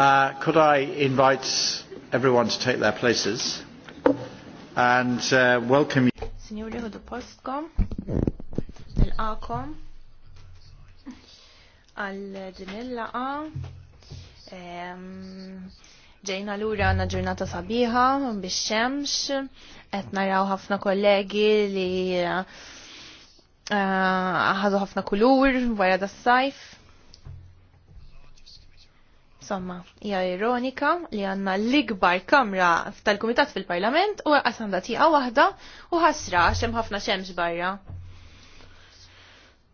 Uh, could I invite everyone to take their places and uh, welcome you. Signori, għadu postkom, nil-għakom, għal-ġinilla ġejna l-ura għanna ġurnata sabiħa biex xemx, et naraw ħafna kollegi li uh, ħadu ħafna kulur wara das sajf Insomma, hija ironika li għanna l-ikbar kamra tal-Kumitat fil-Parlament u għasanda tiqa waħda u ħasra xem ħafna xemx barra.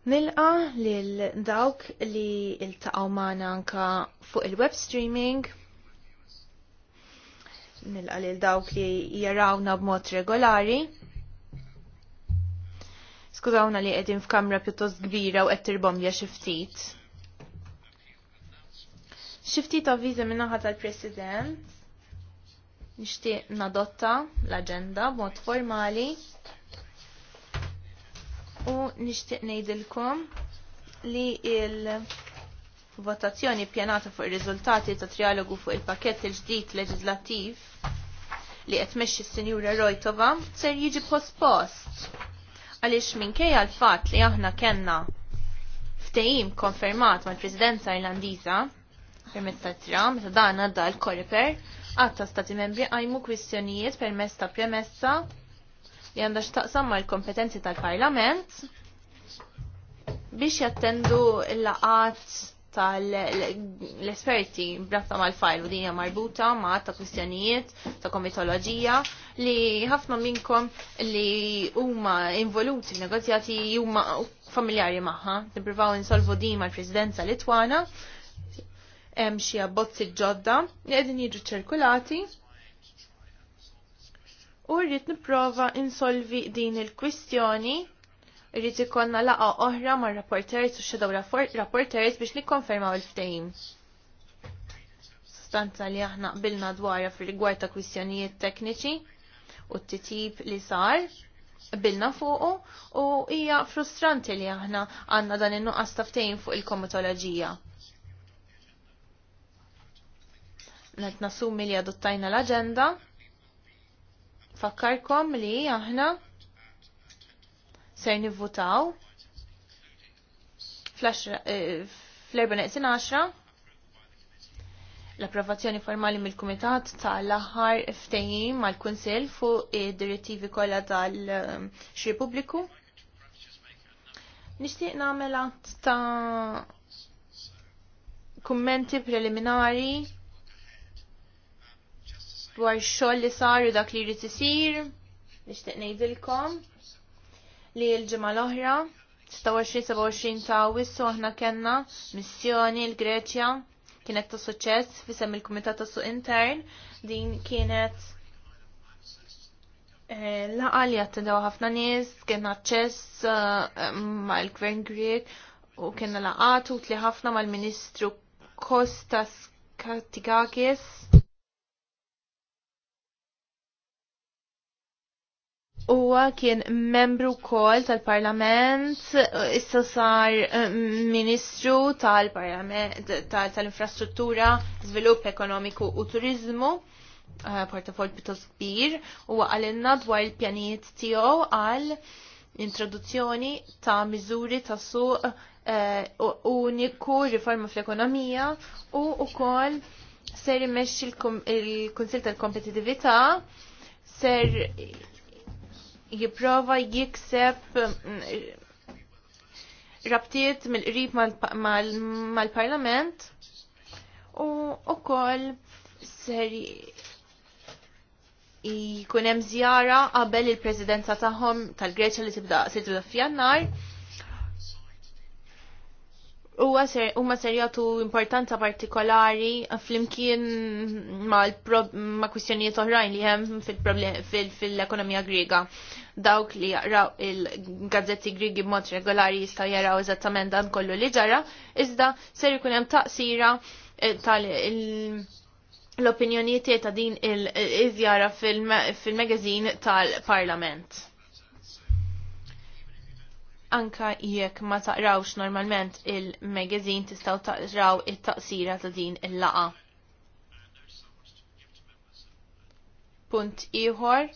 Nilqa lil dawk li il-taqaw maħna anka fuq il-web streaming. Nilqa lil dawk li jarawna b'mod regolari. Skużawna li qegħdin f'kamra pjuttost kbira u qed tirbomja xi ftit Xifti ta' viza minnaħat tal-President, nishti nadotta l-agenda b'mod formali u nishti nejdilkom li il-votazzjoni pjanata fuq il-rizultati ta' trialogu fuq il-pakett il-ġdid leġislattiv li qed mexxi s-Sinjura Rojtova ser jiġi pospost. Għaliex minkejja l-fatt li aħna kellna ftehim konfermat mal-Presidenza Irlandiża permezz ta' tram, ta' dan għadda l-koriper, għatta stati membri għajmu kwistjonijiet permezz ta' premessa li għandha x'taqsam mal-kompetenzi tal-Parlament biex jattendu l-laqat tal-esperti brafta mal-fajl u dinja marbuta ma' ta' kwistjonijiet ta' komitoloġija li ħafna minnkom li huma involuti f'negozjati huma familjari magħha. Nippruvaw insolvu din mal-Presidenza Litwana hemm xi abbozzi ġodda li qegħdin jiġu ċirkulati u rrid nipprova insolvi din il-kwistjoni irrid ikollna laqa oħra mar rapporters u xedaw rapporters biex nikkonfermaw il-ftehim. Sostanza li aħna qbilna dwarha fir-rigward ta' kwistjonijiet tekniċi u t-titib li sar bilna fuqu u hija frustranti li aħna għandna dan in-nuqqas taftejn fuq il-komitoloġija. Net nasumi li adottajna l-agenda. Fakkarkom li aħna ser nivvutaw fl-14 eh, l-approvazzjoni formali mill-Kumitat tal-aħħar ftehim mal-Kunsill fuq id-direttivi kollha tal-Xri Pubbliku. Nixtieq nagħmel ta' kummenti preliminari dwar xoll li saru dak li jrid isir, nixtieq ngħidilkom li l-ġimgħa l-oħra 26-27 ta' wissu aħna kellna missjoni l-Greċja kienet ta' suċċess fisem il komitat ta' Suq Intern din kienet eh, laqal li attendew ħafna nies, kien aċċess eh, l gvern Grek u kien laqatu tli ħafna mal-Ministru Kostas Katikakis. Uwa kien membru kol tal-parlament, issa sar eh, ministru tal-parlament, tal-infrastruttura, -tal svilupp ekonomiku u turizmu, eh, portafol pitos kbir, u għalinna dwar il-pjanijiet tiegħu għal introduzzjoni ta' miżuri ta' suq eh, uniku, riforma fl-ekonomija u ukoll ser imesċi il konsil tal-Kompetitività ser jipprova jikseb mm, rabtiet mill-qrib mal-parlament u ukoll ser jkun hemm żjara qabel il-presidenza tagħhom tal-Greċja li tibda f'jannar Huwa ser huma ser jagħtu importanza partikolari flimkien mal ma' kwistjonijiet oħrajn li hemm fil-ekonomija Griega. Dawk li jaqraw il-gazzetti Griegi b'mod regolari jistgħu jaraw eżattament dan kollu li ġara, iżda ser ikun hemm taqsira eh, tal l-opinjonijiet ta' din il żjara fil-magazin tal-Parlament. Anka jekk ma taqrawx normalment il-magazin tistaw taqraw it-taqsira ta' din il-laqa. Punt ieħor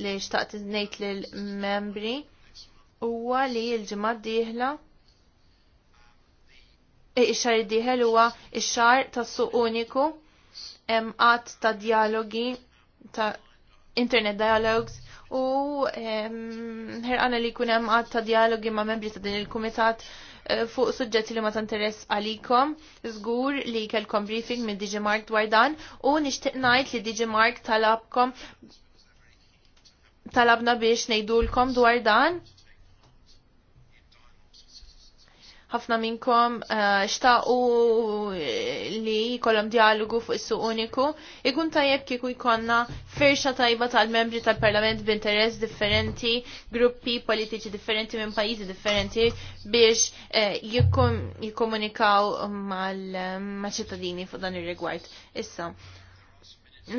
li xtaqt ngħid lill-membri huwa li l-ġimgħa d-dieħla eh, ix-xar id-dieħel huwa ix-xar tas-suq uniku hemm qatt ta' dialogi ta' internet dialogues u ħerqana li kunem għad ta' dialogi ma' membri ta' din il-kumitat eh, fuq suġġetti li ma ta' interess għalikom, zgur li kelkom briefing minn Digimark dwar dan u nixtieq ngħid li Digimark talabkom talabna biex ngħidulkom dwar dan ħafna minnkom eh, xtaqu eh, li kolom dialogu fuq is-suq uniku, ikun tajjeb kieku jkonna firxa tajba tal-membri tal-parlament b'interess differenti, gruppi politiċi differenti minn pajjiżi differenti biex eh, jikkomunikaw mal-ċittadini fuq dan ir-rigward. Issa,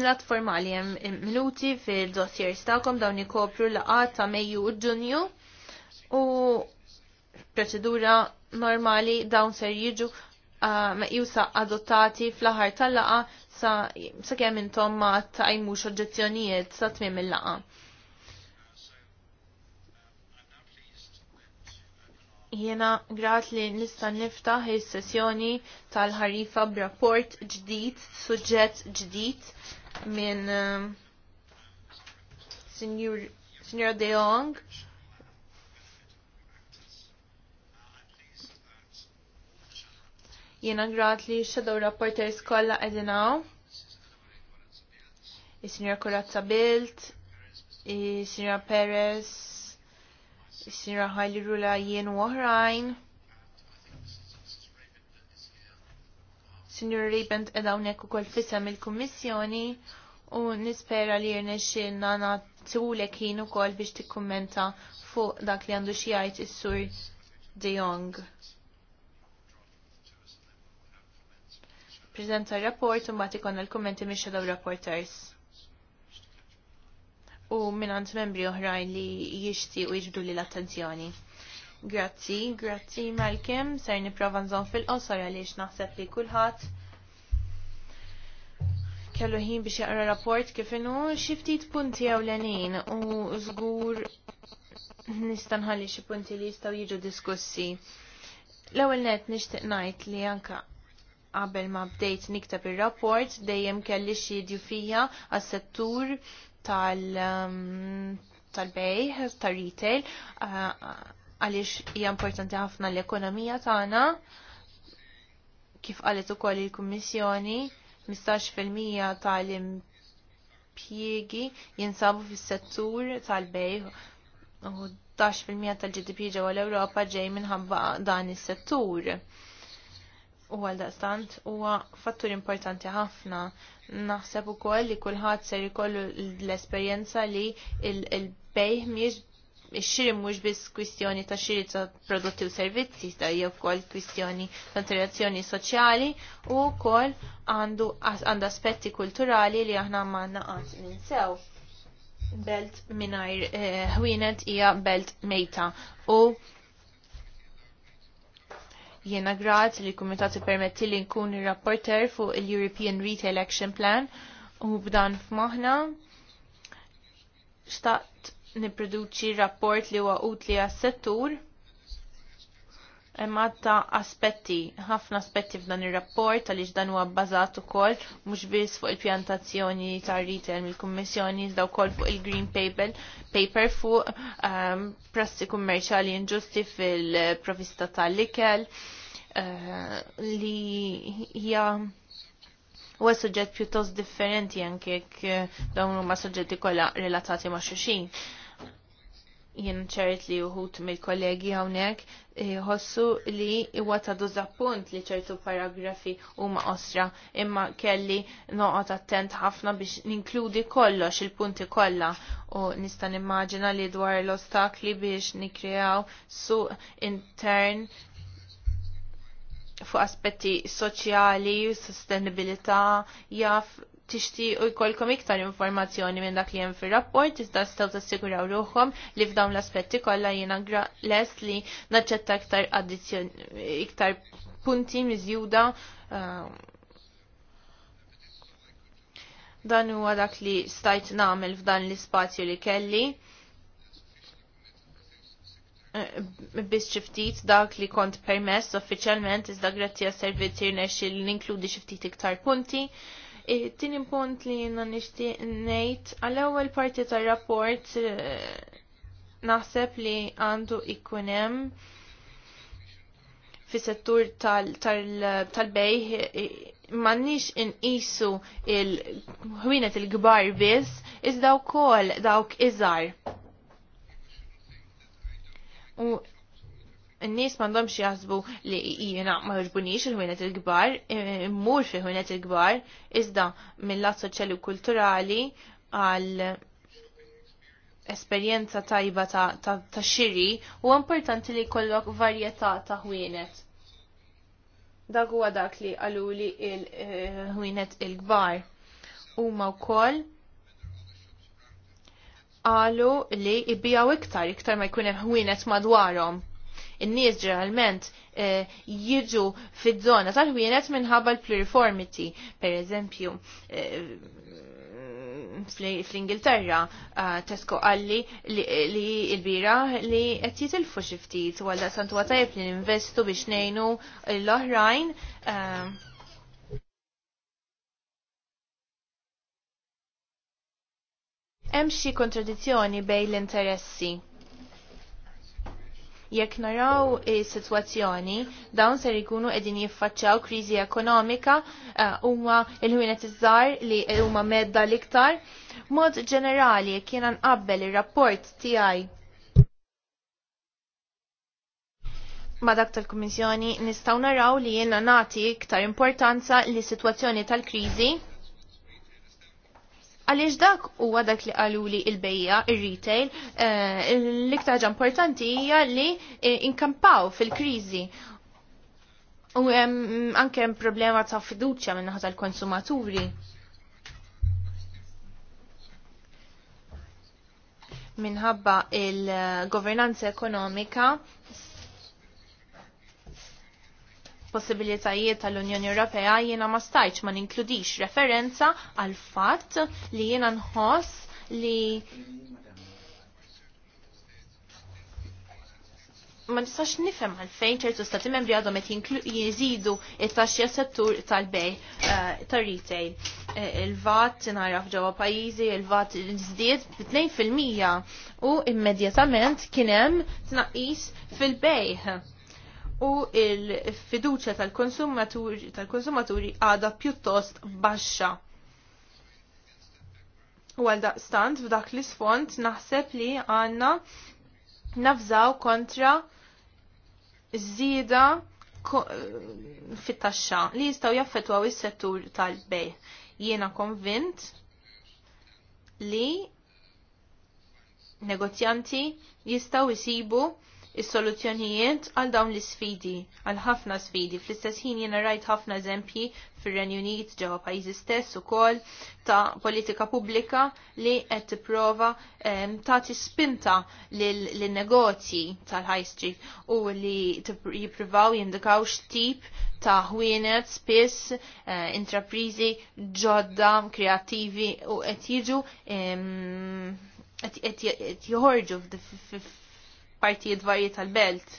Lat formali hemm minuti fil-dossiers tagħkom dawn kopru l ta' Mejju u Ġunju u proċedura normali dawn ser jiġu uh, meqjusa adottati fl ħar tal-laqa sa, kemm intom ma tajmux oġġezzjonijiet sa tmiem il-laqa. Jena grat li nista' niftaħ il sessjoni tal-ħarifa b'rapport ġdid, suġġett ġdid minn uh, Signor Deong. De Jong Jiena grat li shadow rapporters kollha għedinaw. il is Corazza Kurazza Bilt, is-Sinjor Perez, is-Sinjor Ħajli Rula jien u oħrajn. Signor Ribent edha unek u kol fissam il-Kommissjoni u nispera li jirnexilna natulek jien u kol biex tikkummenta fuq dak li għandu xijajt is-sur De Jong. prezenta r-rapport u mbagħad ikonna l-kummenti minn shadow rapporters. U minn membri oħrajn li jixti u jiġbdu li l-attenzjoni. Grazzi, grazzi Malkem, ser niprofa nżon fil-qosor għaliex naħseb li kulħadd kellu ħin biex jaqra rapport kif inhu xi ftit punti ewlenin u żgur nista' nħalli xi punti li jistgħu jiġu diskussi. L-ewwel net nixtieq ngħid li anka qabel ma bdejt niktab ir-rapport dejjem kelli xi fija għas-settur tal um, tal-bej, tal-retail, uh, għaliex hija importanti ħafna l-ekonomija tagħna kif qalet ukoll il-Kummissjoni 15% tal-impjiegi jinsabu fis-settur tal-bej u 10% tal-GDP ġewwa l-Ewropa ġej minħabba dan is-settur u għaldaqstant huwa fattur importanti ħafna. Naħseb ukoll li kulħadd ser ikollu l-esperjenza li il-bejħ mhijiex ix-xiri mhux biss kwistjoni ta' xiri ta' prodotti u servizzi, ta' jew wkoll kwistjoni ta' interazzjoni soċjali u wkoll għandu għandu aspetti kulturali li aħna m'għandna qatt sew. Belt mingħajr eh, ħwienet hija belt mejta u Jiena grat li l-Kumitat permetti li nkun ir-rapporter fuq il-European Retail Action Plan u b'dan f'moħħna xtaqt nipproduċi rapport li huwa utli għas-settur ta' aspetti, ħafna aspetti f'dan ir-rapport għaliex dan huwa bbażat ukoll mhux biss fuq il-pjantazzjoni ta' retail mill-Kummissjoni iżda wkoll fuq il-Green Paper, paper fuq um, prassi kummerċjali inġusti fil-provista tal-ikel uh, li hija huwa suġġett pjuttost differenti anke jekk eh, dawn huma suġġetti kollha relatati ma' xuxin. Uh, jien ċert li uħut mill-kollegi hawnhekk eh, ħossu li huwa ta' punt li ċertu paragrafi huma osra imma kelli noqot attent ħafna biex ninkludi kollox il-punti kollha u nista' nimmaġina li dwar l-ostakli biex nikrijaw su intern fuq aspetti soċjali, sostenibilità, jaf tixtiequ jkollkom iktar informazzjoni minn dak li hemm fir-rapport iżda tistgħu tassiguraw ruħkom li f'dawn l-aspetti kollha jiena lest li naċċetta iktar iktar punti miżjuda ehm, dan huwa dak li stajt nagħmel f'dan l-ispazju li kelli ehm, biss xiftit dak li kont permess uffiċjalment iżda grazzi għas servizzi rnexxi li ninkludi xiftit iktar punti. Uh, Tini punt li jina nishti nejt, għal-ewel parti ta' rapport eh, naħseb li għandu ikunem fi settur tal-bej mannix inqisu il ħwinet il-gbar biss, iżda wkoll dawk iżar. U n-nies m'għandhomx jaħsbu li jiena ma jogħġbunix il-ħwienet il-kbar, e, mmur fi ħwienet il-kbar, iżda mill-lat soċjali u kulturali għal esperjenza tajba ta', xiri u importanti li jkollok varjetà ta' ħwienet. Dak huwa dak li għaluli il-ħwienet il-kbar. Huma wkoll qalu li jbijaw iktar, iktar ma jkun hemm ħwienet madwarhom in-nies ġeneralment eh, jiġu fid-żona tal-ħwienet minħabba l-pluriformity, per eżempju eh, fl-Ingilterra eh, Tesco għalli li il-bira li qed jitilfu xi ftit għal santu għatajb li ninvestu biex ngħinu l-oħrajn Hemm xi kontradizzjoni bejn l-interessi Jekk naraw is-sitwazzjoni, dawn ser ikunu qegħdin jiffaċċjaw kriżi ekonomika eh, huma l-ħwienet iż-żgħar li huma medda l-iktar. Mod ġenerali jekk jiena nqabbel ir-rapport tiegħi ma dak tal-Kummissjoni nistgħu naraw li jiena nagħti iktar importanza li sitwazzjoni tal-kriżi Għaliex dak huwa dak li qaluli il-bejja, il-retail, eh, l-iktar importanti hija li eh, inkampaw fil-kriżi. U mm, anke hemm problema ta' fiduċja minn naħa tal-konsumaturi. Minħabba il-governanza ekonomika possibilitajiet tal-Unjoni Ewropea jiena ma stajċ ma ninkludix referenza għal fatt li jiena nħoss li ma nistax nifhem għalfejn ċertu stati membri għadhom qed jiżidu it-taxxija settur tal-bej eh, tar-retail. Eh, il-vat naraf ġewwa pajjiżi, il-vat żdied b'2 fil-mija u immedjatament kien hemm tnaqqis fil-bejħ u il-fiduċa tal-konsumaturi tal għada pjuttost baxxa. U għal daqstant f'dak l isfond naħseb li għanna nafżaw kontra żieda fit-taxxa li jistgħu jaffettwaw is-settur tal-bej. Jiena konvint li negozjanti jistgħu jisibu is-soluzzjonijiet għal dawn l-isfidi, għal ħafna sfidi. Fl-istess ħin jiena rajt ħafna eżempji fir-Renju Unit ġewwa pajjiżi stess ukoll ta' politika pubblika li qed tipprova ehm, tagħti spinta lin-negozji tal-High Street u li jippruvaw jindikaw x'tip ta' ħwienet spiss eh, intraprizi ġodda kreattivi u qed jiġu ehm, qed joħorġu partijiet varji tal-belt.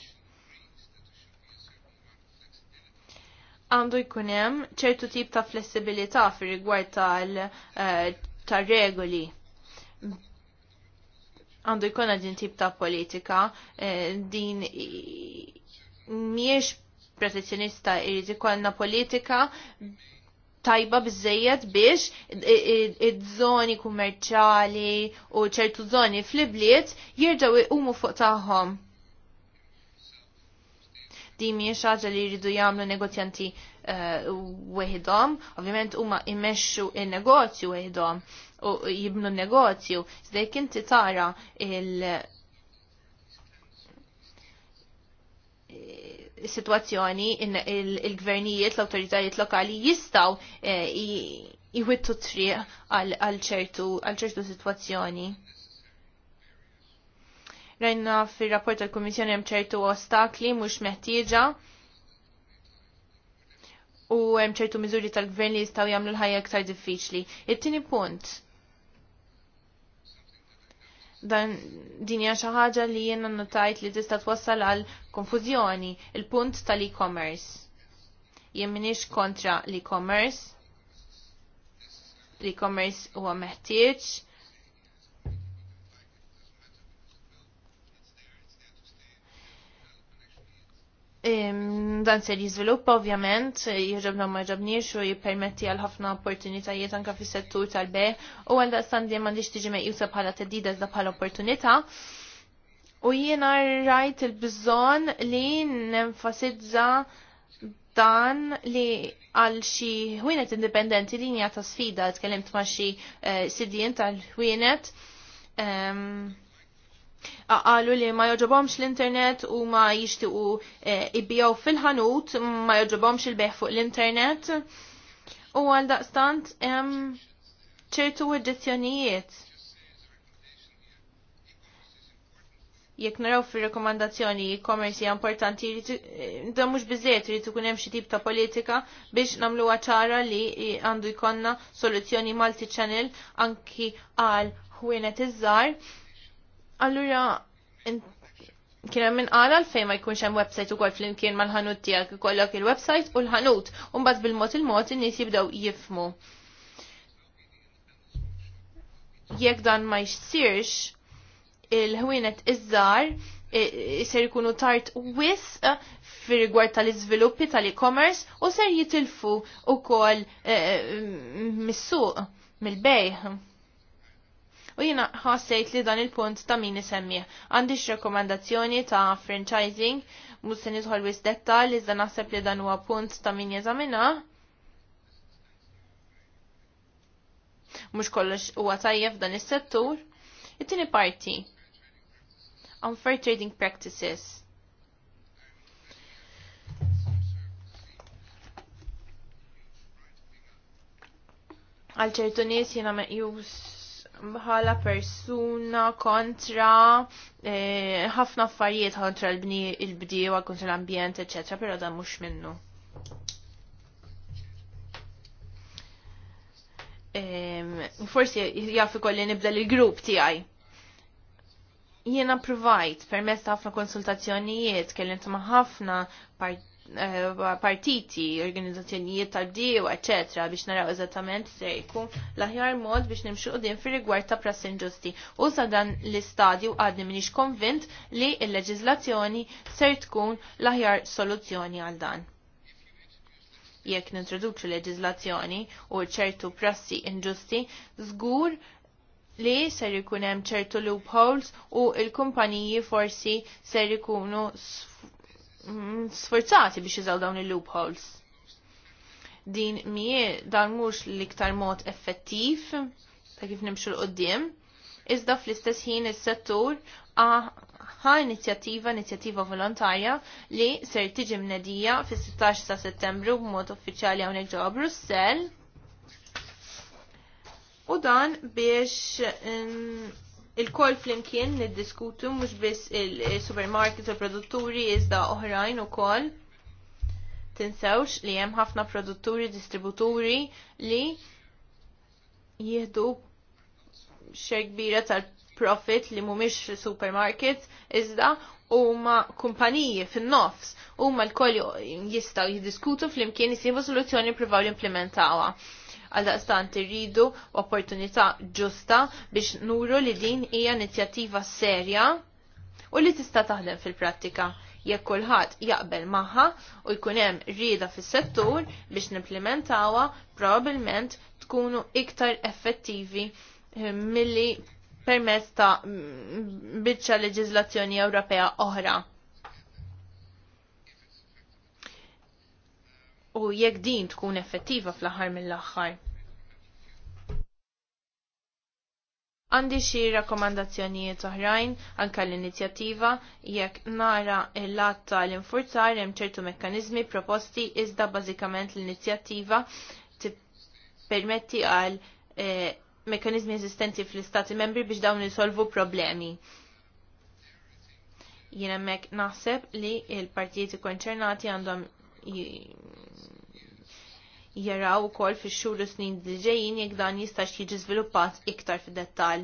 Għandu jkun hemm ċertu tip ta' flessibilità fir rigward tal-regoli. Eh, Għandu jkun din tip ta' politika, eh, din miex protezzjonista irrid ikollna politika tajba biżejjed biex id-żoni kummerċali u ċertu żoni fl-ibliet jirġaw iqumu fuq tagħhom. Di mhijiex xaġa li jridu jagħmlu negozjanti eh, weħidhom, ovvjament huma immexxu il negozju weħidhom u jibnu negozju. Zdejk inti tara il situazzjoni il-gvernijiet, il gvernijiet il l autorizzajiet lokali jistaw eh, jwittu triq għal ċertu situazzjoni. Rajna fil-rapport tal-Komissjoni hemm ċertu ostakli mhux meħtieġa u hemm ċertu miżuri tal-gvern li jistgħu jagħmlu l-ħajja iktar diffiċli. It-tieni punt dan dinja xi ħaġa li jiena notajt li tista' twassal għal konfużjoni il-punt tal-e-commerce. Jien m'iniex kontra l-e-commerce. L-e-commerce huwa meħtieġ Dan se jiżviluppa ovvjament, jirġabna ma jġobniex u jippermetti għal ħafna opportunitajiet anka fis settur tal-be u għal daqstan li mandiġ tiġi meqjusa bħala teddida iżda bħala opportunità. U jiena rajt il-bżon li nenfasizza dan li għal xi ħwienet indipendenti linja ta' sfida tkellimt ma' xi eh, sidjien tal-ħwienet. Qalu li ma joġobomx l-internet u ma u eh, ibbijaw fil-ħanut, ma joġobomx il-beħ fuq l-internet. U għal daqstant ċertu edizzjonijiet. Jekk naraw fir-rekomandazzjoni e-commerce hija importanti, eh, da mhux biżejjed irid ikun hemm xi tip ta' politika biex nagħmluha ċara li għandu jkollna soluzzjoni multi-channel anki għal ħwienet iż-żgħar Allura, kien hemm min qala fejn ma jkunx hemm website ukoll flimkien mal-ħanut tiegħek kollok il-website u l-ħanut u mbagħad bil-mod il-mod il-nis jibdew jifmu. Jekk dan ma jsirx il-ħwienet iż-żar ser ikunu tart wis eh, fir rigward tal-iżviluppi tal-e-commerce u ser jitilfu kol eh, mis-suq mill-bejħ u jina ħassejt li dan il-punt ta' min isemmih. Għandix rekomendazzjoni ta' franchising, mux se nidħol wis li iżda naħseb li dan huwa punt ta' min jeżamina. Mux kollox huwa tajjeb dan is-settur. It-tieni parti. Unfair trading practices. għal ċertu nies jiena meqjus bħala persuna kontra eh, ħafna eh, affarijiet kontra l-bdiewa, kontra l-ambjent, eccetera, però dan mhux minnu. Ehm, forsi jaffi kolli nibda l-grupp tiegħi. Jiena provajt permezz ta' ħafna konsultazzjonijiet, kellimt ma' ħafna part Eh, partiti, organizzazzjonijiet tal-bdiju, ecc. biex naraw eżattament se jkun l-aħjar mod biex nimxu din fil rigward ta' prassi inġusti. U sa dan l-istadju għadni minix konvint li il-leġizlazzjoni ser tkun l-aħjar soluzzjoni għal dan. Jekk nintroduċu leġizlazzjoni u ċertu prassi inġusti, zgur li ser ikun hemm ċertu loopholes u il-kumpaniji forsi ser ikunu sf Mm, sforzati biex jizaw dawn il-loopholes. Din mie dan mux l-iktar mod effettiv ta' kif nimxu l-qoddim, iżda fl-istess ħin is-settur ħa inizjattiva, inizjattiva volontarja li ser tiġi mnedija fis-16 ta' settembru b'mod uffiċjali hawnhekk ġewwa Brussell. U dan biex mm, il-kol flimkien niddiskutu mhux biss il-supermarket u produtturi iżda oħrajn ukoll. Tinsewx li hemm ħafna produtturi, distributuri li jieħdu xejn kbira tal-profit li mhumiex supermarket iżda huma kumpaniji fin-nofs huma l-koll jistgħu jiddiskutu flimkien jisibu soluzzjoni jippruvaw jimplementawha. implementawa Għaldaqstant irridu opportunità ġusta biex nuru li din hija inizjattiva serja u li tista' taħdem fil-prattika jekk kulħadd jaqbel magħha u jkun hemm rieda fis-settur biex nimplementawha probabbilment tkunu iktar effettivi eh, milli permezz ta' mm, biċċa leġiżlazzjoni Ewropea oħra. u jekk din tkun effettiva fl-aħħar mill-aħħar. Għandi xi rakkomandazzjonijiet oħrajn anke l-inizjattiva jekk nara l-att tal-infurzar hemm ċertu mekkaniżmi proposti iżda bażikament l-inizjattiva tippermetti għal eh, mekkaniżmi eżistenti fl-istati membri biex dawn isolvu problemi. Jien hemmhekk naħseb li l-partijiet konċernati għandhom jaraw u fix-xhur u snin li ġejjin jekk dan jistax jiġi żviluppat iktar fi dettal.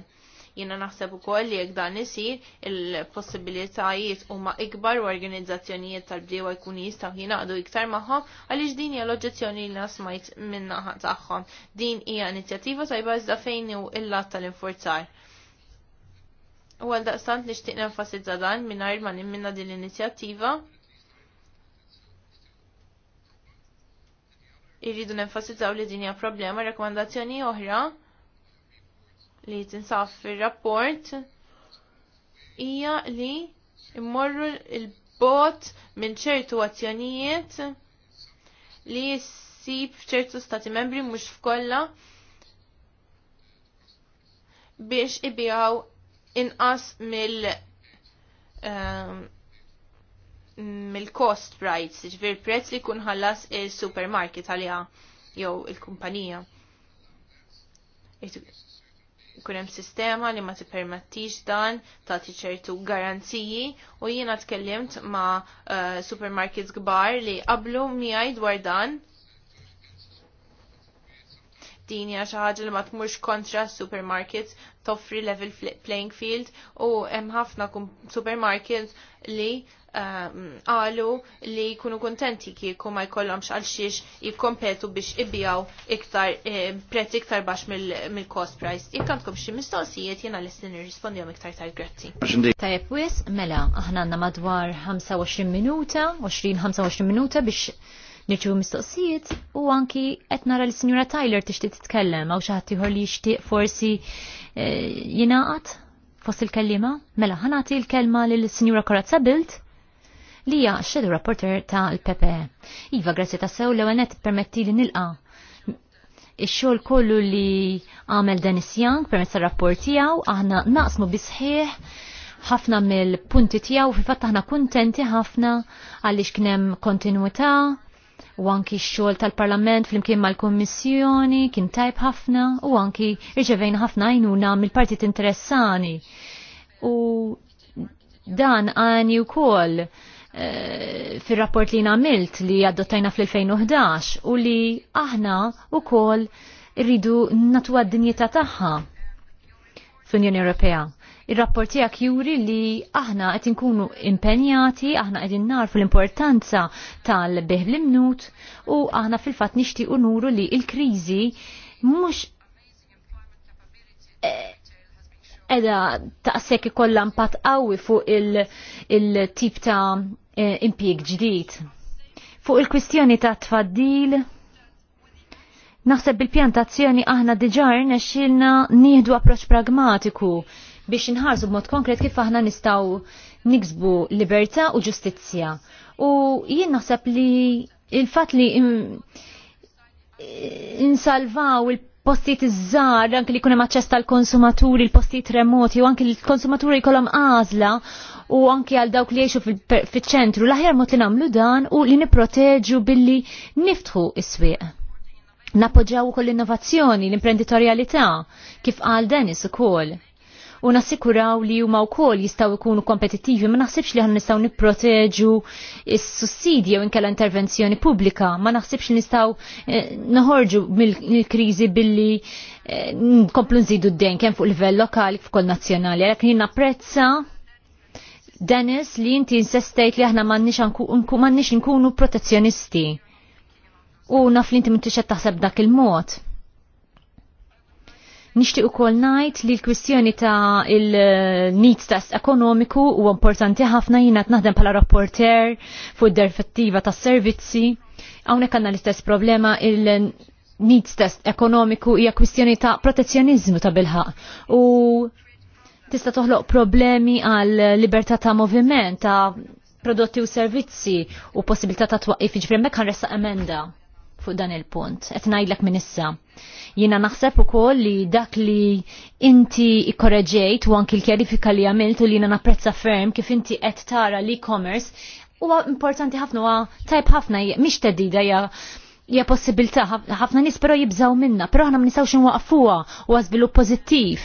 Jiena naħseb ukoll li jekk dan isir il-possibilitajiet huma ikbar u organizzazzjonijiet tal-bdiewa jkunu jistgħu għadu iktar magħhom għaliex din hija l-oġġezzjoni li nasmajt minna tagħhom. Din hija inizjattiva tajba iżda fejn hu l-lat tal-infurzar. U għal daqstant nixtieq nenfasizza dan mingħajr ma nimminna din l-inizjattiva irridu nenfasizzaw li dinja problema rekomandazzjoni oħra li tinsaf fil-rapport hija li immorru il-bot minn ċertu azzjonijiet li jissib ċertu stati membri mhux f'kollha biex ibijaw inqas mill um, mill-cost price, ġifir prezz li kun ħallas il-supermarket għalija jew il-kumpanija. Kun hemm sistema li ma tippermettix dan tagħti ċertu garanziji u jiena tkellimt ma' uh, supermarkets kbar li qablu miegħi dwar dan din hija xi ħaġa li ma tmurx kontra supermarkets toffri level playing field u hemm ħafna supermarkets li għalu li kunu kontenti kieku ma jkollhomx għal xiex jikkompetu biex ibijaw iktar eh, prezz iktar baxx mill-cost price. Jekk għandkom xi mistoqsijiet jiena lesti nirrispondihom iktar tal grazzi. Tajjeb wis, mela, aħna għandna madwar 25 minuta, 20-25 minuta biex nirċu mistoqsijiet u anki qed nara li Sinjura Tyler tixtieq titkellem għaw xi ħadd ieħor li jixtieq forsi eh, jingħaqad fost il-kellima. Mela, ħanati l-kelma lill-Sinjura Korazza Bilt li hija Shadow Rapporter ta' l-PPE. Iva, grazzi ta' sew l-ewenet permetti li nilqa' ix-xogħol kollu li għamel Dennis Young permezz tar-rapport tiegħu aħna naqsmu bisħieħ ħafna mill-punti tiegħu fi fatt aħna kuntenti ħafna għaliex kien hemm kontinwità u anki x-xogħol tal-Parlament flimkien mal-Kummissjoni kien tajb ħafna u anki irċevejna ħafna għajnuna mill-partit interessani. U dan għani wkoll Eh, fil-rapport li namilt li adottajna fl-2011 u li aħna u kol rridu natu għad-dinjeta taħħa fl-Unjoni Ewropea. Il-rapport tiegħek juri li aħna qed inkunu impenjati, aħna qegħdin narfu l-importanza tal-beħ l-imnut u aħna fil-fatt nixtiequ nuru li il-kriżi mhux eh, edha taqsek kollan impatt qawwi fuq il-tip il ta' Eh, impieg ġdid. Fuq il-kwistjoni ta' tfaddil, naħseb bil-pjantazzjoni aħna diġar nexxilna nieħdu approċ pragmatiku biex nħarsu b'mod konkret kif aħna nistaw niksbu libertà u ġustizzja. U jien naħseb li il-fat li insalvaw il postijiet iż-żar, anke li jkun hemm aċċess tal-konsumaturi, l-postijiet remoti, u anke l-konsumaturi jkollhom għażla u anke għal dawk li jgħixu fiċ-ċentru. L-aħjar mod li nagħmlu dan u li nipproteġu billi niftħu is-swieq. Napoġġaw ukoll l-innovazzjoni, l-imprenditorjalità, kif qal Dennis ukoll u nassikuraw li huma wkoll jistgħu jkunu kompetittivi ma naħsibx li ħan nistgħu nipproteġu s-sussidji u inkella intervenzjoni pubblika, ma naħsibx li nistgħu eh, noħorġu mill-kriżi billi eh, nkomplu nżidu d-dejn kemm fuq livell lokali fuq nazzjonali, għalhekk jien napprezza Dennis li inti insestejt li aħna m'għandniex nkunu protezzjonisti. U naf li inti m'intix taħseb dak il-mod. Nixtieq ukoll ngħid li l-kwistjoni ta' il-needs test ekonomiku huwa importanti ħafna jiena naħdem bħala rapporter fuq id-derfettiva tas servizzi. Hawnhekk għandna l-istess problema il- needs test ekonomiku hija kwistjoni ta' protezzjonizmu ta' bilħaq u tista' toħloq problemi għal libertà ta' moviment ta' prodotti u servizzi u possibilità ta' twaqqif ġifri mekk ħanressa emenda fuq dan il-punt. Qed ngħidlek minn issa. Jiena naħseb ukoll li dak li inti ikkoreġejt u anki l kjerifika li għamilt u li jiena napprezza ferm kif inti qed tara l-e-commerce huwa importanti ħafna u tajb ħafna mhix tedida hija hija possibilta ħafna nies però jibżaw minna, però aħna ma xin inwaqfuha u żvilupp pożittiv.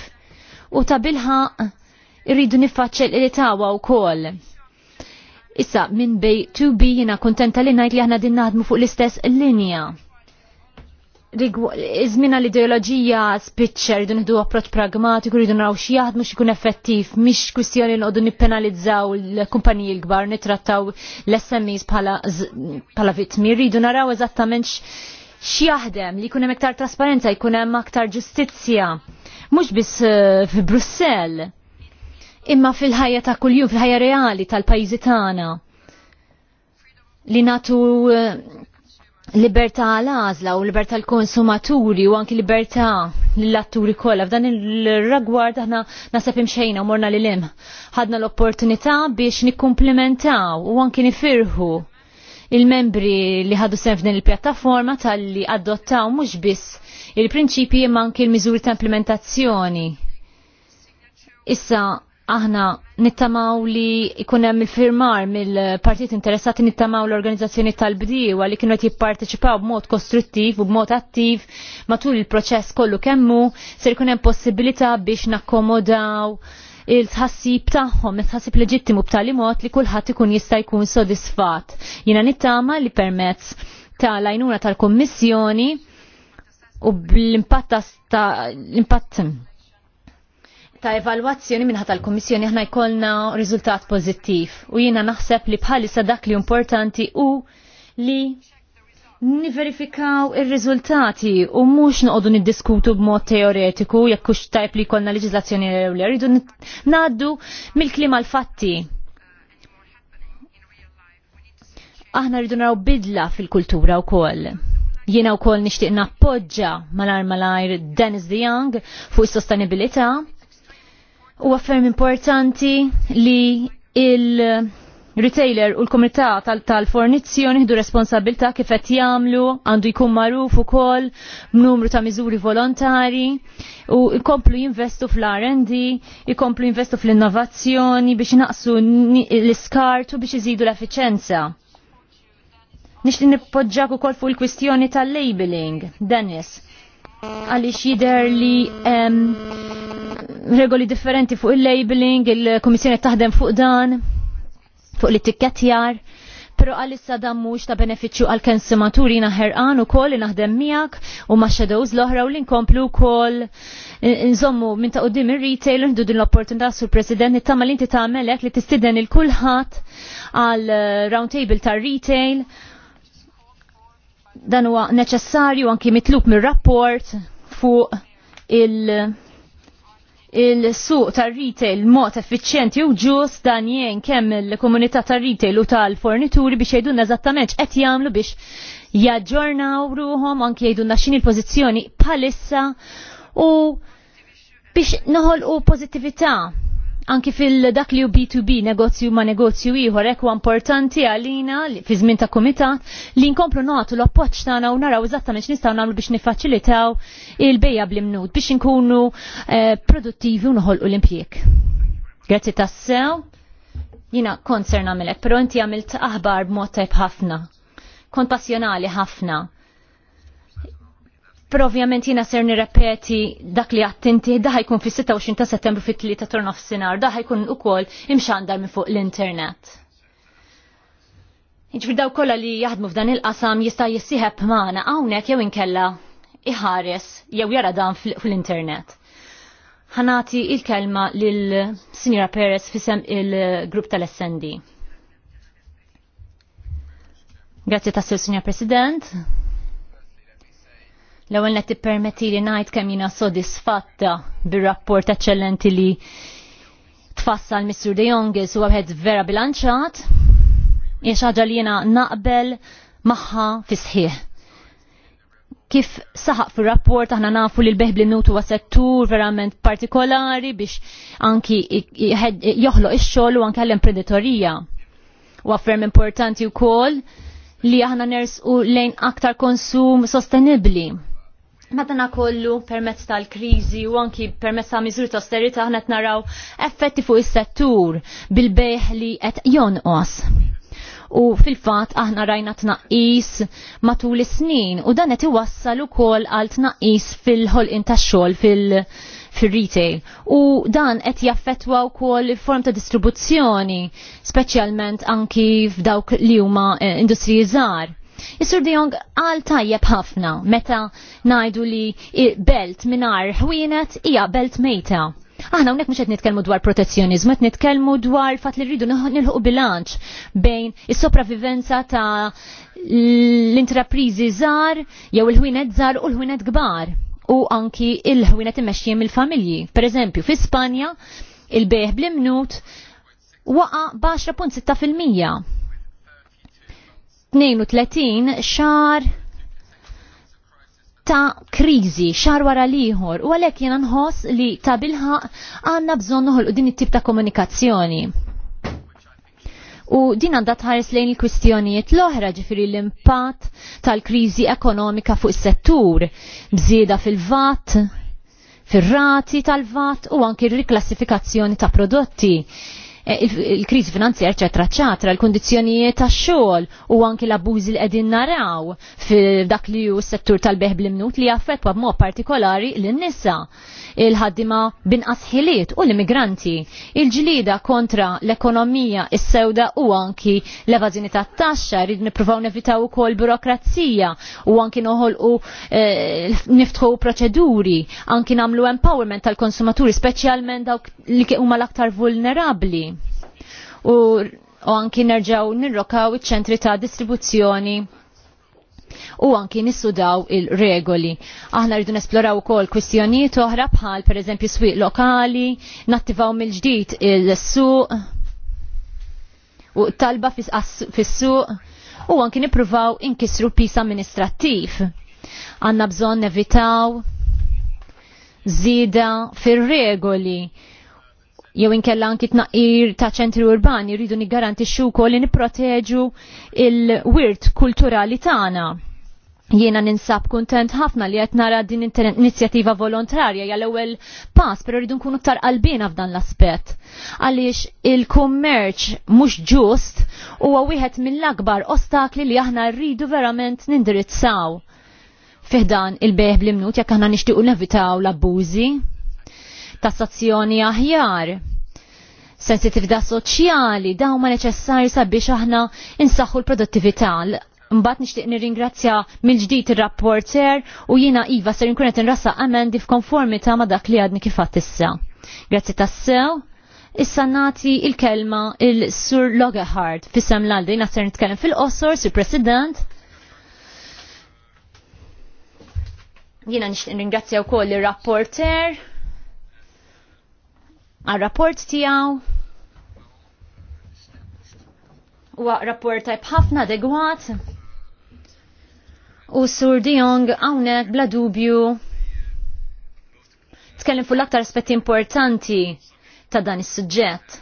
U ta' irridu niffaċċel il-tawa wkoll Issa, minn bej 2B jina kontenta li najt li aħna din naħdmu fuq l-istess linja. Izmina l-ideologija spiċċer, rridu nħdu approċ pragmatiku, rridu naraw xi jaħdmu jkun effettiv, mhix kwistjoni għodu nippenalizzaw l-kumpaniji l-kbar, nittrattaw l-SMEs bħala vittmi, rridu naraw eżattament x'jaħdem li jkun hemm iktar trasparenza, jkun hemm aktar ġustizzja. Mhux biss eh, fi Brussell imma fil-ħajja ta' kuljum, fil-ħajja reali tal-pajjiżi tagħna. Li natu eh, libertà għal-għażla u libertà l-konsumaturi u anki libertà l-atturi kollha. F'dan il-ragward aħna nasab imxejna u morna lil hemm. Ħadna l-opportunità biex nikkumplimentaw u anki nifirħu il-membri li ħadu sem f'din il-pjattaforma tal-li adottaw mhux biss il-prinċipji imma anki l-miżuri ta' implementazzjoni. Issa aħna nittamaw li ikunem il-firmar mill-partit interessati nittamaw l-organizzazzjoni tal-bdiju għalli kienu jipparteċipaw b'mod kostruttiv u b'mod attiv matul il-proċess kollu kemmu ser ikunem possibilita biex nakkomodaw il-tħassib taħħom, il-tħassib leġittimu b'tali mod li kullħat ikun jista' jkun sodisfat. Jina nittama li permezz ta' lajnuna tal-kommissjoni u bl-impatt ta' l-impatt ta' evalwazzjoni minħa tal-Komissjoni aħna jkollna riżultat pożittiv u jiena naħseb li bħalissa dak li importanti u li niverifikaw ir-riżultati u mhux noqogħdu niddiskutu b'mod teoretiku jekk hux tajb li jkollna leġiżlazzjoni li rridu ngħaddu mill-kliem għall fatti. Aħna rridu naraw bidla fil-kultura wkoll jiena u koll nishtiq nappoġġa malar malar Dennis the Young fuq is sostenibilità U għaffem importanti li il-retailer u l-komunità tal-fornizzjoni ħdu responsabilta kif qed jagħmlu għandu jkun magħruf ukoll b'numru ta' miżuri volontari u jkomplu jinvestu fl-R&D, jkomplu jinvestu fl-innovazzjoni biex naqsu l-iskartu biex iżidu l-effiċenza. Nix li nippoġġak ukoll fuq il-kwistjoni tal-labeling, Dennis għaliex jidher li regoli differenti fuq il-labeling, il-Komissjoni taħdem fuq dan, fuq l-tikketjar, pero għalissa dan mux ta' benefiċċju għal konsumaturi u ukoll li naħdem miegħek u ma' shadows l-oħra u li nkomplu wkoll eh, nżommu minn ta' qudiem il retail nħdu din l-opportunità sur President nittama li inti tagħmel hekk li istiden il kulħadd għal eh, roundtable tar-retail Dan huwa neċessarju anki mitlub mir-rapport fuq il- il-suq tar retail mod effiċjenti u ġust dan jien kemm il-komunità tar retail u tal-fornituri biex jgħidulna eżattament qed jagħmlu biex jaġġornaw ruhom anke jgħidulna x'inhi il pożizzjoni bħalissa u biex noħolqu pożittività anki fil-dak li u B2B negozju ma negozju ieħor hekk huwa importanti għalina fi żmien ta' kumitat li nkomplu nagħtu l-appoġġ tagħna u naraw meċ x'nistgħu nagħmlu biex niffaċilitaw il-bejja bl-imnud biex inkunu eh, produttivi u noħolqu l-impjieg. Grazzi tassew. Jina konser għamilek, però inti għamilt aħbar b'mod tajb ħafna. kon passjonali ħafna Provjament jina ser nirrepeti dak li għattinti, daħ jkun fi 26 ta' settembru fit 3 ta' turnof sinar, daħ jkun u kol imxandar minn fuq l-internet. Iġbir daw kolla li jaħdmu f'dan il-qasam jista' jissiħeb maħna għawnek jew inkella iħares jew jara dan fl-internet. Ħanati il-kelma lil-Sinjora Perez fisem il-grupp tal-SND. Grazie tassew, Sinjora President. L-ewwel qed tippermetti li ngħid kemm jiena sodisfatta bir-rapport eċċellenti li tfassal Mr. De Jongis u għabħed vera bilanċat, xi ħaġa li jiena naqbel magħha fi sħiħ. Kif saħaq fir rapport aħna nafu li l beħb li nutu huwa settur verament partikolari biex anki joħloq ix-xogħol u anke l-imprenditorija. U affermi importanti wkoll li aħna nersqu lejn aktar konsum sostenibli. Madana kollu permezz tal-krizi u anki permezz ta' miżuri ta' austerita aħna naraw effetti fuq is-settur bil-beħ li qed jonqos. U fil-fat aħna rajna tnaqqis matul is-snin u dan qed iwassal ukoll għal tnaqqis fil-ħolqin tax-xogħol fil- fil-retail. U dan qed jaffettwa wkoll il-form ta' distribuzzjoni, speċjalment anki f'dawk li huma eh, industriji żgħar Isur De Jong għal tajjeb ħafna meta najdu li belt minar ħwienet hija belt mejta. Aħna unnek mux nitkelmu dwar protezzjonizmu, qed nitkellmu dwar fat li rridu nilħu bilanċ bejn is-sopravivenza ta' l-intraprizi żgħar jew il-ħwienet zar u l-ħwienet kbar u anki il-ħwienet immexxijiem il-familji. Pereżempju, fi Spanja il-beħ bl-imnut waqa' 10.6 32 xar ta' krizi xar wara liħor u għalek jena nħoss li ta' bilħa għanna bżon noħolqu din it-tip ta' komunikazzjoni. U din għandha tħares lejn il-kwistjonijiet l-oħra ġifiri l-impatt tal-krizi ekonomika fuq is-settur, bżieda fil-vat, fir-rati tal-vat u anki r-riklassifikazzjoni ta' prodotti Eh, il-kriżi finanzjar ċetra ċatra, l kondizjonijiet tax-xogħol u anki l-abbużi li qegħdin naraw f'dak li hu s-settur tal-beħ bl-imnut li jaffettwa b'mod partikolari lin-nisa il-ħaddima binqas ħiliet u l-immigranti, il-ġlida kontra l-ekonomija, is-sewda u anki l-evażjoni tat-taxxa, rrid nippruvaw nevitaw ukoll burokrazija u anki noħolqu eh, niftħu proċeduri, anki nagħmlu empowerment tal-konsumaturi, speċjalment dawk li huma l-aktar vulnerabbli u, u anki nerġaw nirrokaw iċ-ċentri ta' distribuzzjoni u anki nissudaw il-regoli. Aħna rridu nesploraw kol kwistjonijiet oħra bħal per eżempju swieq lokali, nattivaw mill-ġdid il-suq u talba fis-suq u anki nipruvaw inkisru pis amministrattiv. Għanna bżon nevitaw zida fir-regoli jew inkella anki tnaqir ta' ċentri urbani rridu niggarantixxu wkoll li nipproteġu il-wirt kulturali tagħna. Jiena ninsab kuntent ħafna li qed nara din inizjattiva volontarja hija ewwel pass, però rridu nkunu tar qalbina f'dan l-aspett. Għaliex il-kummerċ mhux ġust huwa wieħed mill-akbar ostakli li aħna rridu verament nindirizzaw. Fiħdan il-beħ blimnut jekk aħna nixtiequ nevitaw l-abbużi, tassazzjoni aħjar sensitività soċjali dawn ma neċessarji sabiex aħna insaħħu l-produttività. Mbagħad nixtieq nirringrazzja mill-ġdid ir-rapporter u jiena iva ser nkunet qed għamend amendi f'konformità ma' dak li għadni kifat issa. Grazzi tassew. Issa nagħti il-kelma il-Sur Logahard fissem l-għaldi, jina ser nitkellem fil qossor Sur President. Jiena nixtieq nirringrazzja wkoll ir rapporter għal-rapport tijaw. U rapport tajb ħafna adegwat. U Sur Diong għawnek bla dubju tkellim fuq l-aktar aspetti importanti ta' dan is-suġġett.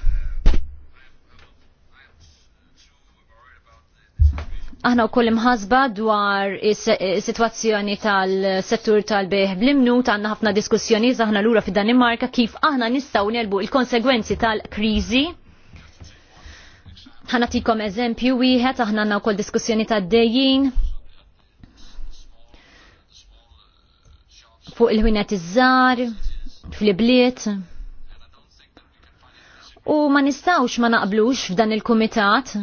Aħna u koll imħasba dwar is-sitwazzjoni tal-settur tal-beħ blimnu, għandna ħafna diskussjoni aħna lura fid danimarka kif aħna nistgħu nelbu il-konsegwenzi tal-kriżi. tikom eżempju wieħed aħna għandna wkoll diskussjoni tad-dejjin fuq il-ħwienet iż-żar, fl-ibliet. U ma nistgħux ma naqblux f'dan il-kumitat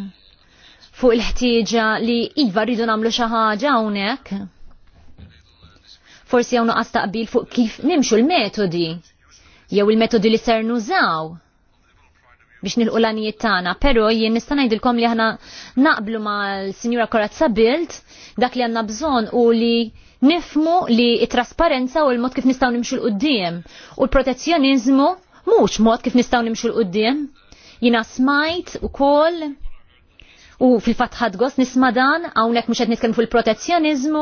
fuq il-ħtieġa li iva rridu nagħmlu xi ħaġa hawnhekk. Forsi hawn nuqqas taqbil fuq kif nimxu l-metodi jew il-metodi li ser nużaw biex nilqu l-għanijiet tagħna, però jien nista' ngħidilkom li aħna naqblu mal-Sinjura Korazza Bilt dak li għandna bżonn u li nifmu li it-trasparenza u l-mod kif nistgħu nimxu l-qudiem u l protezzjoniżmu mhux mod kif nistgħu nimxu l-qudiem. Jina smajt ukoll U fil-fatħad gost nisma dan, għawnek mux għed fil-protezzjonizmu.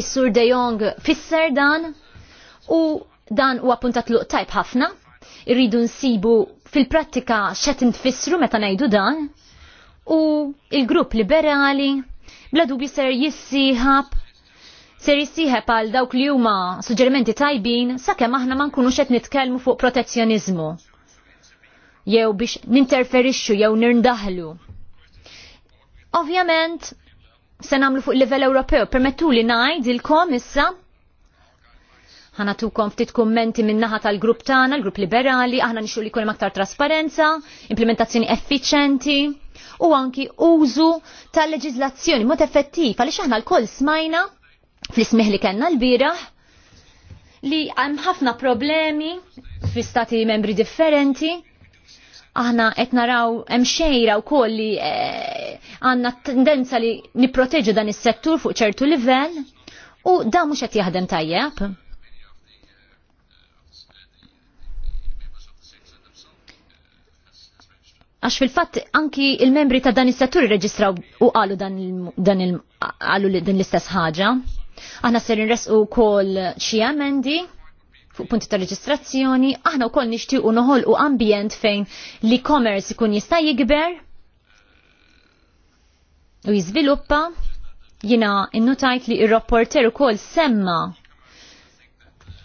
Is-sur de Jong fisser dan. U dan u appuntat luq tajb ħafna. Irridu nsibu fil-prattika xet nfissru meta najdu dan. U il-grupp liberali bla dubju ser jissiħab ser jissiħab għal dawk li huma suġġerimenti tajbin sakemm aħna ma nkunux qed nitkellmu fuq protezzjonizmu jew biex ninterferixxu jew nirndaħlu Ovvjament, se namlu fuq livell Ewropew, permettu li najd il-kom issa tukom ftit kummenti minnaħa tal-grupp tagħna, l-grupp liberali, aħna nixu li kunem aktar trasparenza, implementazzjoni effiċenti u anki użu tal-leġizlazzjoni mod effettiv għaliex aħna l-koll smajna fl-ismih li kellna l-biraħ li hemm ħafna problemi fi stati membri differenti aħna qed naraw hemm xejra wkoll li eh, għandna e, tendenza li nipproteġu dan is-settur fuq ċertu livell u dan mhux qed jaħdem tajjeb. Għax fil-fatt anki il-membri ta' dan is-settur irreġistraw u qalu dan l-istess ħaġa. Aħna ser inresqu wkoll xi emendi fuq punti ta' reġistrazzjoni, aħna wkoll nixtiequ noħolqu ambjent fejn l-e-commerce ikun jista' jikber u jizviluppa, Jina innutajt li ir-rapporter ukoll semma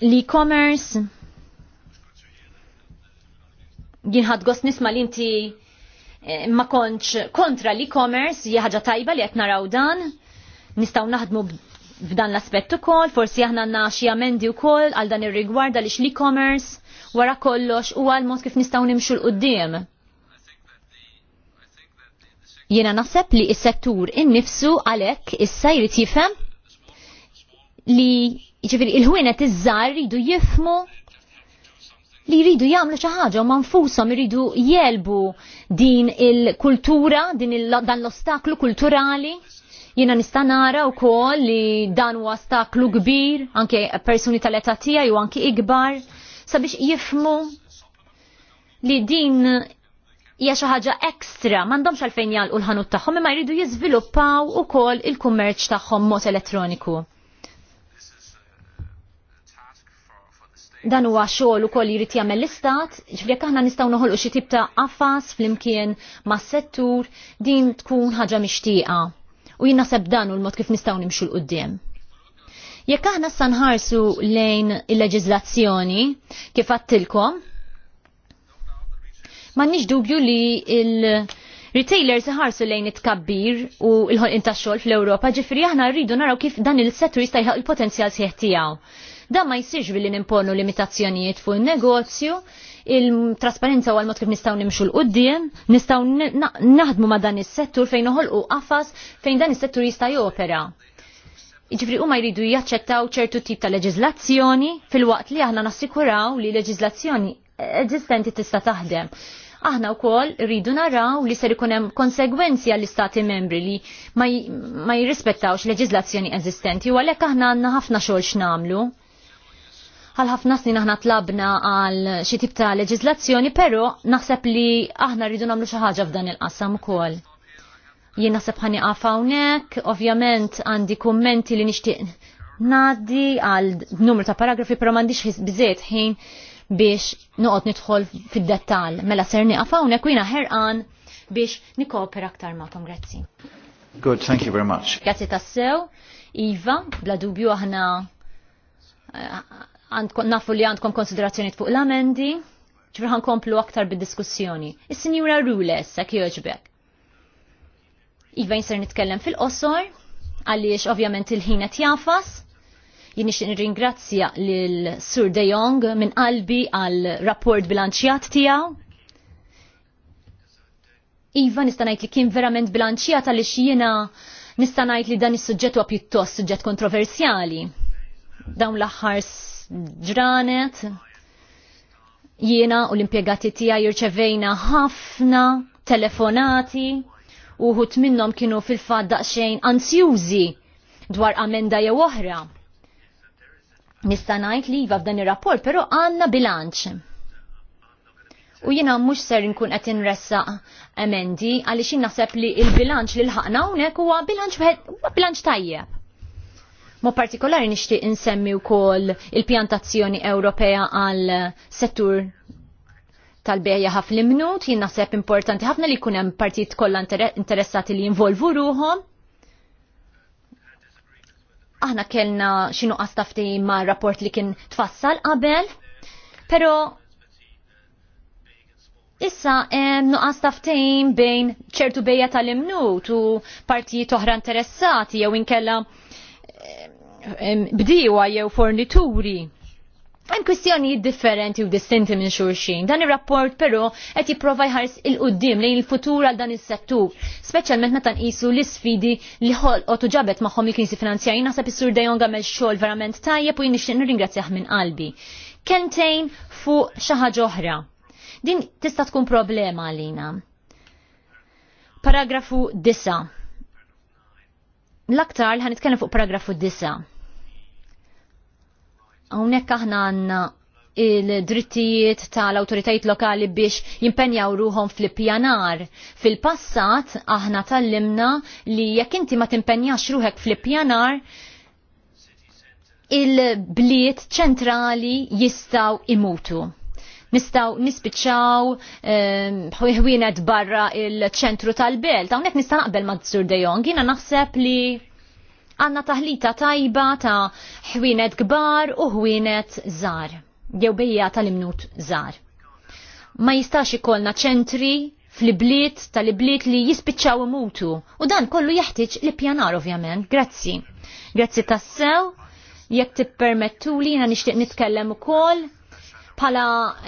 l-e-commerce jinħad għos nisma li inti eh, ma konċ kontra l-e-commerce, ħaġa tajba li qed naraw dan, nistgħu naħdmu f'dan l-aspett ukoll, forsi aħna għandna xi amendi wkoll għal dan ir-rigward għaliex l-e-commerce wara kollox u għal mod kif nistgħu nimxu l qudiem Jiena naħseb li s-settur innifsu għalhekk issa jrid jifhem li jiġifieri il-ħwienet iż żgħar jridu jifmu li jridu jagħmlu xi ħaġa u manfushom jridu jelbu din il-kultura, din dan l-ostaklu kulturali Jina nista' nara wkoll li dan huwa staklu kbir anke persuni tal etatija tiegħi u anke ikbar sabiex jifmu li din hija xi ħaġa ekstra m'għandhomx għalfejn jgħalqu l-ħanut tagħhom imma jridu jiżviluppaw ukoll il-kummerċ tagħhom mod elettroniku. Dan huwa xogħol ukoll jrid jagħmel l-istat, ġifieri aħna nistgħu noħolqu xi tip ta' qafas flimkien mas-settur din tkun ħaġa mixtieqa. U jien naħseb dan u l-mod kif nistgħu nimxu l qoddim Jekk aħna sanħarsu lejn il-leġizlazzjoni kif għattilkom, m'għandniex dubju li il- Retailers ħarsu lejn it-kabbir u l-ħolqin tax-xogħol fl-Ewropa, ġifri aħna rridu naraw kif dan il-settur jista' jħaq il-potenzjal sieħ tiegħu. Dan ma jsirx billi nimponu limitazzjonijiet fuq in-negozju, il-trasparenza u għal-mod kif nistaw nimxu l-qoddim, nistaw naħdmu ma dan is-settur fejn u qafas fejn dan is-settur jista' jopera. Iġifri huma jridu jaċċettaw ċertu tip ta' leġizlazzjoni fil-waqt li aħna nassikuraw li leġiżlazzjoni eżistenti tista' taħdem aħna u kol rridu naraw li ser ikunem konsegwenzi għall-istati membri li ma jirrispettawx leġizlazzjoni eżistenti u għalek aħna għanna ħafna xogħol x'namlu għal ħafna snin aħna tlabna għal xi tip ta' leġiżlazzjoni, però naħseb li aħna rridu nagħmlu xi ħaġa f'dan il-qasam ukoll. Jien naħseb ħani hawnhekk, ovvjament għandi kummenti li nixtieq ngħaddi għal numru ta' paragrafi, però m'għandix biżejt ħin biex noqgħod nidħol fid-dettall. Mela ser nieqaf hawnhekk u jiena ħerqan biex nikopera aktar magħkom. Grazzi. Good, thank you very much. Grazzi tassew. Iva, bla dubju aħna nafu li għandkom konsiderazzjoni fuq l-amendi, ċifrħan komplu aktar bid-diskussjoni. Is-sinjura Rules, sa' kjoġbek. Iva jinser nitkellem fil-qosor, għaliex ovvjament il-ħin qed jafas. Jien nixtieq nirringrazzja lil Sur De Jong minn qalbi għal rapport bilanċjat tiegħu. Iva nista' ngħid li kien verament bilanċjat għaliex jiena nista' ngħid li dan is-suġġett huwa pjuttost suġġett kontroversjali. Dawn l-aħħar ġranet, jiena u l-impiegati tija jirċevejna ħafna telefonati uħut minnom kienu fil fad daqxejn ansjużi dwar amenda jew oħra. Nista' ngħid li iva f'dan ir-rapport, però għandna bilanċ. U jiena mhux ser nkun qed inressaq emendi għaliex naħseb li l bilanċ li l-ħaqna hawnhekk huwa bilanċ bilanċ tajjeb. Mo partikolari nixtieq insemmi wkoll il-pjantazzjoni Ewropea għal settur tal-bejja ħaf l-imnut, jien naħseb importanti ħafna li jkun hemm kolla kollha interessati li jinvolvu ruhom. Aħna kellna xinu qastaftej ma' rapport li kien tfassal qabel, pero Issa, nuqqas taftejn bejn ċertu bejja tal-imnut u partijiet oħra interessati jew inkella bdiwa jew fornituri. Hemm kwistjonijiet differenti u distinti minn xulxin. Dan ir-rapport però qed jipprova jħars il-qudiem lejn il-futur għal dan is-settur, speċjalment meta nqisu l-isfidi li ħolqot u ġabet magħhom il-kriżi finanzjarji naħseb is-sur għamel xogħol verament tajjeb u jien nixtieq nirringrazzjah minn qalbi. Kentejn fuq xi ħaġa oħra. Din tista' tkun problema għalina. Paragrafu 9. L-aktar ħanitkellem fuq paragrafu 9 Hawnhekk aħna għandna il-drittijiet tal-autoritajiet lokali biex jimpenjaw ruħom fl-ippjanar. Fil-passat aħna tallimna li jekk inti ma timpenjax ruħek fl-ippjanar, il-bliet ċentrali jistaw imutu. Nistaw nispiċaw ehm, ħwienet barra il-ċentru tal-belt. Hawnhekk nista' naqbel ma' Sur De Jong, jiena naħseb li għanna taħlita tajba ta' ħwienet kbar u ħwienet zar, jew bejja tal-imnut zar. Ma jistax ikollna ċentri fl-ibliet tal-ibliet li jispiċċaw imutu u dan kollu jeħtieġ li pjanar ovvjament. Grazzi. Grazzi tassew, jekk tippermettu li jiena nixtieq nitkellem ukoll bħala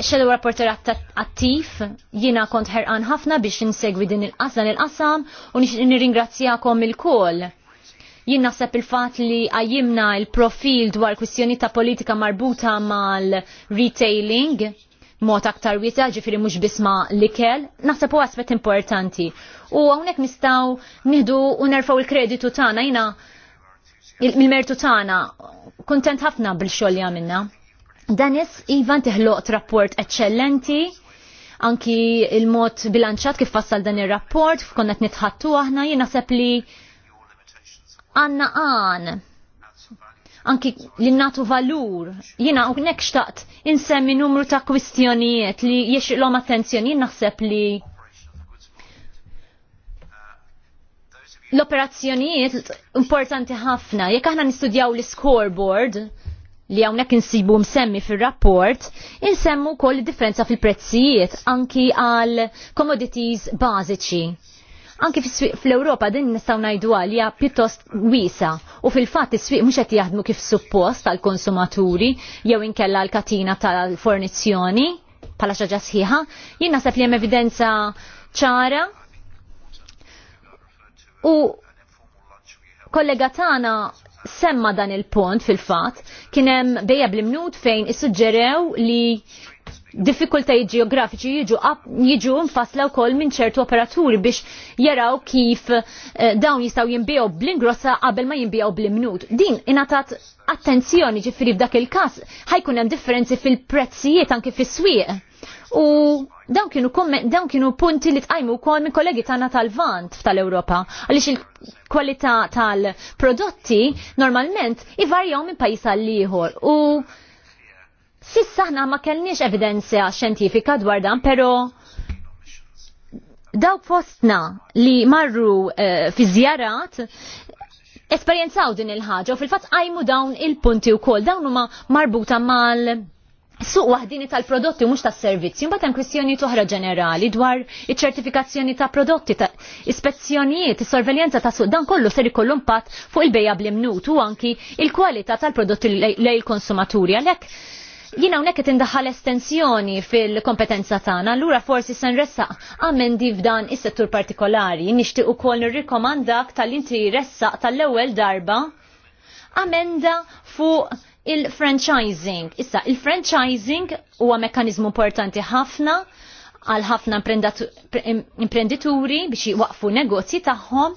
xellu rapporter attiv, jina kont ħerqan ħafna biex nsegwi din il-qasam il-qasam u nirringrazzjakom il-kol Jien naħseb il-fatt li għajimna il-profil dwar kwistjoni ta' politika marbuta mal-retailing mod aktar wita ġifiri mhux bisma l naħseb u aspett importanti. U hawnhekk nistgħu nieħdu u nerfaw il-kreditu tagħna jina il-mertu tagħna kuntent ħafna bil-xogħol li għamilna. Danis Ivan teħloq rapport eċċellenti, anki il-mod bilanċat kif fassal dan ir-rapport, f'konnet nitħattu aħna jien naħseb li għanna għan. Anki li natu valur. Jina u nek xtaqt insemmi numru ta' kwistjonijiet li jiex l-om attenzjoni naħseb li l-operazzjonijiet importanti ħafna. Jekk aħna nistudjaw l-scoreboard li hawnhekk insibu msemmi fir-rapport, insemmu wkoll differenza fil-prezzijiet anki għal commodities bażiċi Anki fl-Europa din nistaw najdu għalija pjuttost wisa u fil-fat is-swieq mhux qed jaħdmu kif suppost tal-konsumaturi jew inkella l-katina tal-fornizzjoni bħala xaġa sħiħa, jien naħseb li hemm evidenza ċara u kollega tagħna semma dan il-punt fil-fat, kienem dejja bl-imnut fejn issuġġerew li diffikultajiet ġeografiċi jiġu jiġu nfasla wkoll minn ċertu operaturi biex jaraw kif eh, dawn jistgħu jimbijaw bl-ingrossa qabel ma jimbijaw bl-imnut. Din ingħatat attenzjoni ġifieri f'dak il-każ ħajkun hemm differenzi fil-prezzijiet anke fis-swieq. U dawn kienu, dawn kienu punti li tqajmu wkoll minn kollegi tagħna tal-vant tal-Ewropa għaliex il-kwalità tal-prodotti normalment ivarjaw minn pajjiż għal ieħor u Sissa ħna ma kellniex evidenzja xjentifika dwar dan, pero dawk fostna li marru uh, fi zjarat esperjenzaw din il-ħaġa u fil-fatt għajmu dawn il-punti u kol, dawn huma marbuta mal suq waħdini tal-prodotti u mux tas-servizzi, mbagħad hemm kwistjoni oħra ġenerali dwar iċ-ċertifikazzjoni ta' prodotti, ta' ispezzjonijiet, is sorveljenza ta' suq, dan kollu ser ikollu impatt fuq il-bejja bl u anki il-kwalità tal-prodotti lej il-konsumaturi. Għalhekk Jina unek qed indaħħal estensjoni fil-kompetenza tagħna, allura forsi se nressaq amendi f'dan is-settur partikolari. Nixtieq ukoll nirrikomandak tal-inti ressaq tal-ewwel darba amenda fuq il-franchising. Issa, il-franchising huwa mekkaniżmu importanti ħafna għal ħafna imprenditori biex jwaqfu negozji tagħhom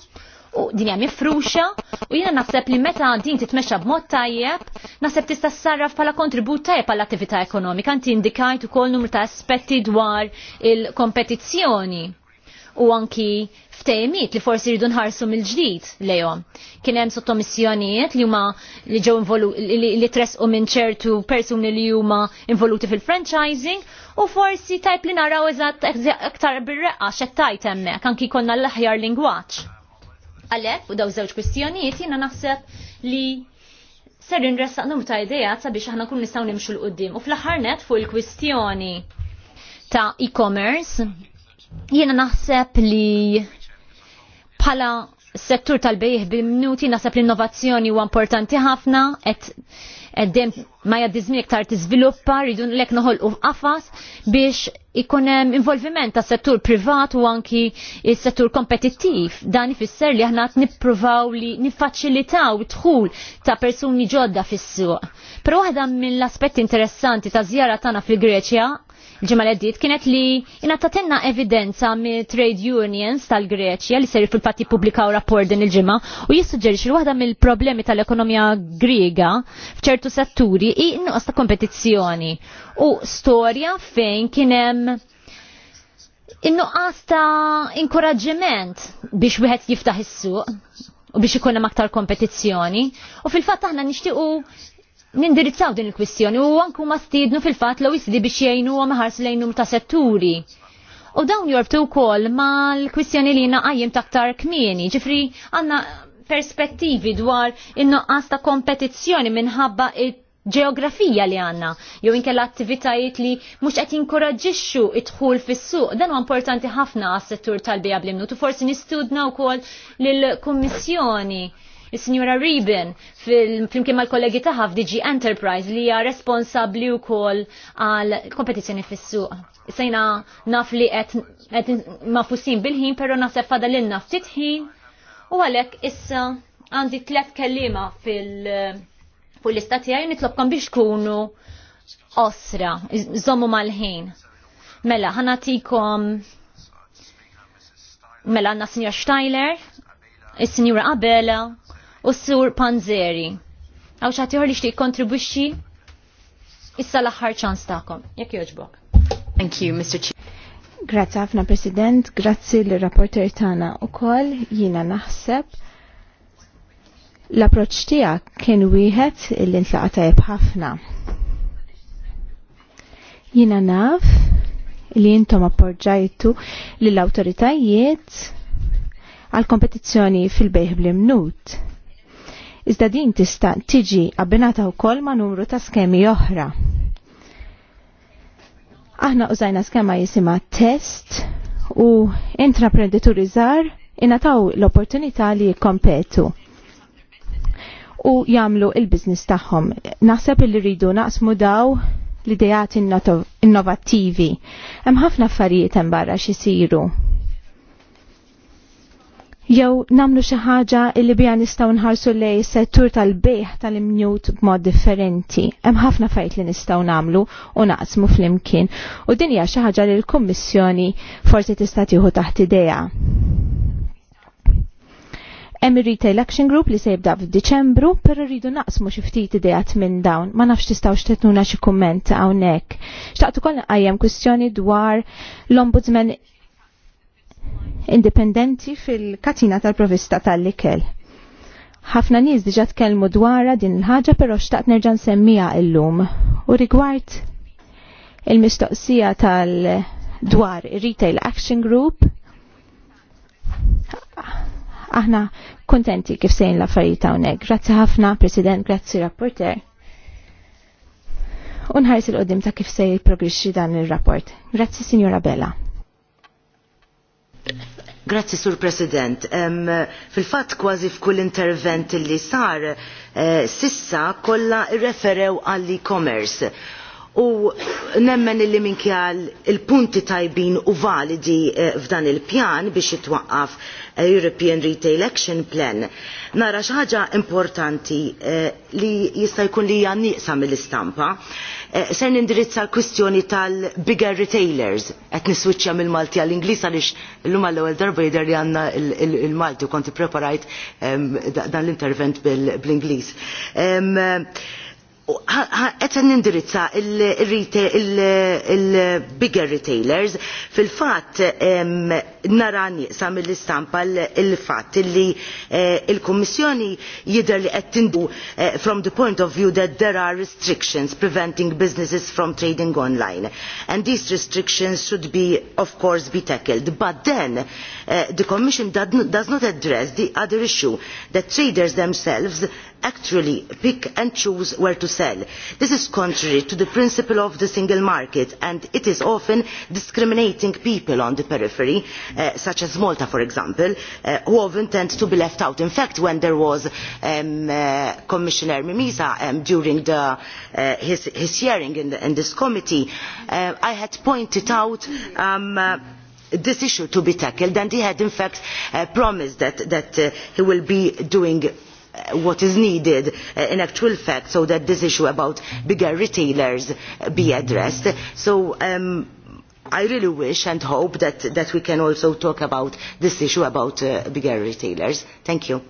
u din hija mifruxa u jiena naħseb li meta din titmexxa b'mod tajjeb, naħseb tista' ssarraf bħala kontribut tajjeb għall attività ekonomika. Inti indikajt ukoll numru ta' aspetti dwar il-kompetizzjoni u anki ftejmit li forsi rridu nħarsu mill-ġdid lejhom. Kien hemm sottomissjonijiet li huma li ġew li tresqu minn ċertu persuni li huma involuti fil-franchising u forsi tajp li naraw eżatt aktar bir-reqqa x'qed tajt hemmhekk anki jkollna l-aħjar lingwaġġ. Għalek, u daw żewġ kwistjonijiet jiena naħseb li ser inressa numru ta' ta' sabiex aħna kun nistgħu nimxu l qoddim U fl-aħħar net fuq il-kwistjoni ta' e-commerce, jiena naħseb li bħala settur tal-bejħ bimnuti naħseb l-innovazzjoni huwa importanti ħafna et dem ma jaddizmin iktar tiżviluppa rridu lek noħolqu għafas biex ikun hemm involviment tas settur privat u anki s-settur kompetittiv. Dan ifisser li aħna nippruvaw li niffaċilitaw dħul ta' persuni ġodda fis-suq. Però waħda mill-aspetti interessanti ta' żjara tagħna fil-Greċja ġimma l kienet li inattatenna evidenza mi trade unions tal-Greċja li seri fil-patti publikaw rapport din il-ġimma u jissuġġerix li waħda mill-problemi tal-ekonomija griega f'ċertu setturi i nuqqas ta' kompetizzjoni u storja fejn kienem innuqqas ta' inkoraġġiment biex wieħed jiftaħ is-suq u biex ikun hemm aktar kompetizzjoni. U fil-fatt aħna nixtiequ nindirizzaw din il-kwistjoni u għanku ma stidnu fil-fat l jisdi biex jajnu għu maħars lejnum ta' setturi. U dawn jorbtu kol ma l-kwistjoni li naqajjem taktar kmieni, ġifri għanna perspettivi dwar in għasta ta' kompetizzjoni minħabba ġeografija li għanna, jew l attivitajiet li mhux qed inkoraġiċu id-dħul fis-suq, dan huwa importanti ħafna għas-settur tal-bija blimnu, tu forsi nistudna wkoll lill-Kummissjoni il signora Ribin fil-flimkien mal-kollegi taħħa f'DG Enterprise li hija responsabbli wkoll għal kompetizzjoni fis Sejna naf li qed ma fussin bil-ħin, però naħseb naf ftit ħin u għalhekk issa għandi tlet kellima fil- istatija l-istat nitlobkom biex tkunu osra, żommu mal-ħin. Mela, ħanatikom mela għanna Sinjor Steiler, il-Sinjura Abela, u s-sur Panzeri. Għaw xaħtiħor li xtiq kontribuċi issa l ċans taqom. Jek joġbok. Thank you, Mr. Chief. Grazie għafna, President. Grazie l-rapporter tana u koll jina naħseb. L-approċ tija kien wieħed il intlaqa tajb ħafna. Jina naf li jintom appoġġajtu l-autoritajiet għal kompetizzjoni fil-bejħ bl-imnut iżda din tista' tiġi abbinata wkoll ma' numru ta' skemi oħra. Aħna użajna skema jisima test u intraprenditori żgħar inataw l-opportunità li jikkompetu u jagħmlu il-biznis tagħhom. Naħseb li rridu naqsmu daw l-idejat innovattivi. Hemm ħafna affarijiet hemm barra xisiru jew namlu xi ħaġa li bija nistgħu nħarsu lej settur tal-bejħ tal imjut b'mod differenti. Hemm ħafna fajt li nistgħu nagħmlu u naqsmu flimkien. U din hija xi ħaġa li l-Kummissjoni forsi tista' tieħu taħt idea. Hemm ir-Retail Action Group li se jibda f'Diċembru, però rridu naqsmu xi ftit ideat minn dawn. Ma nafx tistgħux tetnuna xi kumment hawnhekk. Xtaqt ukoll qajjem kwistjoni dwar l-Ombudsman indipendenti fil-katina tal-provista tal-likel. Ħafna nies diġa tkellmu dwarha din il-ħaġa però xtaqt nerġa' nsemmiha llum. U rigward il-mistoqsija tal-dwar Retail Action Group, aħna kontenti kif sejn l-affarijiet hawnhekk. Grazzi ħafna, President, grazzi rapporter. Unħares il-qoddim ta' kif se progressi dan ir rapport Grazzi, Signora Bella. Grazzi, Sur President. Um, Fil-fat kważi f'kull intervent li sar, uh, sissa kolla referew għall-e-commerce. U nemmen illi minkjal il-punti tajbin u validi uh, f'dan il-pjan biex jitwaqqaf European Retail Action Plan, nara xaħġa importanti eh, li jista' jkun li hija nieqsa mill-istampa. Eh, Se nindirizza l-kwistjoni tal-bigger retailers, qed niswiċċja mill-Malti għall-Ingliż għaliex llum għall-ewwel darba jider li għandna il-Malti kont ippreparajt ehm, dan l-intervent bl-Ingliż. Ehm, qed nindirizza il-bigger retailers fil-fatt nara nieqsa mill-istampa il-fatt li eh, il kommissjoni jidher li qed tindu eh, from the point of view that there are restrictions preventing businesses from trading online and these restrictions should be of course be tackled but then Uh, the Commission does not address the other issue that traders themselves actually pick and choose where to sell. This is contrary to the principle of the single market and it is often discriminating people on the periphery, uh, such as Malta for example, uh, who often tend to be left out. In fact, when there was um, uh, Commissioner Mimisa um, during the, uh, his, his hearing in, the, in this committee, uh, I had pointed out um, uh, this issue to be tackled and he had in fact uh, promised that, that uh, he will be doing uh, what is needed uh, in actual fact so that this issue about bigger retailers uh, be addressed. So um, I really wish and hope that, that we can also talk about this issue about uh, bigger retailers. Thank you.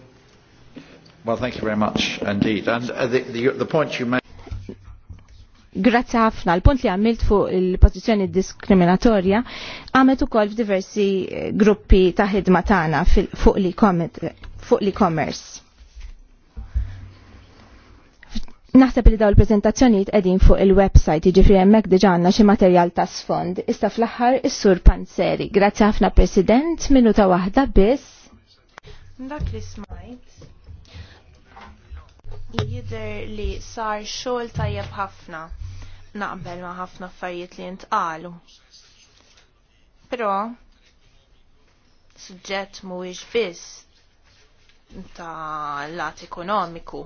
Well, thank you very much indeed. And uh, the, the, the point you made Grazzi ħafna. L-punt li għamilt fuq il-pozizjoni diskriminatorja għamet ukoll f'diversi eh, gruppi ta' ħidma tagħna fuq l-e-commerce. Naħseb li daw il prezentazzjoniet qegħdin fuq il-website, jiġifieri hemmhekk diġà għandna xi materjal ta' sfond. Issa fl-aħħar is-sur Panzeri. Grazzi ħafna President, minuta waħda biss. Dak li smajt Jider li sar xogħol tajjeb ħafna naqbel ma' ħafna affarijiet li ntqalu. Però suġġett mhuwiex biss ta' lat ekonomiku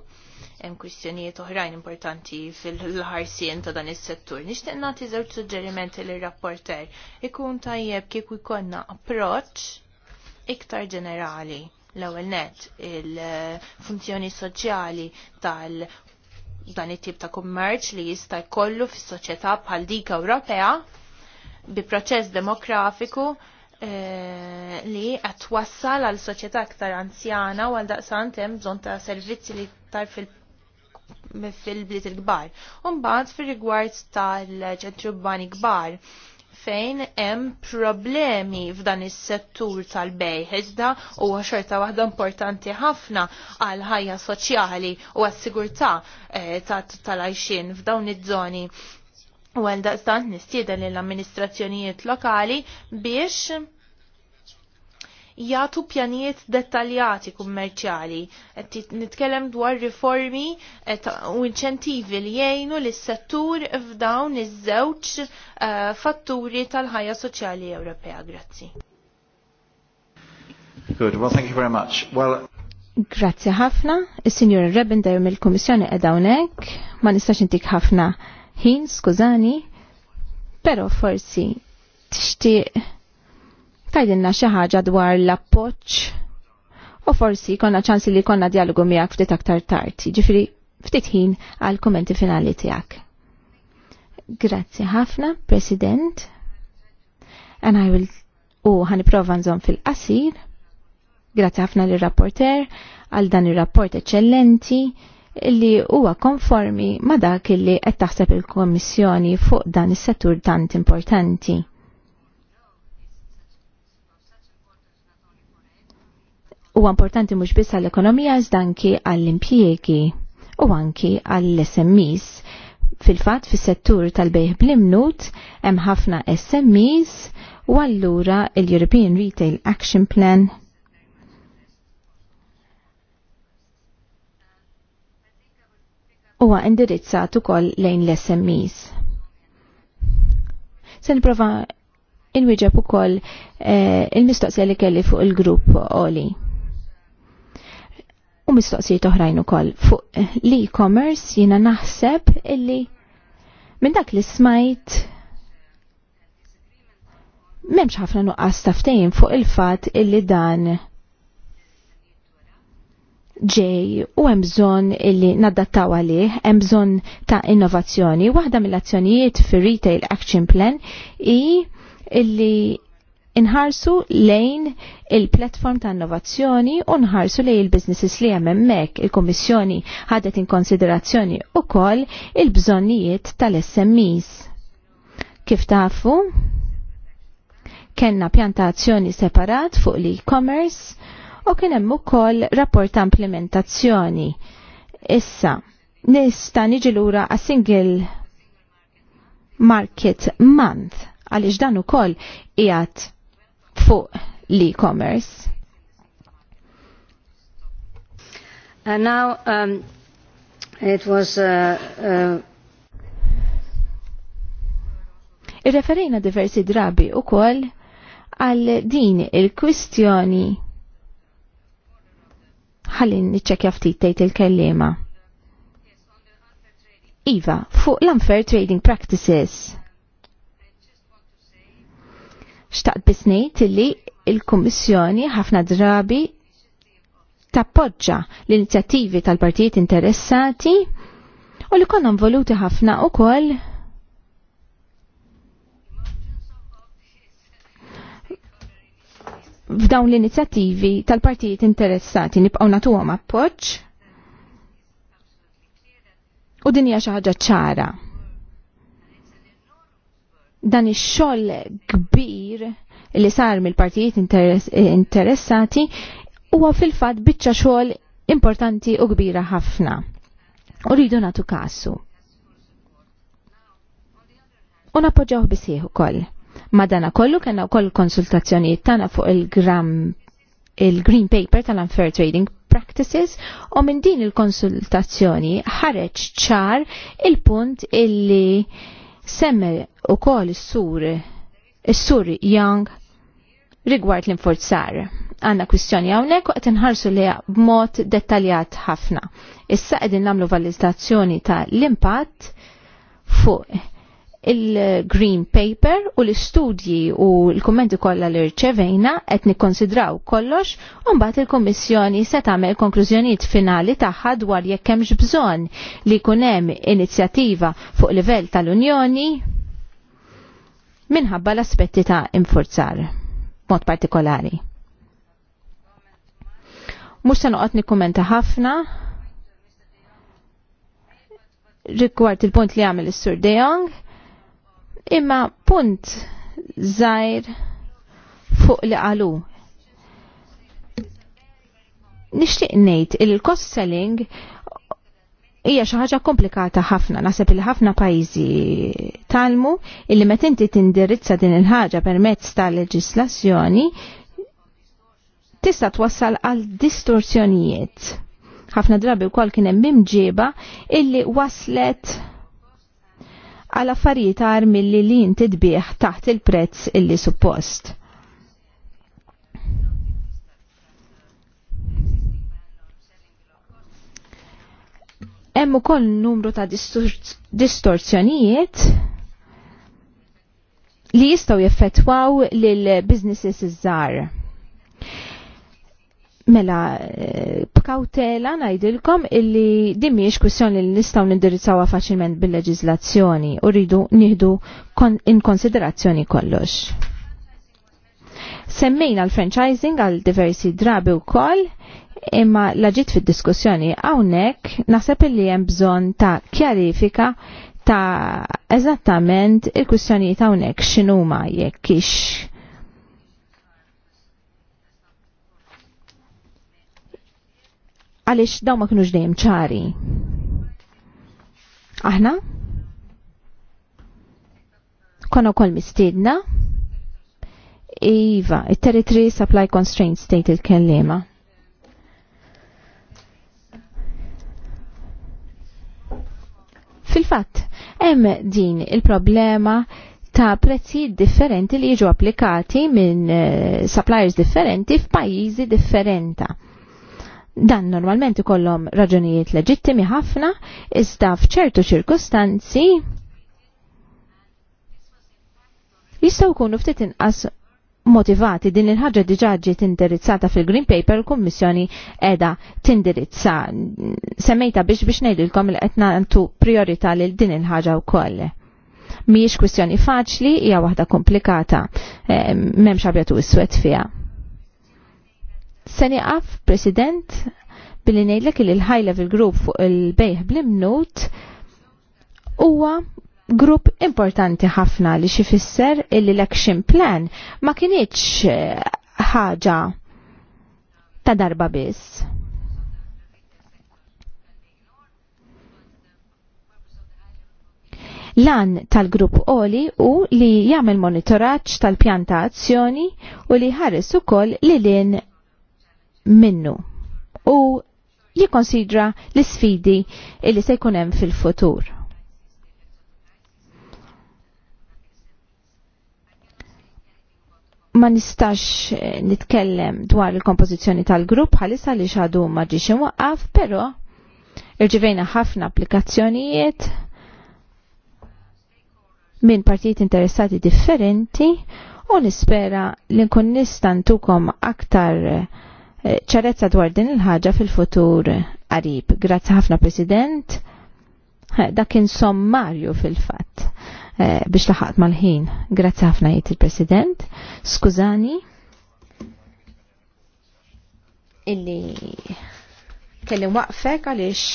hemm kwistjonijiet oħrajn importanti fil-ħarsien ta' dan is-settur. Nixtieq nagħti żewġ suġġerimenti lir rapporter ikun tajjeb kieku jkollna approċċ iktar ġenerali L-ewwel net il-funzjoni soċjali tal dan it-tip ta' kummerċ li jista' jkollu fis-soċjetà bħal dik Ewropea bi proċess demografiku eh, li qed wassal għal soċjetà aktar anzjana u għal daqsant hemm bżonn ta' servizzi li tar fil fil-bliet il-kbar. mbagħad fir-rigward tal-ċentri urbani kbar, fejn hemm problemi f'dan is-settur tal-bej iżda huwa xorta waħda importanti ħafna għal ħajja soċjali u għas-sigurtà eh, tal-għajxin f'dawn iż-żoni. U għal daqstant nistieden lill amministrazzjonijiet lokali biex jgħatu pjanijiet dettaljati kummerċjali. Qed nitkellem dwar riformi eh, u inċentivi li jgħinu lis settur f'dawn iż-żewġ eh, fatturi tal-ħajja soċjali Ewropea. Grazzi. Good, well thank you very much. Well, Grazzi ħafna, il-Sinjur Rebender mill-Komissjoni edawnek, ma nistax intik ħafna ħin, skużani, pero forsi tixtieq tajdinna xi ħaġa dwar l-appoġġ u forsi konna ċansi li konna dialogu miegħek ftit aktar tard, ġifieri ftit ħin għal kommenti finali tiegħek. Grazzi ħafna, President. And I will u ħaniprofa nżomm fil-qasir. Grazzi ħafna lir-rapporter għal dan ir-rapport eċċellenti li huwa konformi ma dak li qed taħseb il-Kommissjoni fuq dan is-settur tant importanti. huwa importanti mhux biss għall-ekonomija iżda għall-impjiegi u anki għall-SMEs. Fil-fatt fis-settur tal-bejħ bl-imnut hemm ħafna SMEs u allura l-European Retail Action Plan huwa indirizzat ukoll lejn l-SMEs. Se nipprova inwieġeb ukoll eh, il-mistoqsija li kelli fuq il-grupp Oli u mistoqsijiet oħrajn ukoll. Fuq l-e-commerce jiena naħseb illi minn dak li smajt m'hemmx ħafna nuqqas taftejn fuq il-fatt illi dan ġej u hemm bżonn illi naddattaw għalih, hemm bżonn ta' innovazzjoni. Waħda mill-azzjonijiet fir Retail Action Plan i illi inħarsu lejn il-platform ta' innovazzjoni u nħarsu lejn il-businesses li hemm hemmhekk il-Kummissjoni ħadet in konsiderazzjoni ukoll il-bżonnijiet tal-SMEs. Kif tafu? Kenna pjantazzjoni separat fuq l-e-commerce u kien hemm ukoll rapport ta' implementazzjoni. Issa, nista' niġi lura għas single market month għaliex dan ukoll qiegħed fuq l-e-commerce. And now um, it was uh, uh, Irreferejna diversi drabi u koll għal din il-kwistjoni ħallin niċċekja ftit tgħid il-kellima. Iva, fuq l-unfair trading practices. Xtaqt bisnejt li il-Kommissjoni ħafna drabi tappoġġa l-inizjattivi tal-partijiet interessati u li konnom voluti ħafna u koll f'dawn l-inizjattivi tal-partijiet interessati nibqgħu nagħtuhom appoġġ u din hija xi ħaġa ċara dan ix-xogħol kbir li sar mill-partijiet interessati huwa fil-fatt biċċa xogħol importanti u kbira ħafna. U rridu nagħtu kasu. U nappoġġawh bisieħ ukoll. Madana kollu kena wkoll konsultazzjonijiet tagħna fuq il-gram il-Green Paper tal-Unfair Trading Practices u minn din il-konsultazzjoni ħareġ ċar il-punt illi Semme u kol is-sur is-sur Young rigward l-inforzar. Għanna kwistjoni għawnek waqt nħarsu li b'mod dettaljat ħafna. Issa qegħdin nagħmlu validazzjoni ta' l-impatt fuq il-Green Paper u l-istudji u l-kummenti kollha li rċevejna qed nikkonsidraw kollox u mbagħad il-Kummissjoni se tagħmel konklużjonijiet finali tagħha dwar jekk hemmx bżonn li jkun hemm inizjattiva fuq livell tal-Unjoni minħabba l-aspetti ta' infurzar mod partikolari. Mux ta' noqot nikkumenta ħafna rikward il-punt li għamil is-Sur De Jong, Imma punt zaħir fuq li għalu. Nishtiq nejt il-cost selling hija xi ħaġa komplikata ħafna, naħseb li ħafna pajjiżi talmu illi meta inti tindirizza din il-ħaġa permezz ta' leġislazzjoni tista' twassal għal distorsjonijiet. Ħafna drabi wkoll kien hemm imġiba illi waslet għal affarijiet għar milli li jintidbieħ taħt il-prezz illi suppost. Hemm ukoll numru ta' distorzjonijiet li jistgħu jeffettwaw lil businesses iż-żgħar. Mela, eh, b'kawtela ngħidilkom illi din mhijiex kwistjoni li nistgħu nindirizzawha faċilment bil-leġiżlazzjoni u rridu nieħdu in konsiderazzjoni kollox. Semmejna l-franchising għal diversi drabi wkoll, imma laġit fid-diskussjoni hawnhekk naħseb illi hemm bżonn ta' kjarifika ta' eżattament il-kwistjonijiet hawnhekk x'inhuma jekk ix għaliex daw ma kinux dejjem ċari. Aħna konna wkoll mistiedna Iva, il-Territory Supply Constraint State il-kellima. Fil-fatt, hemm din il-problema ta' prezzi differenti li jiġu applikati minn eh, suppliers differenti f'pajjiżi differenta. Dan normalment ikollhom raġunijiet leġittimi ħafna, iżda f'ċertu ċirkostanzi jistgħu jkunu ftit inqas motivati din il-ħagġa diġà ġiet indirizzata fil-Green Paper l-Kummissjoni edha tindirizza. Semmejta biex biex ngħidilkom li qed nagħtu priorità lil din il-ħaġa wkoll. Mhijiex kwistjoni faċli hija waħda komplikata, m'hemmx abjatu iswed fiha. Se nieqaf, President, billi ngħidlek li l-High Level Group fuq il-bejħ bl-imnut huwa grupp importanti ħafna li xifisser illi l-action plan ma kienieċ eh, ħaġa ta' darba biss. Lan tal-grupp Oli u li jagħmel monitoraġġ tal-pjan ta' azzjoni u li ħares ukoll li lin minnu u jikkonsidra l-sfidi illi se jkun hemm fil-futur. ma nistax nitkellem dwar il-kompożizzjoni tal-grupp bħalissa li xadu ma ġiex imwaqqaf, però irġivejna ħafna applikazzjonijiet minn partijiet interessati differenti u nispera li nkun nista' ntukom aktar ċarezza dwar din il-ħaġa fil-futur qarib. Grazzi ħafna President. Dak kien sommarju fil-fatt eh, biex laħat mal-ħin. Grazzi ħafna jgħid il-President. Skużani illi kelli waqfek għaliex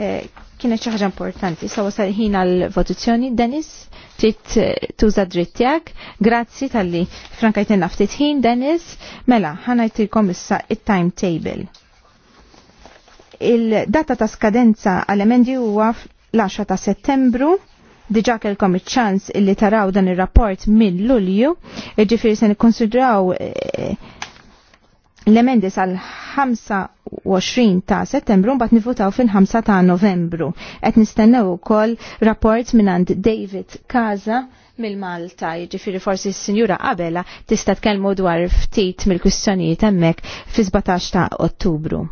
Eh, kienet xi ħaġa importanti. Sa wasal ħin għal votazzjoni Dennis trid eh, tuża dritt tiegħek. Grazzi talli frankajtenna ftit ħin Dennis. Mela, ħanajtilkom issa it-timetable. Il-data ta' skadenza għal emendi huwa l-10 ta' Settembru diġa kelkom iċ-ċans illi taraw dan ir-rapport mill-Lulju, ġifieri se nikkonsidraw eh, l-emendi sal-25 ta' settembru mbagħad nivutaw fil-5 ta' novembru. Qed nistennew ukoll rapport minn David Kaza mill-Malta, ġifiri forsi s senjura Qabela tista' tkellmu dwar ftit mill-kwistjonijiet hemmhekk fi 17 ta' Ottubru.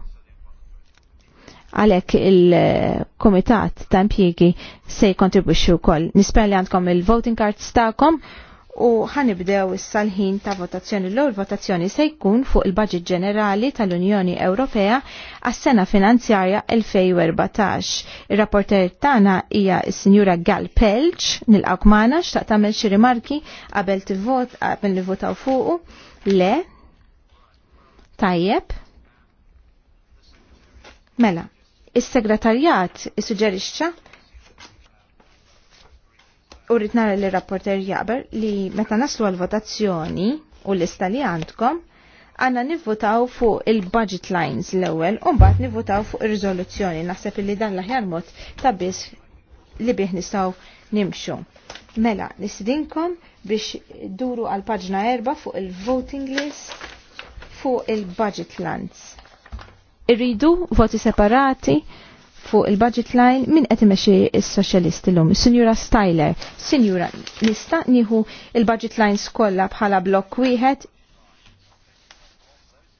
Għalhekk il-Kumitat ta' impjiegi se jkontribwixxu wkoll. Nisperli li għandkom il-voting cards tagħkom u ħanibdew is-salħin ta' votazzjoni. L-ewwel votazzjoni se jkun fuq il-Baġit Ġenerali tal-Unjoni Ewropea għas-sena finanzjarja 2014. Ir-rapporter tagħna hija s-Sinjura Gal Pelċ, nilqgħu magħna xtaq tagħmel xi rimarki qabel tivvot qabel nivvotaw fuqu. Le. Tajjeb. Mela, is-segretarjat issuġġerixxa Urrit nara li rapporter jaber li meta naslu għal-votazzjoni u l-lista li għandkom, għanna nivvotaw fuq il-budget lines l-ewel, unbat nivvotaw fuq il-rizoluzzjoni. Naħseb li dan l-ħjar mod ta' biss li bih nistaw nimxu. Mela, nistidinkom biex duru għal-pagġna erba' fuq il-voting list fuq il-budget lines. Irridu voti separati fuq il-budget line min qed imexxi s-soċjalisti lum Sinjura Styler, Sinjura, nista' nieħu il-budget lines kollha bħala blokk wieħed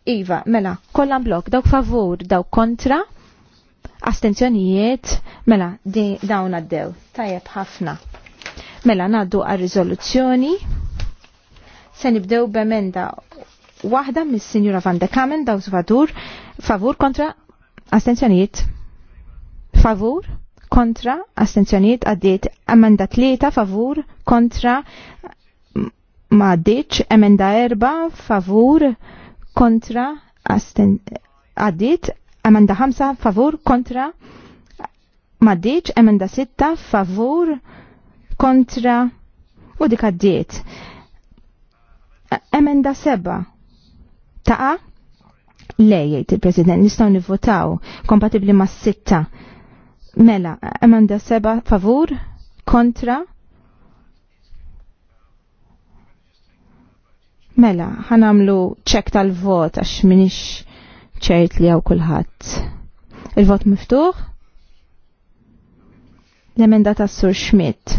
Iva, mela, kollha blokk, dawk favur, dawk kontra, astenzjonijiet, mela, dawn għaddew, tajjeb ħafna. Mela, naddu għal riżoluzzjoni se nibdew b'emenda waħda mis-Sinjura Van de Kamen, dawk vadur favur kontra, astenzjonijiet, favur, kontra, astenzjoniet għaddit, emenda tlieta favur, kontra, ma għaddiċ, emenda erba, favur, kontra, għaddit, emenda ħamsa, favur, kontra, ma għaddiċ, emenda sitta, favur, kontra, u dik għaddiet. Emenda seba, taqa, lejjt il-President, nistaw nivvotaw, kompatibli ma' sitta, Mela, emenda seba favur, kontra. Mela, ħanamlu ċek tal-vot għax minix ċert li għaw kullħat. Il-vot miftuħ? L-emenda ta' Sur Schmidt.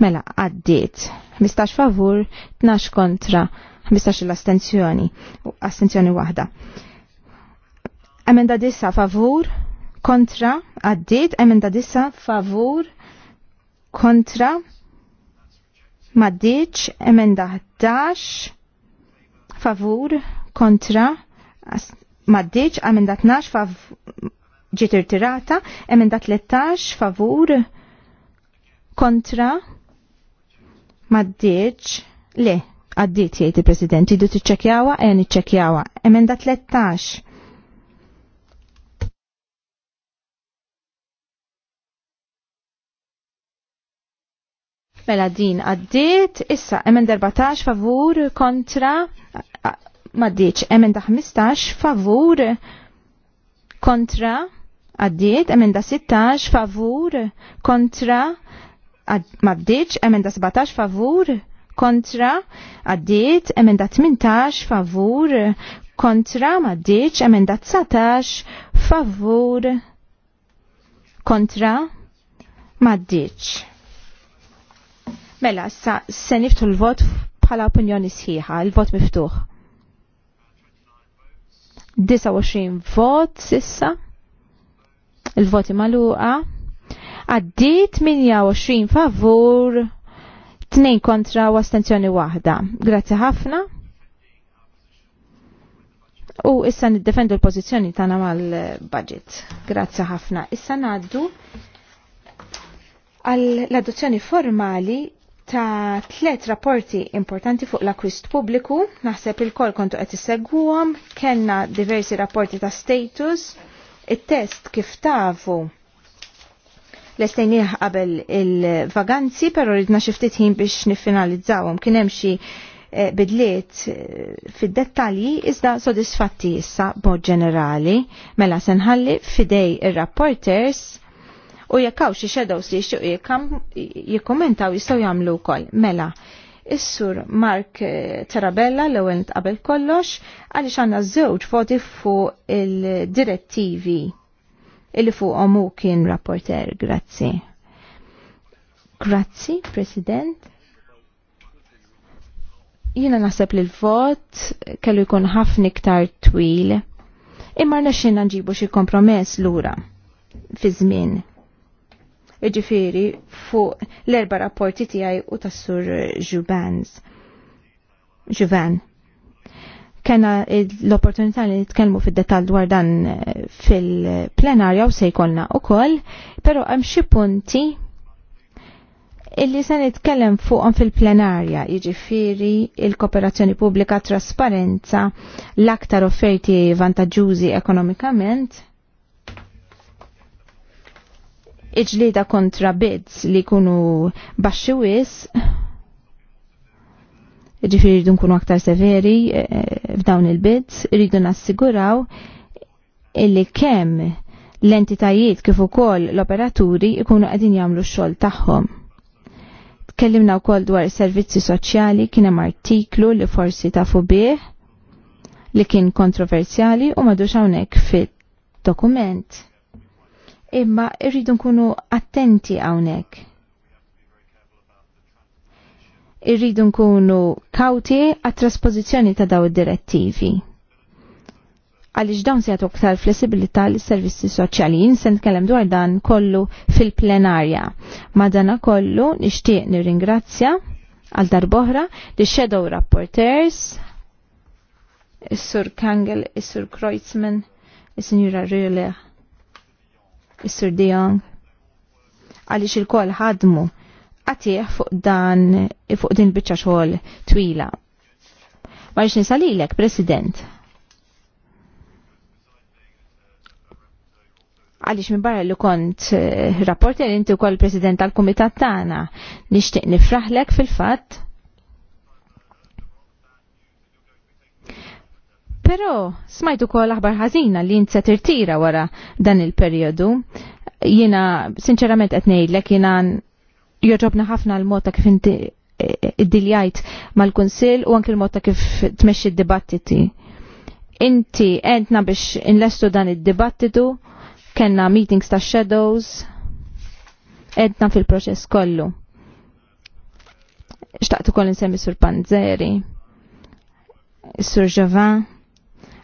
Mela, għaddit. 15 favur, 12 kontra, 15 l-astenzjoni. Astenzjoni wahda. Emenda disa favur, kontra għaddit, emenda disa favur kontra maddiċ, emenda 11 favur kontra maddiċ, emenda 12 favur ġitir tirata, emenda 13 favur kontra maddiċ, le, għaddit jieti prezidenti, president idu t-ċekjawa, għen iċċekjawa, e emenda 13 Mela din għaddit, issa emenda 14 favur kontra maddiċ, emenda 15 favur kontra għaddiet, emenda 16 favur kontra maddiċ, emenda 17 favur kontra għaddiet, emenda 18 favur kontra maddiċ, emenda 19 favur kontra maddiċ. Mela, sa se niftu l-vot bħala opinjoni sħiħa, l vot miftuħ. 29 vot sissa, il-voti maluqa, għaddit 28 favur, 2 kontra u astenzjoni wahda. Grazzi ħafna. U issa niddefendu l-pozizjoni tana mal-budget. Grazzi ħafna. Issa ngħaddu għall-adozzjoni formali ta' tlet rapporti importanti fuq l-akwist pubbliku, naħseb il-kol kontu qed isegwuhom, kellna diversi rapporti ta' status, it-test kif tafu l estajniħ qabel il-vaganzi, pero ridna xiftit ħin biex nifinalizzawhom. Kien hemm xi eh, bidliet eh, fid-dettalji iżda sodisfatti issa bo ġenerali, mela senħalli fidej ir-rapporters u jekk hawn xi shadows li jixtiequ jikkommentaw jistgħu jagħmlu wkoll. Mela, is-sur Mark eh, Tarabella l-ewwel qabel kollox għaliex għandna żewġ voti fuq il-direttivi illi fuqhom hu kien rapporter. Grazzi. Grazzi, President jina naħseb li l-vot kellu jkun ħafna iktar twil. Imma rnexxinna nġibu xi kompromess lura fi żmien iġifiri fuq l-erba rapporti tijaj u tassur Juvans. Juvan. Kena l-opportunità li nitkellmu fid detal dwar dan eh, fil-plenarja u sejkolna u koll, pero hemm xi punti illi se nitkellem fuqhom fil-plenarja, jiġifieri il-kooperazzjoni pubblika trasparenza, l-aktar offerti vantaġġużi ekonomikament, iġlida kontra bids li kunu baxxi wis ġifiri rridu nkunu aktar severi eh, eh, f'dawn il-bids, rridu nassiguraw illi kemm l-entitajiet kif ukoll l-operaturi ikunu qegħdin jagħmlu x-xogħol tagħhom. Tkellimna wkoll dwar servizzi soċjali kien hemm artiklu li forsi tafu bih li kien kontroversjali u madux hawnhekk fid-dokument imma irridu nkunu attenti hawnhekk. Irridu nkunu kauti għat-traspożizzjoni ta' daw id-direttivi. Għaliex dawn se jagħtu aktar flessibilità lis servizzi soċjali. Jien se nitkellem dwar dan kollu fil-plenarja. Madana kollu nixtieq nirringrazzja għal darboħra li shadow rapporteurs is-sur Kangel, is-sur Kreutzmann, is-sinjura Rile Is-Sur Dejong għaliex il-kol ħadmu għatieħ fuq dan fuq din biċċa xogħol twila. Ma rix nisalilek, President. Għaliex minn barra li kont eh, rapporter inti wkoll President tal-Kumitat tagħna nixtieq nifraħlek fil-fatt Pero smajtu kol aħbar ħażina li inti se tirtira wara dan il periodu Jiena sinċerament qed ngħidlek jina joġobna ħafna l-mod ta' kif inti e, e, iddiljajt mal-Kunsill u anke l-mod ta' kif tmexxi d-dibattiti. Inti entna biex inlestu dan id-dibattitu, kena meetings ta' shadows, edna fil-proċess kollu. Xtaqtu kol insemmi Sur Panzeri, Sur Javan,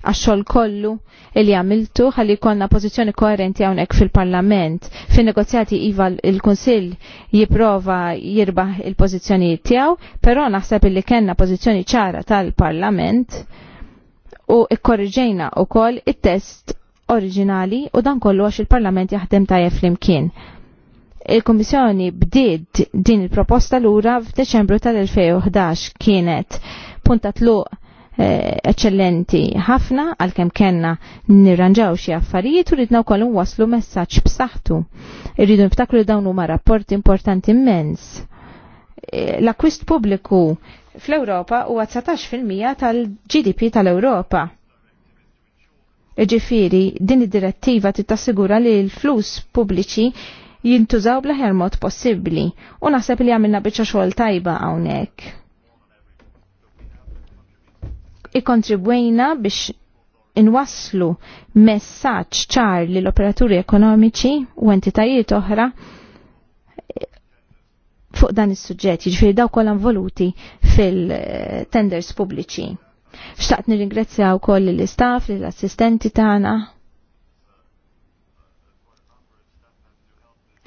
għax-xogħol kollu li għamiltu ħalli jkollna pożizzjoni koerenti hawnhekk fil-Parlament. Fin-negozjati iva il kunsill jipprova jirbaħ il-pożizzjonijiet tiegħu, però naħseb li kellna pożizzjoni ċara tal-Parlament u ikkorriġejna wkoll it-test oriġinali u dan kollu għax il-Parlament jaħdem tajjeb flimkien. il komissjoni bdiet din il-proposta lura f'Deċembru tal-2011 kienet punta tluq Eh, eccellenti ħafna għalkemm kenna nirranġaw xi affarijiet u ridna wkoll waslu messaġġ b'saħħtu. Irridu niftakru li dawn huma rapport importanti immens. Eh, l-akwist pubbliku fl-Ewropa huwa 19% tal-GDP tal-Ewropa. Ġifiri, din id-direttiva tittassigura li l-flus pubbliċi jintużaw bl ħermot mod possibbli u naħseb li għamilna biċċa xogħol tajba hawnhekk ikontribwejna biex inwasslu messaġġ ċar li l-operaturi ekonomiċi u entitajiet oħra fuq dan is-suġġett, jiġifieri daw kollha involuti fil-tenders pubbliċi. Xtaqt nirringrazzja wkoll l-istaff, l-assistenti tagħna.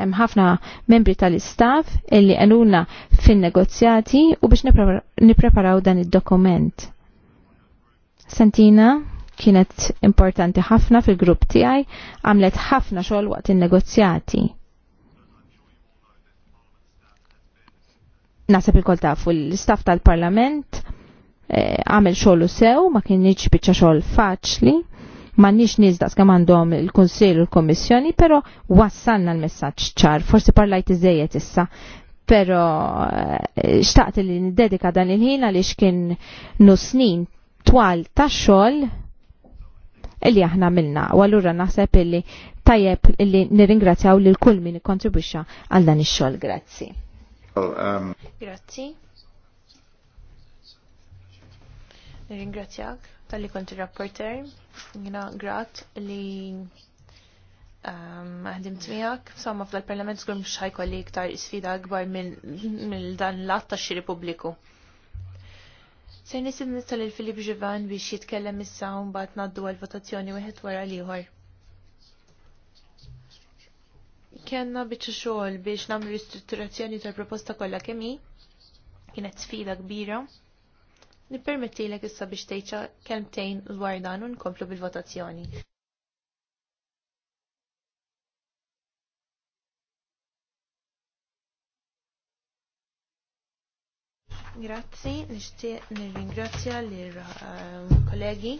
Hemm ħafna membri tal-istaff illi għanuna fin-negozjati u biex nippreparaw dan id-dokument Santina kienet importanti ħafna fil-grupp tiegħi, għamlet ħafna xogħol waqt in-negozjati. Nasab il-kol tafu l-istaff tal-Parlament eh, għamel e, xogħlu sew, ma kienx biċċa xogħol faċli, m'għandniex nizdas kemm għandhom il-Kunsill u l-Kommissjoni, però wassalna l-messaġġ ċar, forsi parlajt iżejjed issa, pero eh, xtaqt li n-dedika dan il-ħin għaliex kien nu snin twal ta' xogħol illi aħna milna. U allura naħseb illi tajjeb illi nirringrazzjaw lil kull min ikkontribwixxa għal dan ix-xogħol. Grazzi. Um, Grazzi. Nirringrazzjak tal-li konti rapporter. Jina grat li għadim um, t-mijak. Somma fl-parlament zgur mxħajkolli ħajkolli iktar sfida akbar minn dan l-att ta' xiri pubbliku. Se nisid nistal il-Filip Ġivan biex jitkellem issa un bat naddu għal-votazzjoni wieħed wara liħor. Kenna biex xogħol biex nagħmlu ristrutturazzjoni tal-proposta kollha kemm hi, kienet sfida kbira. Nippermettilek issa biex tgħidha kelmtejn dwar dan u nkomplu bil-votazzjoni. Grazzi, nixtieq nirringrazzja l ehm, kollegi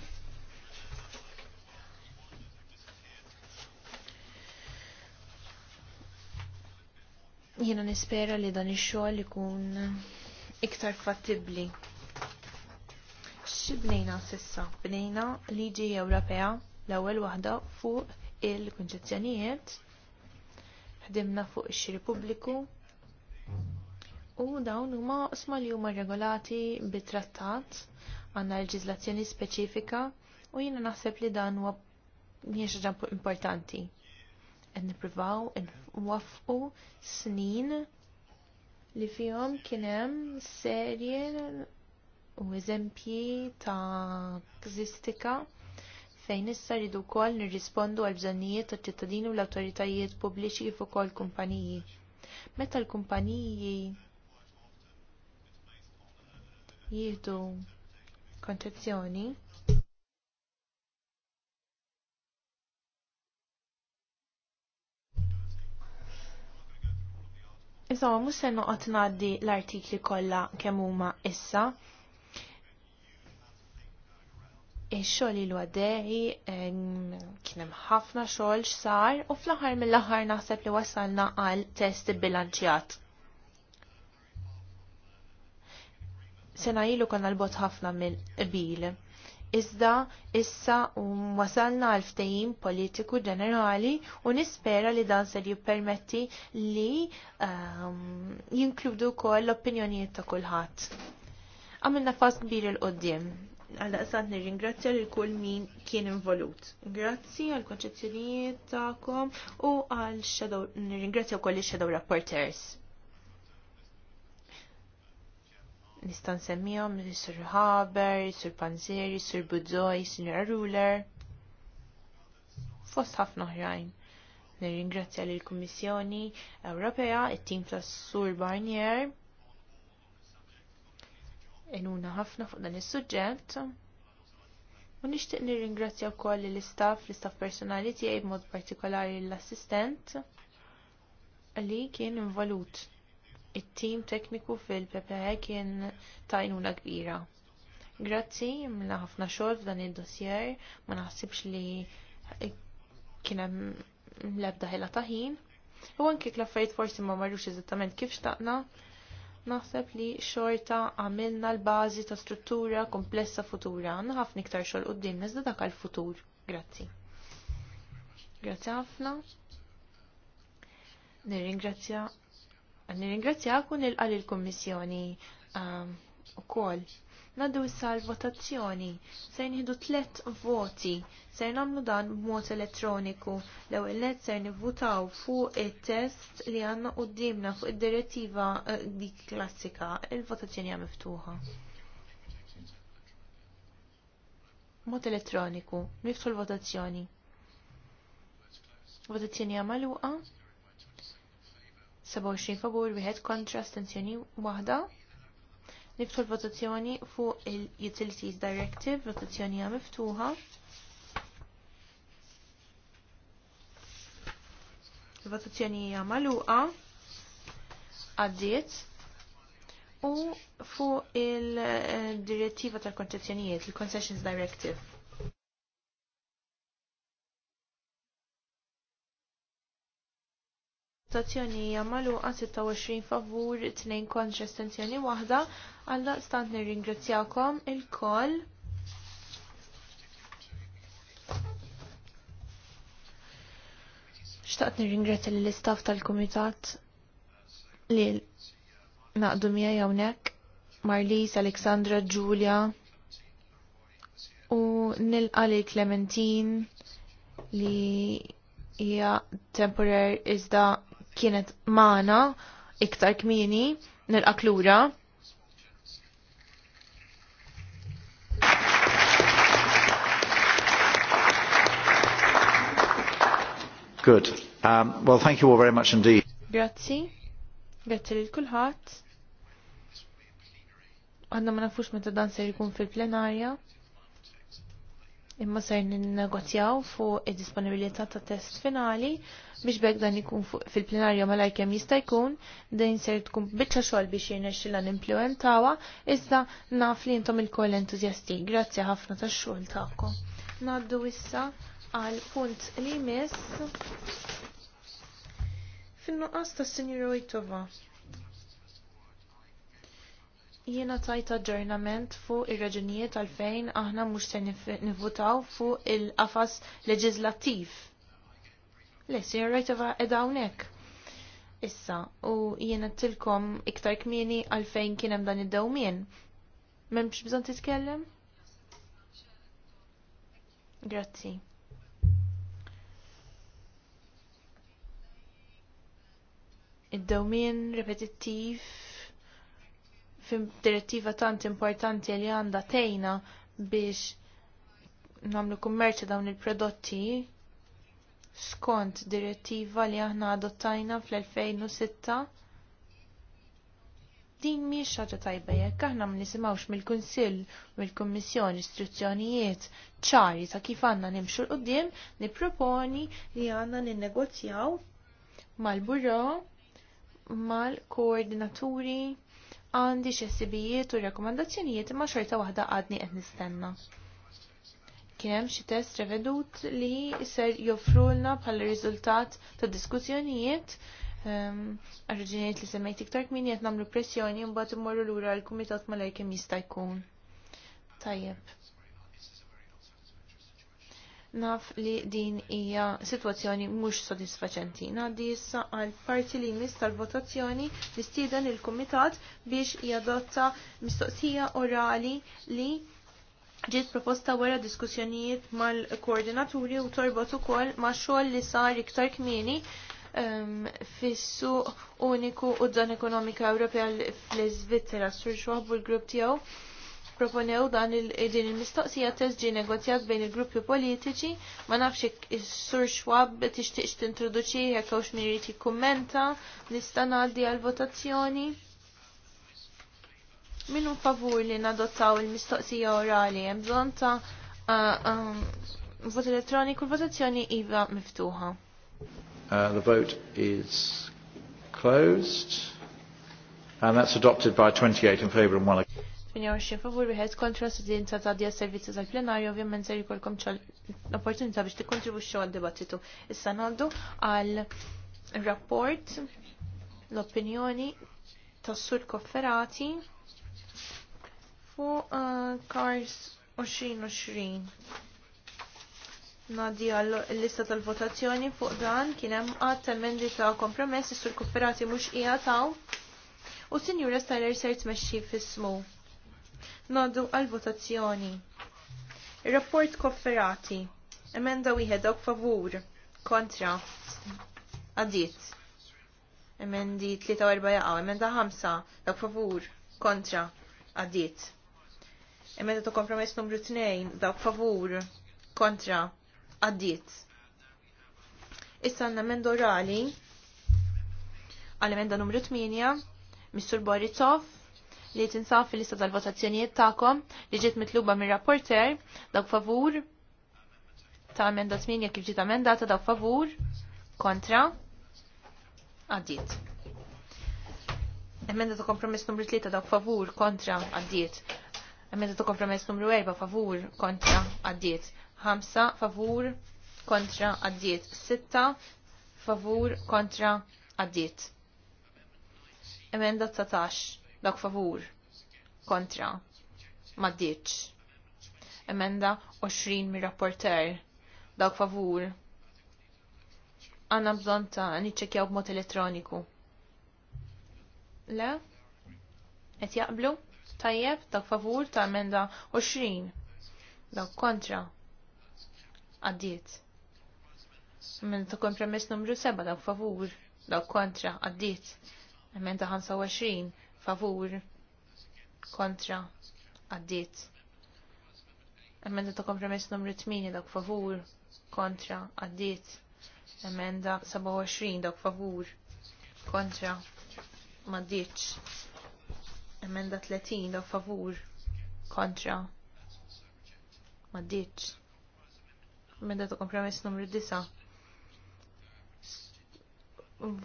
Jiena nispera li dan ix-xogħol ikun iktar fattibbli. Xi bnejna sissa? Bnejna liġi Ewropea l-ewwel waħda fuq il-kunċezzjonijiet, ħdimna fuq ix-xiri pubbliku, U dawn huma qosma li huma regolati bit-trattat għandna leġiżlazzjoni speċifika u jiena naħseb li dan huwa mhijiex ħaġa importanti. Qed nippruvaw nwaffqu snin li fihom kien hemm serje u eżempji ta' kżistika fejn issa rridu wkoll nirrispondu għal bżonnijiet taċ ċittadini u l-awtoritajiet pubbliċi fuq ukoll kumpaniji. Meta l-kumpaniji Jihdu kontrazzjoni. Insomma, mhux se noqgħod ngħaddi l-artikli kollha kemm huma issa. Ix-xogħol il għaddej kien hemm ħafna xogħol x'sar u fl-aħħar mill-aħħar naħseb li wasalna għal test bilanċjat. Sena ilu konna l-bot ħafna minn qbil. Iżda issa um, wasalna għal ftehim politiku ġenerali u nispera li dan se jippermetti li um, jinkludu kol l-opinjonijiet ta' kulħadd. Għamilna fas kbir il-qoddim għal-daqsant nirringrazzja ringrazzja l-kull min kien involut. Grazzi għal-konċezzjonijiet ta'kom u għal-shadow, nir-ringrazzja u koll shadow rapporters. nista' nsemmihom Sir Haber, Sir Panzeri, Sir Budzoj, Sir Ruler, fost ħafna oħrajn. Nirringrazzja lill kummissjoni Ewropea, it-tim tas Sur Barnier, enuna ħafna fuq dan is-suġġett. U nixtieq nirringrazzja wkoll l-istaff, l-istaff personali tiegħi b'mod partikolari l-assistent li kien involut it-tim tekniku fil-PPE kien tajnuna kbira. Grazzi, mla ħafna xogħol f'dan id-dossier, ma naħsibx li kien hemm l-ebda ħela taħin. U anke l-affarijiet forsi ma marrux eżattament kif xtaqna, naħseb li xorta għamilna l-bażi ta' struttura komplessa futura. Għandna ħafna iktar xogħol quddiem iżda dak għall-futur. Grazzi. Grazzi ħafna. Nirringrazzja Nirringrazzjak u nilqal il-Kommissjoni um, u kol. Naddu issa l-votazzjoni. Se nħidu tlet voti. Sejn għamlu dan b'mod elettroniku. Lew il-net se votaw fuq il-test li għanna u dimna fuq id-direttiva eh, di klassika. Il-votazzjoni għam miftuħa. Mod elettroniku. Miftu l-votazzjoni. Votazzjoni għam 27 favur, wieħed kontra stenzjoni waħda. Niftu l-votazzjoni fuq il-Utilities Directive, votazzjoni għam miftuħa. votazzjoni hija magħluqa għaddiet u fuq il-direttiva tal-konċezzjonijiet, il-Concessions Directive. Votazzjoni hija magħluqa 26 favur, 2 kontra astenzjoni waħda. għal stant nirringrazzjakom il-koll. Xtaqt nirringrazzja l-istaff tal-Kumitat li naqdu mija hawnhekk. Marlis, Aleksandra, Giulia u nil li Clementine li hija temporar iżda kienet maħna iktar kmini nil-aklura. Good. Um, well, thank you all very much indeed. Grazzi. Grazzi lil kulħat. Għanna ma nafux meta dan se jkun fil-plenarja imma ser negozjaw fuq id-disponibilità ta' test finali biex bekk dan ikun fil plenarju malajr kemm jista' jkun din ser tkun biċċa xogħol biex jirnexxilha nimplementawha iżda naf li intom il-koll entużjasti. Grazzi ħafna tax-xogħol tagħkom. Naddu issa għal punt li miss fin-nuqqas tas-Sinjur Wojtova. Jiena tajt aġġornament fuq ir-raġunijiet għalfejn aħna mhux se nivvutaw fuq il-qafas leġislattiv. Le, sir rajtava edha hawnhekk. Issa, u jiena tilkom iktar kmieni għalfejn kien hemm dan id-dawmien. M'hemmx bżonn titkellem? Grazzi. Id-dawmien repetittiv fim direttiva tant importanti li għanda tejna biex namlu kummerċa dawn il-prodotti skont direttiva li aħna adottajna fl-2006 din mhix xaġa tajba jekk aħna ma nisimgħux mill-Kunsill u mill-Kummissjoni istruzzjonijiet ċari ta' kif għandna nimxu l qudiem nipproponi li għandna ninnegozjaw mal-buro mal-koordinaturi għandi xessibijiet u rekomandazzjonijiet imma xorta waħda għadni qed nistenna. Kien hemm xi test revedut li ser joffrulna bħala riżultat ta' diskussjonijiet ehm, għarġinijiet li semmejt iktar kmin qed nagħmlu pressjoni mbagħad immorru lura l-kumitat malajr kemm jista' jkun. Tajjeb naf li din hija situazzjoni mhux sodisfaċenti. Ngħaddi issa għal parti li mis tal-votazzjoni li stieden il-Kumitat biex jadotta mistoqsija orali li ġiet proposta wara diskussjonijiet mal-koordinaturi u torbot ukoll ma' xogħol li sar iktar kmieni um, ehm, fissu uniku u dan ekonomika Ewropea fl-Iżvizzera sur xwaħbu l-grupp tiegħu proponew dan il-din il-mistoqsija tesġi negozjat bejn il-gruppi politiċi, ma nafx is-sur xwab t tintroduċi jekk hawnx min irid jikkummenta, nista' ngħaddi għall-votazzjoni. Minu favur li nadottaw il-mistoqsija orali hemm bżonn ta' vot elettroniku l-votazzjoni iva miftuħa. Uh, the vote is closed and that's adopted by 28 in favour and one against. 28 favur wieħed kontra student ta' tadja servizzi tal-plenarju ovvjament se jkollkom l-opportunità biex tikkontribwixxu għal dibattitu Issa ngħaddu għal rapport l-opinjoni tas-sur kofferati fuq uh, Cars 2020. Nadi għall lista tal-votazzjoni fuq dan kien hemm qatt tal ta' kompromessi sur kofferati mhux qiegħu taw u Sinjura Stajler ser tmexxi fis-smu. Nodu għal-votazzjoni. Rapport kofferati. Emenda wieħed dawk favur. Kontra. Għadiet. Emendi 43 jaqaw. Emenda 5 dawk favur. Kontra. Għadiet. Emenda ta' kompromess numru 2 dawk favur. Kontra. Għadiet. Issa għanna emenda orali. Għal emenda numru 8. Mr. Borisov li tinsab fil-lista tal-votazzjonijiet tagħkom li ġiet mitluba mir-rapporter dawk favur ta' emenda 8 kif ġiet emendata dawk favur kontra għaddiet. Emenda ta' kompromess numru 3 dawk favur kontra għaddiet. Emenda ta' kompromess numru 4 favur kontra għaddiet. 5 favur kontra għaddiet. 6 favur kontra għaddiet. Emenda 19 Dak favur kontra maddiċ. Emenda 20 mir rapporter Dak favur għanna bżon ta' niċċekjaw b'mod elettroniku. Le? Et jaqblu? Tajjeb, dak favur ta' emenda 20. Dak kontra. Għaddiet. Emenda ta' kompromess numru 7, dak favur. Dak kontra. Għaddiet. Emenda 25 favur kontra għaddit. Emenda ta' kompromess numru 8 dak favur kontra għaddit. Emenda 27 dak favur kontra maddiċ. Emenda 30 dak favur kontra maddiċ. Emenda ta' kompromess numru 9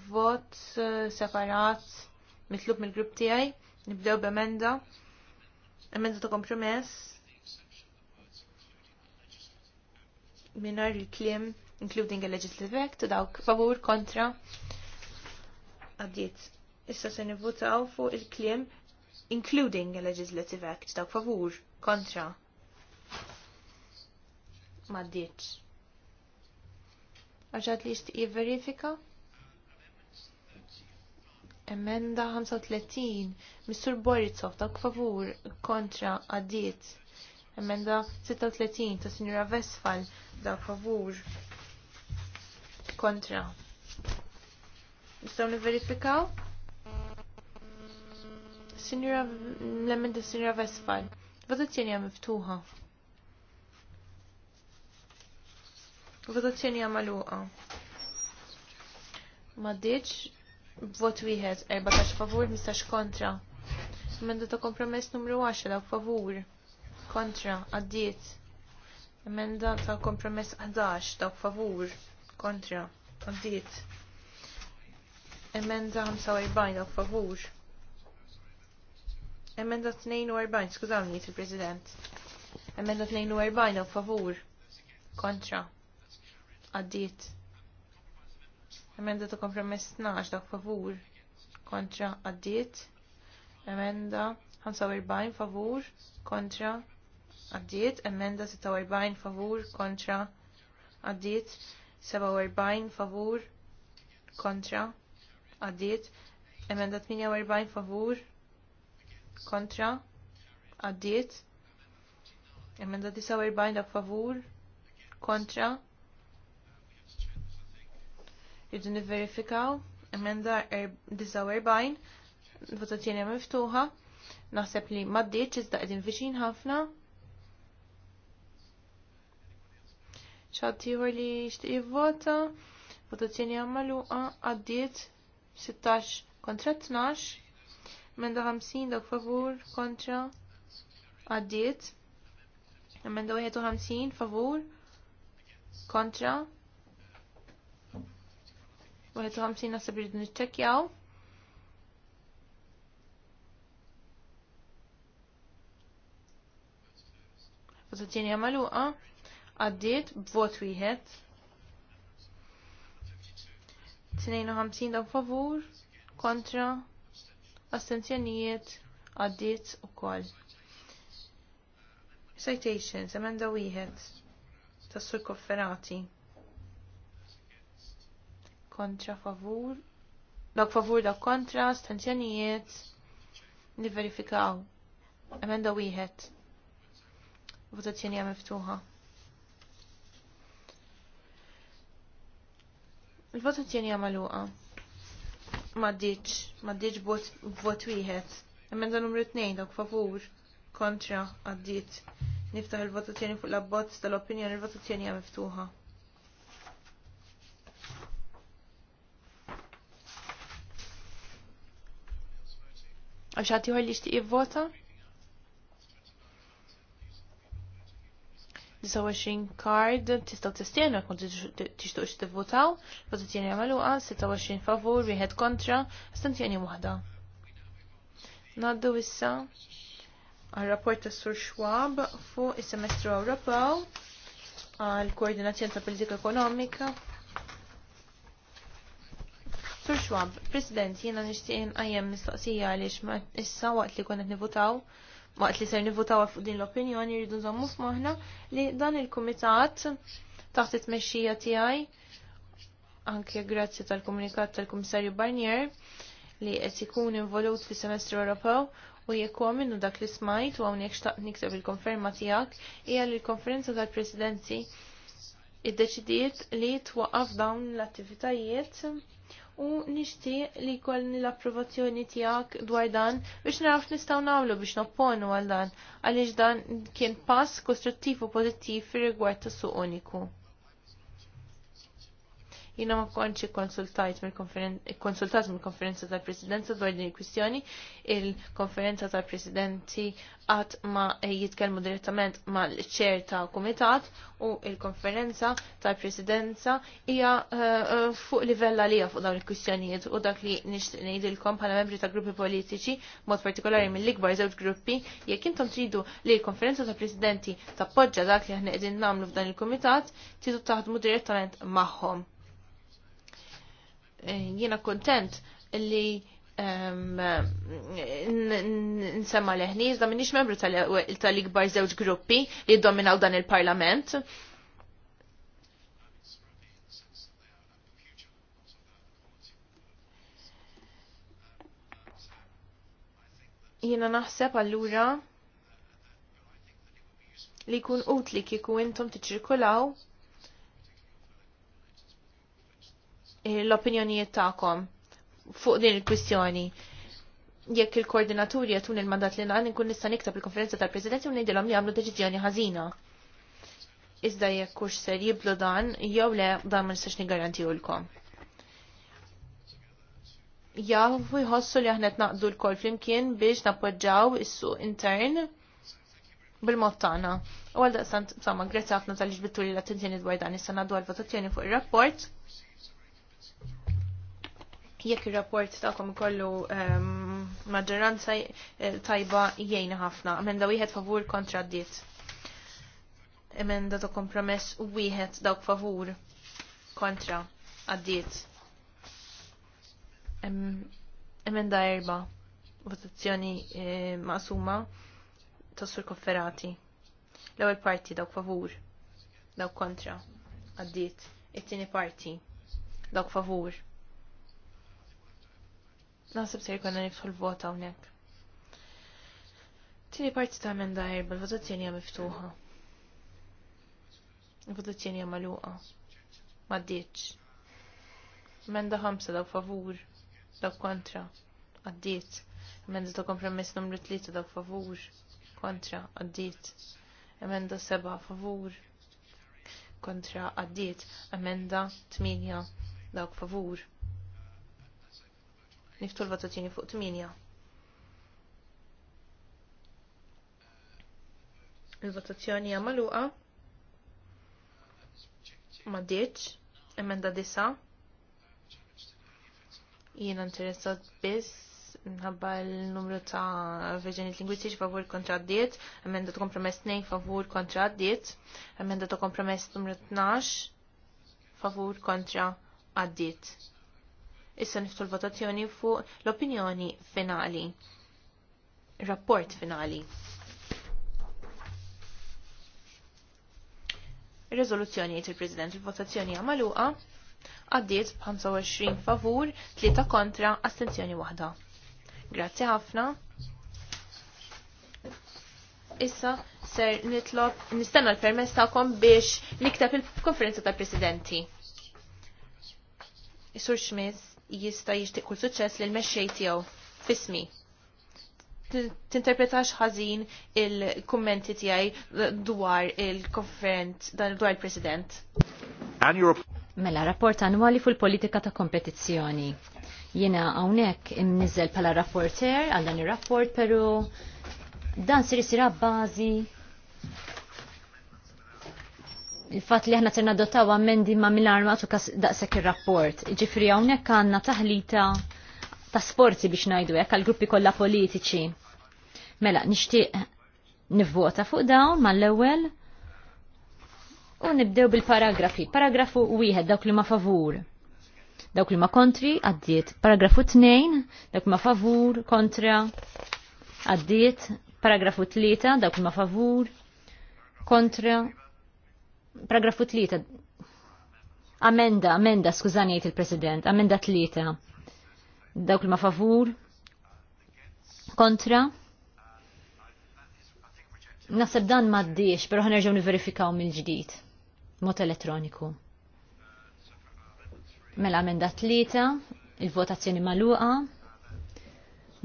vot eh, separat mitlub mill-grupp tiegħi, nibdew b'emenda, emenda ta' kompromess, minar il-klim, including a legislative act, dawk favur kontra għaddiet. Issa se nivvutaw fuq il-klim, including a legislative act, dawk favur kontra maddiet. Għaxħat li jisti verifika? verifika? Emenda 35, Mr. Borisov ta' favur kontra għaddiet. Emenda 36 ta' Sinjura Vesfal da' favur kontra. Nistaw verifikaw? Sinjura, l-emenda Sinjura Vesfal. Votazzjoni għam miftuħa. Votazzjoni għam maluqa. Ma diċ, Vot wieħed 14 favur, 15 kontra. Emenda ta' kompromess numru 10 favur. Kontra, għaddiet. Emenda ta' kompromess 11 ta' favur. Kontra, għaddiet. Emenda 45 dawk favur. Emenda 42, skużawni, il-President. Emenda 42 dawk favur. Kontra, għaddiet. Emenda ta' kompromess 12 ta' favur kontra għaddiet. Emenda 45 favur kontra għaddiet. Emenda 46 favur kontra għaddiet. 47 favur kontra għaddiet. Emenda 48 favur kontra għaddiet. Emenda 49 favur kontra Irdu niverifikaw emenda 49, votazzjoni miftuħa. Naħseb li maddiċ iżda qegħdin viċin ħafna. ċad li jixtieq jivvota, votazzjoni magħluqa, għaddiet 16 kontra 12, emenda 50 dak favur kontra għaddiet, emenda 51 favur kontra 51 nasib irridu niċċekjaw. Votazzjoni għamaluqa għaddiet b'vot wieħed. 52 dan favur, kontra, astenzjonijiet għaddiet ukoll. Citations, emenda wieħed tas-sur kofferati kontra favur, dak favur dak kontra, stanzjonijiet, niverifikaw. Emenda wieħed. Votazzjoni hija miftuħa. Il-votazzjoni hija magħluqa. M'għaddiġ, m'għaddiġ bot, bot wieħed. Emenda numru 2 dak favur kontra għaddiet. Niftaħ il-votazzjoni fuq l-abbozz tal-opinjoni il-votazzjoni hija miftuħa. Għax għati għalli xtiq jivvota? 29 kard tistgħu tistienu jekk t tivvutaw, votazzjoni magħluqa 26 favur, wieħed kontra, astenzjoni waħda. Naddu issa għal-rapport tas Sur Schwab fuq is-semestru Ewropew għal koordinazzjoni ta' politika ekonomika Sur Schwab, President, jiena nixtieq inqajjem mistoqsija għaliex ma issa waqt li konna nivutaw, waqt li ser nivutaw fuq din l-opinjoni rridu nżommu f'moħħna li dan il-kumitat taħt it-tmexxija tiegħi anke grazzi tal-komunikat tal-Kummissarju Barnier li qed ikun involut fis-semestru Ewropew u jekk minnu dak li smajt u hawnhekk xtaqt nikseb il-konferma tiegħek hija li l-konferenza tal-Presidenzi iddeċidiet li twaqqaf dawn l-attivitajiet u nishti li jkollni l-approvazzjoni tiegħek dwar dan biex naraf nistgħu nagħmlu biex nopponu għal dan għaliex dan kien pass kostruttiv u pożittiv fir rigward tas suq uniku. Jina ma konċi konsultajt mill-konferenza tal-presidenza dwar din il-kwistjoni, il-konferenza tal-presidenti għat ma jitkelmu direttament ma l-ċer ta' komitat u il-konferenza tal-presidenza hija eh, eh, fuq livella li fuq dawn il-kwistjonijiet u dak li nixtieq ngħidilkom bħala membri ta' gruppi politiċi, mod partikolari mill-ikbar żewġ gruppi, jekk intom tridu li l-konferenza tal-presidenti tappoġġa dak li aħna qegħdin nagħmlu f'dan il-kumitat, tridu taħdmu direttament magħhom Eh, jiena kontent li nsemma leħni, iżda minnix membru tal-ikbar żewġ gruppi li dominaw dan il-parlament. Jiena naħseb allura li jkun utli kieku intom tiċirkulaw l-opinjonijiet tagħkom fuq din il-kwistjoni. Jekk il-koordinaturi jatun il-mandat li għan nkun nista' niktab il-konferenza tal-Presidenti u ngħidilhom li għamlu deċiżjoni ħażina. Iżda jekk hux ser jiblu dan, jew le dan ma nistax nigarantihulkom. Jafu jħossu li aħna naqdu l-kol flimkien biex nappoġġaw is-suq intern bil-mod tagħna. U għal daqstant, insomma, grazzi ħafna tal li l-attenzjoni dwar dan issa ngħaddu għal votazzjoni fuq ir-rapport jekk ir-rapport ta'kom kollu um, maġġoranza eh, tajba jgħinna ħafna. Emenda wieħed favur kontra ddiet. Emenda ta' kompromess u wieħed dawk favur kontra għaddiet. Emenda erba votazzjoni e, maqsuma ta' sur kofferati. L-ewwel parti dawk favur, dawk kontra għaddiet. It-tieni parti dawk favur Nasib se jkun niftħu l-vot hawnhekk. Tieni parti ta' emenda erba' l-votazzjoni hija miftuħa. Il-votazzjoni hija magħluqa. Ma ddietx. Emenda ħamsa dawk favur, dawk kontra, għaddiet. Emenda ta' kompromess numru tlieta dawk favur, kontra, għaddiet. Emenda seba' favur, kontra, għaddiet. Emenda tminja dawk favur, niftu l-votazzjoni fuq 8. Il-votazzjoni hija magħluqa. Ma ditx, emenda disa. Jiena interessat biss minħabba l-numru ta' verżjonijiet lingwistiċi favur kontra diet, emenda ta' kompromess 2 favur kontra diet, emenda ta' kompromess numru 12 favur kontra diet Issa niftu l-votazzjoni fuq l-opinjoni finali. Rapport finali. Rezoluzzjoni il-President il-votazzjoni għamaluqa għaddiet 25 favur, 3 kontra, astenzjoni waħda. Grazzi ħafna. Issa ser nitlob nistenna l-permess tagħkom biex nikteb il-konferenza tal-presidenti. Isur Schmitz jista' jixtieq kull suċċess lil mexxej tiegħu fismi. Tinterpretax ħażin il-kummenti tiegħi dwar il konferent dan dwar il-President. Mela rapport annwali il politika ta' kompetizzjoni. Jiena hawnhekk imniżel bħala rapporter għal dan ir-rapport, però dan sir isir bażi il-fat li ħna tirna dotaw ammendi ma mill-arma tu kas daqsek il-rapport. Ġifri għawnek għanna taħlita ta' sporti biex najdu jekk għal-gruppi kollha politiċi. Mela, nixtieq nivvota fuq dawn mal-ewwel u nibdew bil-paragrafi. Paragrafu wieħed dawk li ma favur. Dawk li ma kontri għaddiet. Paragrafu tnejn, dawk li ma favur, kontra għaddiet. Paragrafu tlieta, dawk li ma favur, kontra Paragrafu tlieta. Amenda, amenda, skużani jgħid il-President, amenda tlieta. Dawk li ma favur. Kontra. Nasab dan maddiex, pero ħanerġaw niverifikaw mill-ġdid. Mot elettroniku. Mela amenda tlieta, il-votazzjoni maluqa,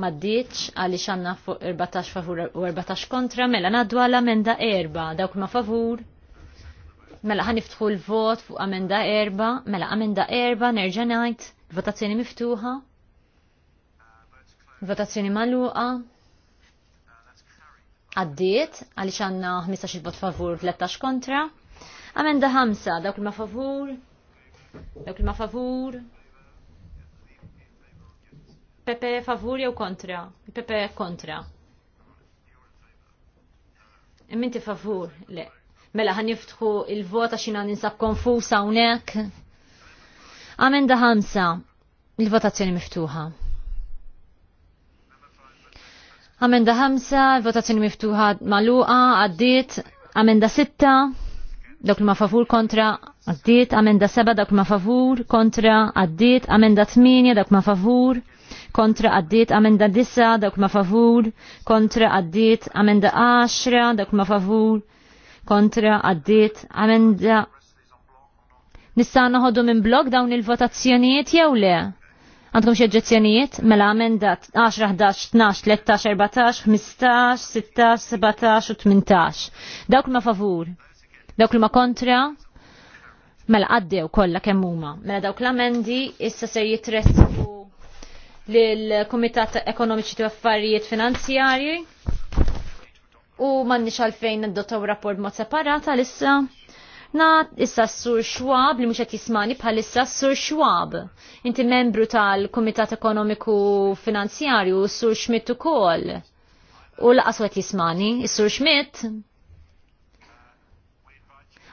maddiċ għalli xanna 14 favur u 14 kontra, mela naddu għal amenda erba, dawk ma favur, Mela ħaniftħu l-vot fuq amenda erba, mela amenda erba nerġa' ngħid, votazzjoni miftuħa. Votazzjoni magħluqa. Għaddiet għaliex għandna 15 vot favur, 13 kontra. Amenda 5, dawk li ma favur. Dawk li ma favur. Pepe favur jew kontra? Pepe kontra. Imminti favur, le. Mela ħan niftħu il-vota xina ninsab konfusa unek. Amenda ħamsa, il-votazzjoni miftuħa. Amenda ħamsa, il-votazzjoni miftuħa maluqa, għaddiet. Amenda sitta, dok ma favur kontra, għaddiet. Amenda seba, dok ma favur kontra, għaddiet. Amenda tminja, dok ma favur kontra għaddiet amenda disa, dak ma favur, kontra għaddiet amenda 10, dak ma favur, kontra għaddiet għamenda. Nistan noħodu minn blog dawn il-votazzjonijiet jew le? Għandkom xi Mela għamenda 10, 11, 12, 13, 14, 15, 16, 17 u 18. Dawk ma favur. Dawk li ma kontra. Mela għaddew kollha kemm huma. Mela dawk l-amendi issa se jitressu lill-Kumitat Ekonomiċi u Affarijiet Finanzjarji u m'għandniex għalfejn dottaw rapport mod separata issa. Na, issa s-sur Schwab, li mux jismani bħalissa s-sur Schwab. Inti membru tal-Komitat Ekonomiku Finanzjarju, s-sur Schmidt u kol. U laqas għet jismani, s-sur Schmidt.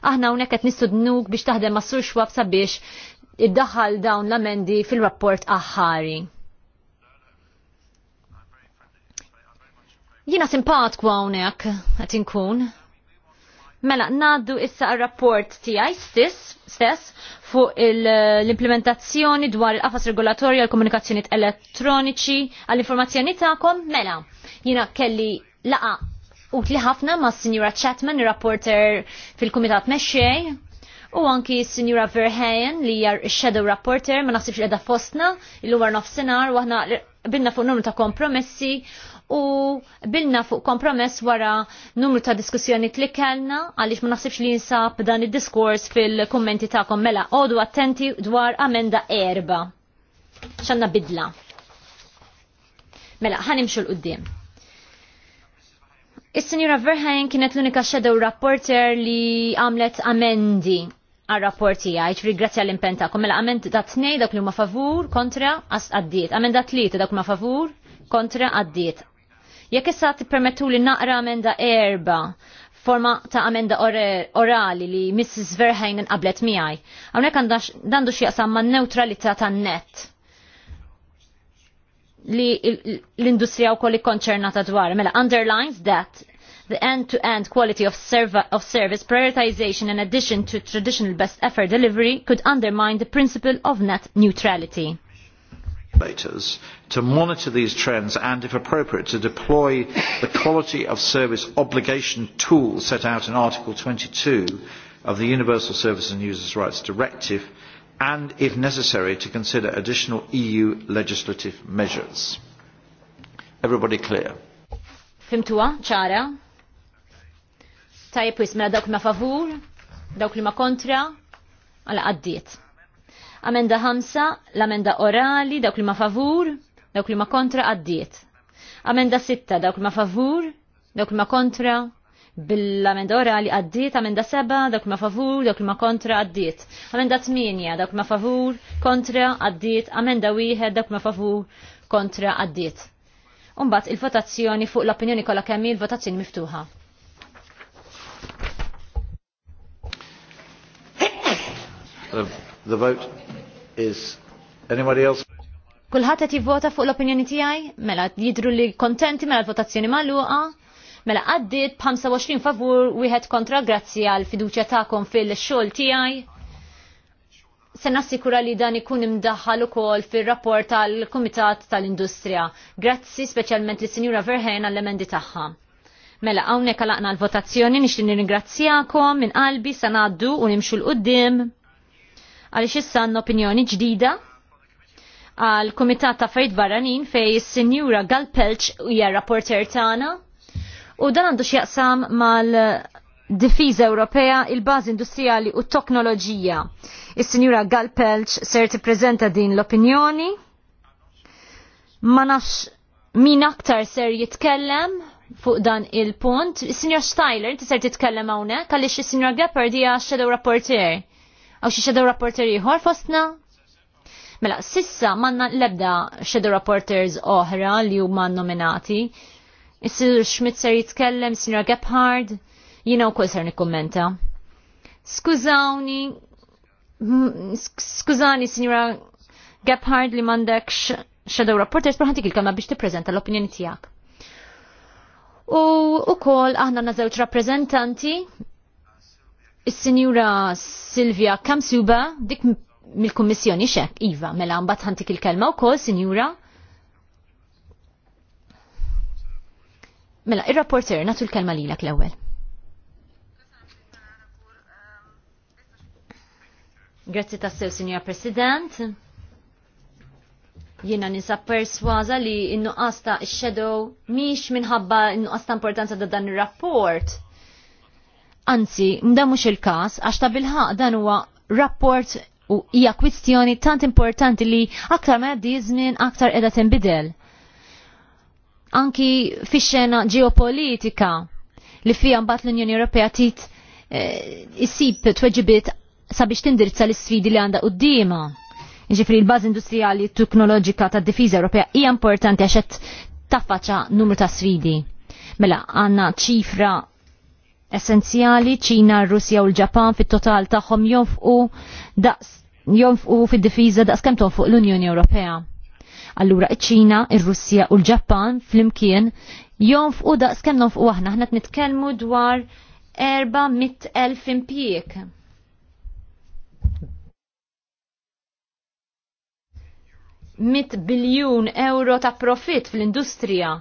Aħna unek għet nistudnuk biex taħdem ma s-sur Schwab sabiex id-daħal dawn l-amendi fil-rapport aħħari. Jina simpatku għawnek, għet inkun. Mela, naddu issa rapport tijaj stess, stess fuq l-implementazzjoni dwar il-qafas regolatorja għal komunikazzjoni elettroniċi għall informazzjoni ta'kom. Mela, jina kelli laqa u li ħafna ma' Signora Chapman, rapporter fil-Kumitat Mexxej, u anki Signora Verheyen li hija shadow rapporter ma nasibx qiegħda fostna il għar nofsinhar u għahna binna fuq numru ta' kompromessi u bilna fuq kompromess wara numru ta' diskussjoni li kellna għaliex ma naħsibx li jinsab dan id-diskors fil-kommenti ta'kom mela għodu attenti dwar amenda erba. ċanna bidla. Mela, ħanimxu l-qoddim. Is-Sinjura Verheyen kienet l-unika shadow rapporter li għamlet amendi għal-rapporti għaj, ċfri grazzi għal impenta Mela amend da t-nej dak li ma favur, kontra, għaddiet. għamend da t-liet dak ma favur, kontra, għaddiet Jekk issa tippermettu li naqra amenda erba forma ta' amenda or orali li Mrs. Verheyen qablet miegħi. Hawnhekk għandu xi jaqsam man neutralità tan-nett li l-industrija wkoll ikkonċernata dwar. Mela, underlines that the end-to-end -end quality of, of service prioritization in addition to traditional best effort delivery could undermine the principle of net neutrality regulators to monitor these trends and, if appropriate, to deploy the quality of service obligation tool set out in Article 22 of the Universal Service and Users' Rights Directive and, if necessary, to consider additional EU legislative measures. Everybody clear? Fimtua, ċara? Mela dawk ma favur, dawk li ma kontra, għala mela għaddiet. Amenda 5, l-amenda orali, dawk li ma favur, dawk li ma kontra għaddiet. Amenda 6, dawk li ma favur, dawk li ma kontra bil-amenda orali għaddiet, amenda seba, dak ma favur, dawk li ma kontra għaddiet. Amenda 8, dak ma favur, kontra għaddiet, amenda wieħed, dak ma favur, kontra għaddiet. Umbat il-votazzjoni fuq l-opinjoni kolla kemm il-votazzjoni miftuħa. The, the vote Is anybody else? Kulħadd qed jivvota fuq l-opinjoni tiegħi, mela jidru li kontenti mela l-votazzjoni magħluqa, mela għaddiet b'25 favur wieħed kontra grazzi għal fiduċja tagħkom fil-xogħol tiegħi. Se nassikura li dan ikun imdaħħal ukoll fir-rapport tal-Kumitat tal-Industrija. Grazzi speċjalment lis sinjura Verhen għall-emendi tagħha. Mela hawnhekk għalaqna l-votazzjoni nixtieq nirringrazzjakom minn qalbi se ngħaddu u nimxu l-qudiem għaliex issa għandna opinjoni ġdida għal Kumitat ta' fejt Barranin fej is-Sinjura Galpelċ hija rapporter tagħna u dan għandu x'jaqsam mal Difiża Ewropea, il-bażi industrijali u t-teknoloġija. Is-Sinjura Galpelċ ser tippreżenta din l-opinjoni. Ma nafx min aktar ser jitkellem fuq dan il-punt. Is-Sinjor Styler, inti ser titkellem hawnhekk għaliex is-Sinjor Gepper hija shadow rapporter. Għaw xie shadow rapporter jħor fostna? Mela, sissa manna lebda shadow rapporters oħra li huma nominati. Is-sir Schmitzer jitkellem, Sinra Gebhard, jina u kol ser nikkommenta. Skużawni, skużani Sinra Gebhard li mandek shadow rapporters, bħan tikil kamma biex tippreżenta l-opinjoni tijak. U u kol aħna nazewċ rappresentanti Is-Sinjura Silvia Kamsuba, dik mill-Kummissjoni xek, Iva, mela mbagħad ħantik il-kelma wkoll, Sinjura. Mela, ir-rapporter nagħtu l-kelma lilek l-ewwel. Grazzi tassew, Sinjura President. Jiena nisa persważa li n-nuqqas ta' shadow miex minħabba n-nuqqas ta' importanza ta' dan ir rapport Anzi, mda mhux il-każ għax ta' bilħaq dan huwa rapport u hija kwistjoni tant importanti li aktar ma jaddi żmien aktar qiegħda tinbidel. Anki fix-xena ġeopolitika li fija mbagħad l-Unjoni Ewropea tit eh, issib tweġibiet sabiex tindirizza l-isfidi li għandha qudiema. Ġifri l-baż industrijali teknoloġika tad-difiża Ewropea hija importanti għax qed taffaċċa numru ta' sfidi. Mela, għandna ċifra essenzjali ċina, Russja u l-Ġapan fit-total tagħhom jonfqu daqs jonfqu fid-difiża daqs kemm tonfuq l-Unjoni Ewropea. Allura ċina ir-Russja u l-Ġapan flimkien jonfqu daqs kemm nonfqu aħna, aħna nitkellmu dwar 400,000 impjieg. Mit biljun euro ta' profit fl-industrija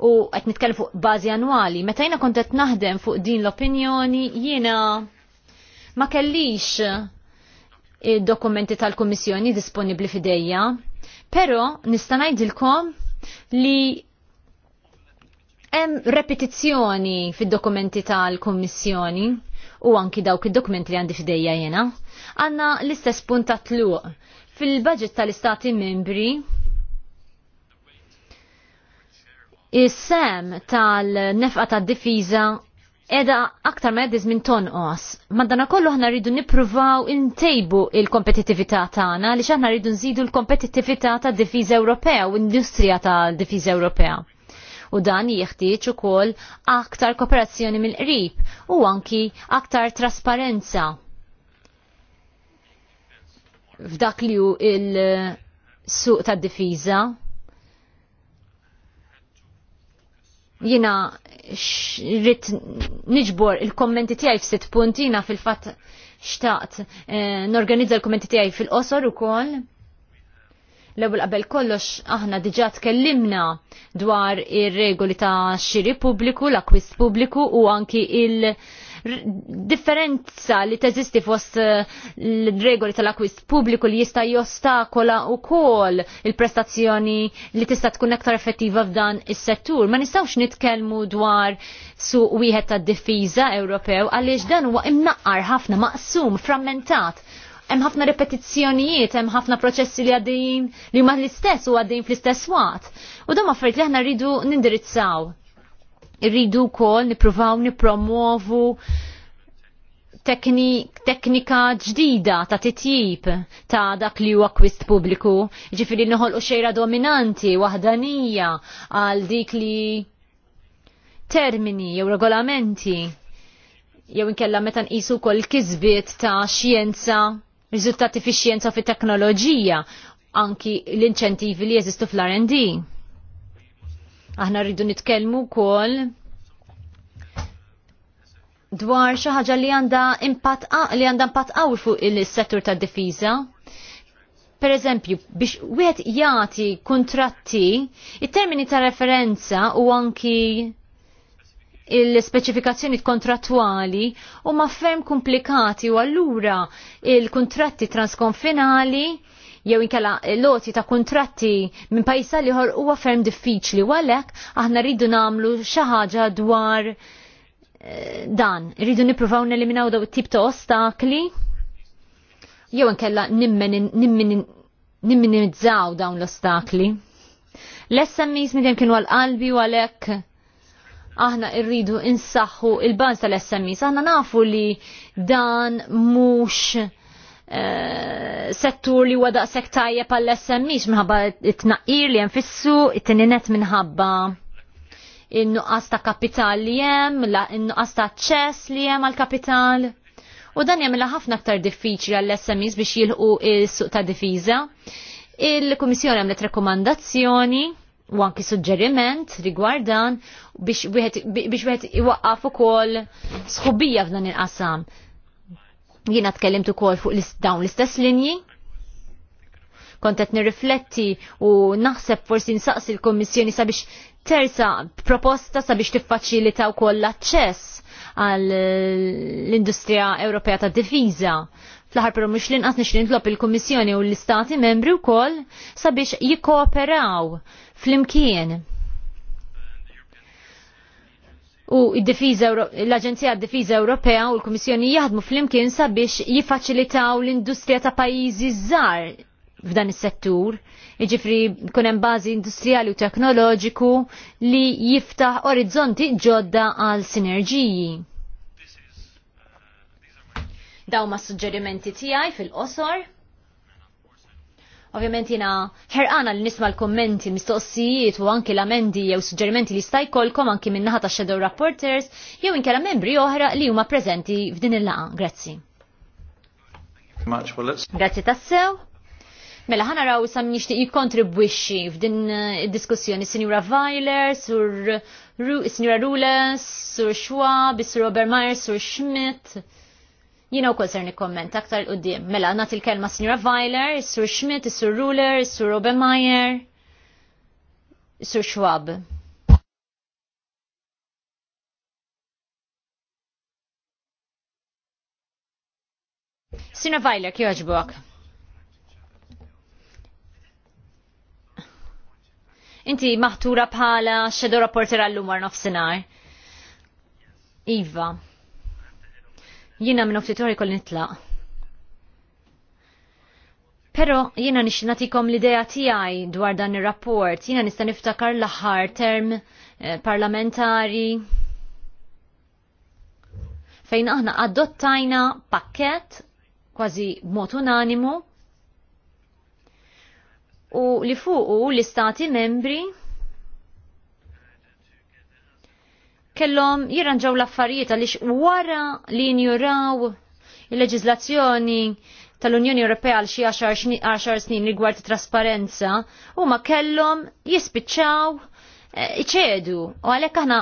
u qed nitkellem fuq bażi annwali. Meta jiena kont qed naħdem fuq din l-opinjoni jiena ma kellix eh, dokumenti tal-Kummissjoni disponibbli fidejja, però nista' ngħidilkom li hemm repetizzjoni fid-dokumenti tal-Kummissjoni u anki dawk id-dokumenti li għandi fidejja jena, għanna l-istess punt ta' tluq. Fil-budget tal-istati membri, is-sem tal-nefqa tad-difiża edha aktar ma jeddiż minn tonqos. Madana kollu ħna rridu nippruvaw intejbu il-kompetitività tagħna li aħna rridu nżidu l-kompetitività tad-difiża Ewropea u industrija ta' difiża Ewropea. U dan jeħtieġ ukoll aktar kooperazzjoni mill-qrib u anki aktar trasparenza f'dak li hu il-suq tad-difiża jina rrit niġbor il-kommenti tijaj f'sitt sit puntina fil-fatt xtaqt n eh, norganizza l-kommenti tijaj fil-qosor ukoll. L-ewwel qabel kollox aħna diġà tkellimna dwar ir-regoli ta' xiri pubbliku, l-akwist pubbliku u anki il- differenza li teżisti fost eh, l-regoli tal-akwist pubbliku li jista' jostakola wkoll il-prestazzjoni li tista' tkun aktar effettiva f'dan is-settur. Ma nistgħux nitkellmu dwar su wieħed tad-difiża Ewropew għaliex dan huwa imnaqqar ħafna maqsum, frammentat hemm ħafna repetizzjonijiet, hemm ħafna proċessi li għaddejjin li huma l-istess u għaddejjin fl-istess waqt. U dam affarijiet li aħna rridu nindirizzaw irridu wkoll nippruvaw nippromovu teknika ġdida ta' titjib ta' dak li huwa kwist pubbliku, ġifiri u xejra dominanti, wahdanija għal dik li termini jew regolamenti jew inkella meta nqisu wkoll kisbiet ta' xjenza, riżultati fi xjenza u fi teknoloġija, anki l-inċentivi li jeżistu fl-R&D. Aħna rridu nitkellmu wkoll dwar xi ħaġa li għandha impatt li għandha impatt qawwi fuq is-settur tad-difiża. Per eżempju, biex wieħed jagħti kuntratti, it-termini ta' referenza u anki il-speċifikazzjoni kontrattwali u ma' ferm komplikati u allura il-kontratti transkonfinali jew inkella loti ta' kontratti minn pajjiż ħor huwa ferm diffiċli u għalhekk aħna rridu nagħmlu xi ħaġa dwar eh, dan, rridu nippruvaw neliminaw daw it-tip ta' ostakli jew inkella nimminizzaw dawn l-ostakli. L-SMEs midem kienu għal-qalbi u għalek aħna irridu insaħħu il-baż tal-SMEs. Aħna nafu li dan mhux Eh, settur li wada daqshekk tajjeb għall smis minħabba it-tnaqqir li hemm fissu, it-tininet minħabba in-nuqqas ta' kapital li hemm, in-nuqqas ta' ċess li hemm għal-kapital. U dan jagħmilha ħafna aktar diffiċli għall smis biex jilħu is-suq ta' difiża. Il-Kummissjoni għamlet rekomandazzjoni u anki suġġeriment rigward dan biex wieħed iwaqqaf ukoll sħubija f'dan il-qasam. Jiena tkellimt ukoll fuq dawn l-istess linji. Kontet nirrifletti u naħseb forsi nsaqsi l-Kommissjoni sabiex terza proposta sabiex tiffaċilita wkoll l-aċċess għall industrija Ewropea ta' difiża. Fl-aħħar mux mhux linqas nix nitlob il-Kummissjoni u l-Istati membri wkoll sabiex jikkooperaw flimkien u l-Aġenzija d-Difiża Ewropea u l-Kummissjoni jaħdmu flimkien sabiex jifaċilitaw l-industrija ta' pajjiżi żgħar f'dan is-settur, jiġifieri jkun hemm bażi industrijali u teknoloġiku li jiftaħ orizzonti ġodda għal sinerġiji. Daw ma' suġġerimenti tiegħi fil-qosor. Ovvjament jina ħerqana li nisma l-kommenti, mistoqsijiet u anki l-amendi jew suġġerimenti li stajkolkom kolkom anki minnaħa ta' Shadow Rapporters jew inkella membri oħra li huma preżenti f'din il-laqa. Grazzi. Grazzi tassew. Mela ħana raw sam nixtieq jikkontribwixxi f'din id-diskussjoni eh, Sinjura Weiler, Sur Sinjura Rules, Sur Schwab, Sur Obermeyer, Sur Schmidt. Jina u kol ser nikkomment aktar l-qoddim. Mela, nat il-kelma Signora Weiler, Sur Schmidt, Sur Ruler, Sur Obermeyer, Sur Schwab. Sina Vajler, kjo ġbok? Inti maħtura bħala xedu rapporti għallum għar nofsinar. Iva. Jina minn uftitori kol nitlaq. Pero jina nix natikom l-ideja tijaj dwar dan il-rapport, jina nista niftakar l-ħar term eh, parlamentari fejn aħna adottajna pakket kważi b'mod unanimu u li fuqu l-istati membri kellhom jirranġaw l-affarijiet għaliex wara li njuraw il-leġiżlazzjoni tal-Unjoni Ewropea għal xi 10 snin rigward trasparenza huma kellhom jispiċċaw eh, iċedu u għalhekk aħna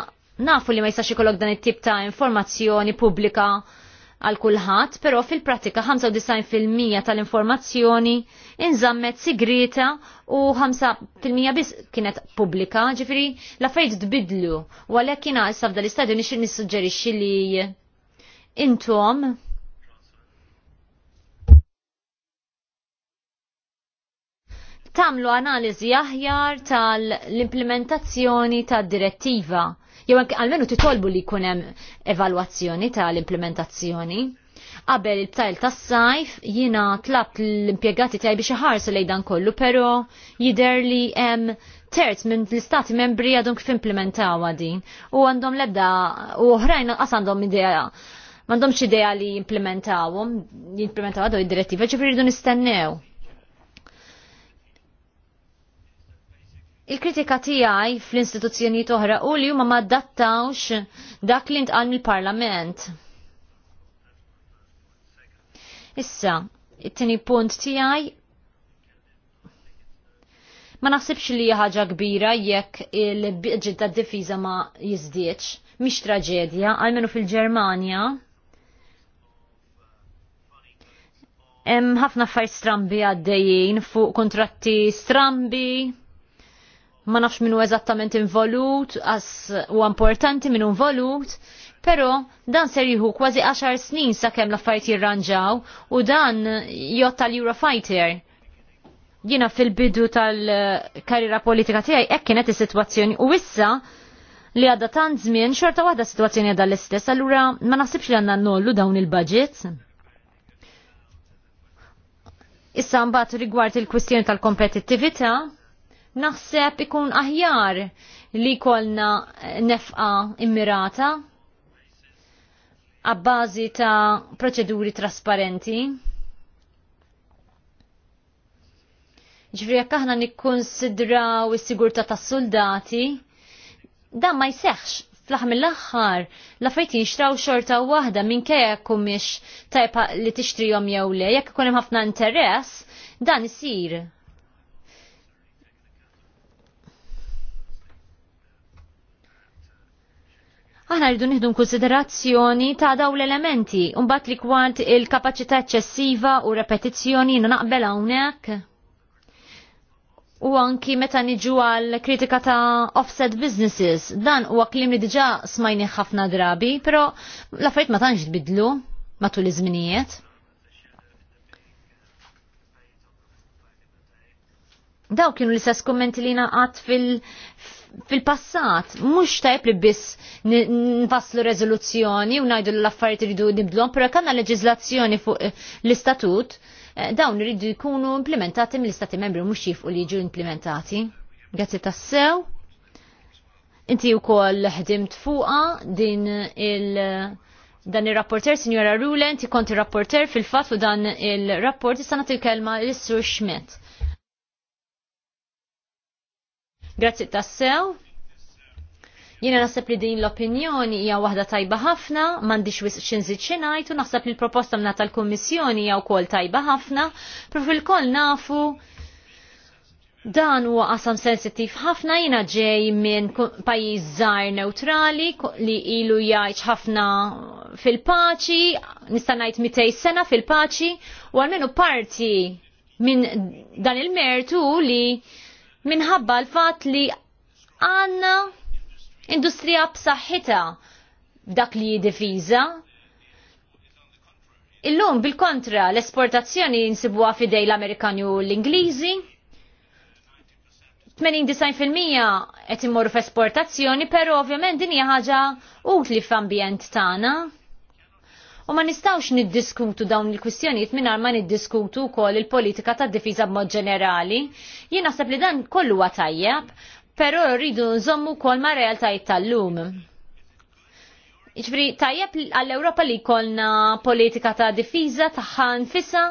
nafu li ma jistax ikollok dan it-tip ta' informazzjoni pubblika għal kulħadd, però fil-pratika 95% tal-informazzjoni inżammet sigrita u 5% biss kienet pubblika, ġifiri l-affarijiet tbidlu. U għalhekk jiena issa f'dan l-istadju nissuġġerixxi li intom tamlu analiżi aħjar tal-implementazzjoni tad-direttiva jew għalmenu titolbu li jkun hemm evalwazzjoni tal-implementazzjoni. Qabel il-btajl tas-sajf jiena tlabt l-impjegati tiegħi biex iħarsu lejn dan kollu, però jidher li hemm terz minn l-istati membri għadhom kif implementaw din u għandhom lebda u oħrajn qas għandhom idea m'għandhomx idea li jimplementawhom, jimplementaw għadhom id-direttiva ġifri rridu nistennew. Il-kritika tiegħi fl-istituzzjonijiet oħra u li ma maddattawx dak li ntqal mill-Parlament. Issa, it-tieni punt tiegħi ma naħsibx li ħaġa kbira jekk il bidġet ta' difiża ma jizdieċ, mhix traġedja, għalmenu fil-Ġermanja. Hemm ħafna affarijiet strambi għaddejjin fuq kontratti strambi ma nafx minu eżattament involut, as u importanti minu involut, pero dan ser jieħu kważi 10 snin sakemm l-affarijiet jirranġaw u dan jotta l-Eurofighter. Jina fil-bidu tal-karriera politika tiegħi hekk kienet is-sitwazzjoni u issa li għadda tant żmien xorta waħda sitwazzjoni għadha l-istess, allura ma naħsibx li għandna nollu dawn il-budget. Issa mbagħad rigward il-kwistjoni tal-kompetittività, naħseb ikun aħjar li kolna nefqa immirata għabbażi ta' proċeduri trasparenti. Ġifri jekk aħna nikkonsidraw is-sigurtà tas-soldati, dan ma jseħħx fl-aħħar mill-aħħar la fejtin xtraw xorta waħda minn jekk mhix tajba li tixtrihom jew le, jekk ikun hemm ħafna interess, dan isir Aħna rridu nieħdu konsiderazzjoni ta' daw l-elementi, mbagħad li kwant il-kapaċità eċċessiva u repetizzjoni jiena naqbel hawnhekk. U anki meta niġu għal kritika ta' offset businesses, dan huwa klim li diġà smajni ħafna drabi, però l-affarijiet ma tantx tbidlu matul iż-żminijiet. Daw kienu l-istess kummenti li naqat fil fil-passat mhux tajb li biss nfasslu rezoluzzjoni u ngħidu l-affarijiet ridu nibdlom, però kanna leġizlazzjoni fuq eh, l-istatut eh, dawn iridu jkunu implementati mill-istati membri mhux jifqu li jiġu implementati. Grazzi tassew. Inti wkoll ħdimt fuqa din il- dan il-rapporter, Signora Rulen, ti konti rapporter fil-fat u dan il-rapport, jistana til-kelma il sur Schmidt. Grazzi tassew. Jiena naħseb li din l-opinjoni hija waħda tajba ħafna, m'għandix wisq xinżid xi ngħid u naħseb li l-proposta mna tal-Kummissjoni hija wkoll tajba ħafna, prof il-koll nafu Dan huwa qasam sensittiv ħafna jiena ġej minn pajjiż żgħar neutrali li ilu jgħid ħafna fil-paċi, nista' ngħid mitej sena fil-paċi u għalmenu parti minn dan il-mertu li minħabba l-fat li għanna industrija b'saħħitha dak li jiddifiża. Illum bil-kontra l-esportazzjoni jinsibuha fidej l-Amerikani u l-Ingliżi. 89% qed immorru f'esportazzjoni, però ovvjament din hija ħaġa utli f'ambjent tagħna. U ma nistawx niddiskutu dawn il-kwistjonijiet mingħajr ma niddiskutu wkoll il-politika tad difiża b'mod ġenerali. Jien naħseb li dan kollu huwa tajjeb, però rridu nżommu wkoll ma' realtajiet tal-lum. Ġifri, tajjeb għall-Ewropa li jkollna politika ta' difiża tagħha nfisa'?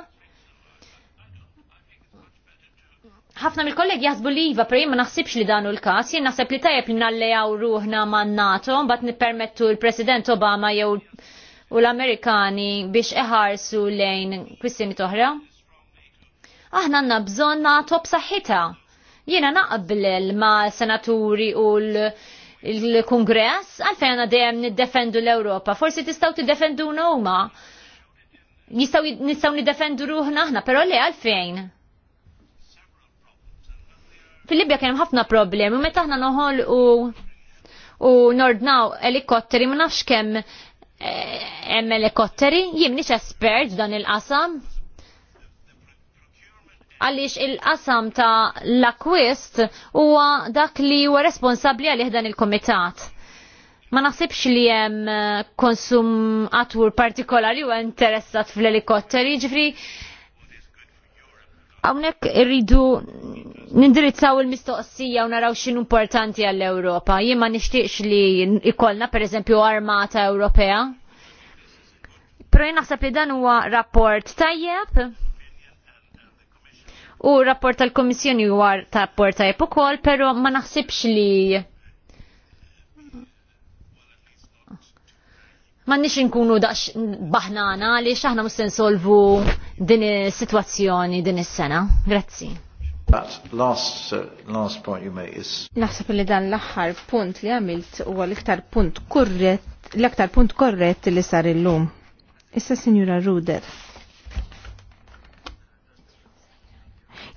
ħafna mill-kollegi jasbu li jiva, per ma naħsibx li danu l-kas, jien naħseb li tajjeb li nallejaw ruħna man NATO, bat nippermettu l-President Obama jew u l-Amerikani biex iħarsu lejn kwistjoni toħra? Aħna għanna bżon na top saħħita. Jiena naqbel ma senaturi u l-Kongress għalfejn għanna dejjem niddefendu l-Ewropa. Forsi tistaw tiddefendu huma. Nistaw nistaw niddefendu ruħna aħna, però le għalfejn? Fil-Libja kien ħafna problemi, u meta aħna noħol u u nordnaw elikotteri ma nafx kemm hemm elikotteri, jim nix espert dan il-qasam. Għaliex il-qasam ta' l-akwist huwa dak li huwa responsabbli għalih dan il-komitat. Ma naħsibx li hemm konsumatur partikolari u interessat fl-elikotteri, ġifri Hawnhekk irridu nindirizzaw il-mistoqsija u naraw x'in importanti għall-Ewropa. Jien ma nixtiex li ikollna pereżempju armata Ewropea. Però jien naħseb li dan huwa rapport tajjeb u rapport tal-Komissjoni huwa rapport tajjeb ukoll, pero ma naħsibx li nix nkunu dax baħnana li xaħna mus nsolvu din is-sitwazzjoni din is-sena. Grazzi. That last, uh, last point you made is... Naħseb li dan l-aħħar punt li għamilt huwa l-iktar punt korret, l-iktar punt korret li sar illum. Issa Sinjura Ruder.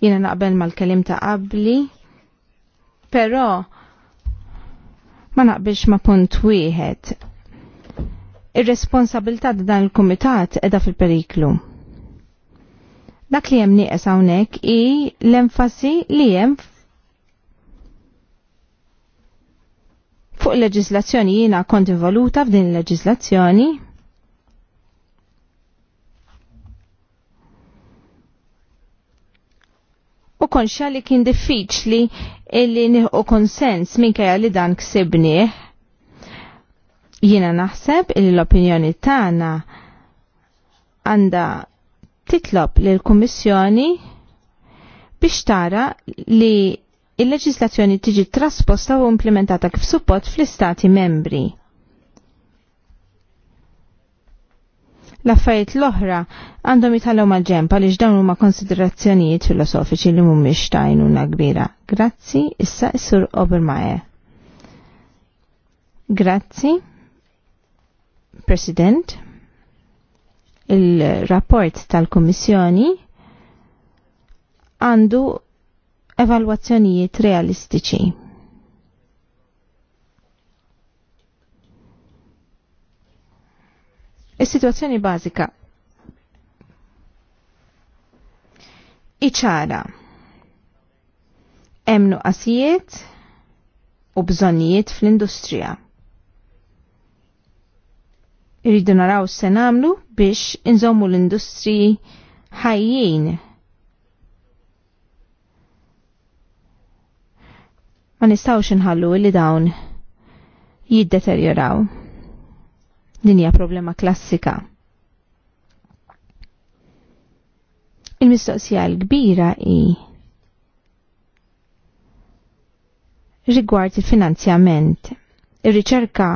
Jiena naqbel mal-kelim ta' qabli, però ma naqbilx ma' punt wieħed ir-responsabilità dan il-kumitat edha fil-periklu. Dak li hemm nieqes hawnhekk hi l-enfasi li hemm fuq il-leġislazzjoni jiena kont involuta f'din il-leġislazzjoni u konxa li kien diffiċli illi nieħu konsens minkejja li dan ksibnieh Jiena naħseb li l-opinjoni tagħna għandha titlob lill kummissjoni biex tara li il-leġislazzjoni tiġi trasposta u implementata kif suppott fl-istati membri. L-affarijiet l-oħra għandhom jitħallu ma' ġempa li dawn huma konsiderazzjonijiet filosofiċi li mhumiex tajnuna kbira. Grazzi, issa issur sur Grazie. Grazzi. President, il-rapport tal-Kommissjoni għandu evalwazzjonijiet realistiċi. Is-sitwazzjoni bażika iċara hemm nuqasijiet u bżonnijiet fl-industrija. Irridu naraw se namlu biex inżommu l-industri ħajjin. Ma nistawx inħallu li dawn jiddeterjoraw. Din hija problema klassika. Il-mistoqsija l-kbira i rigward il-finanzjament ir-riċerka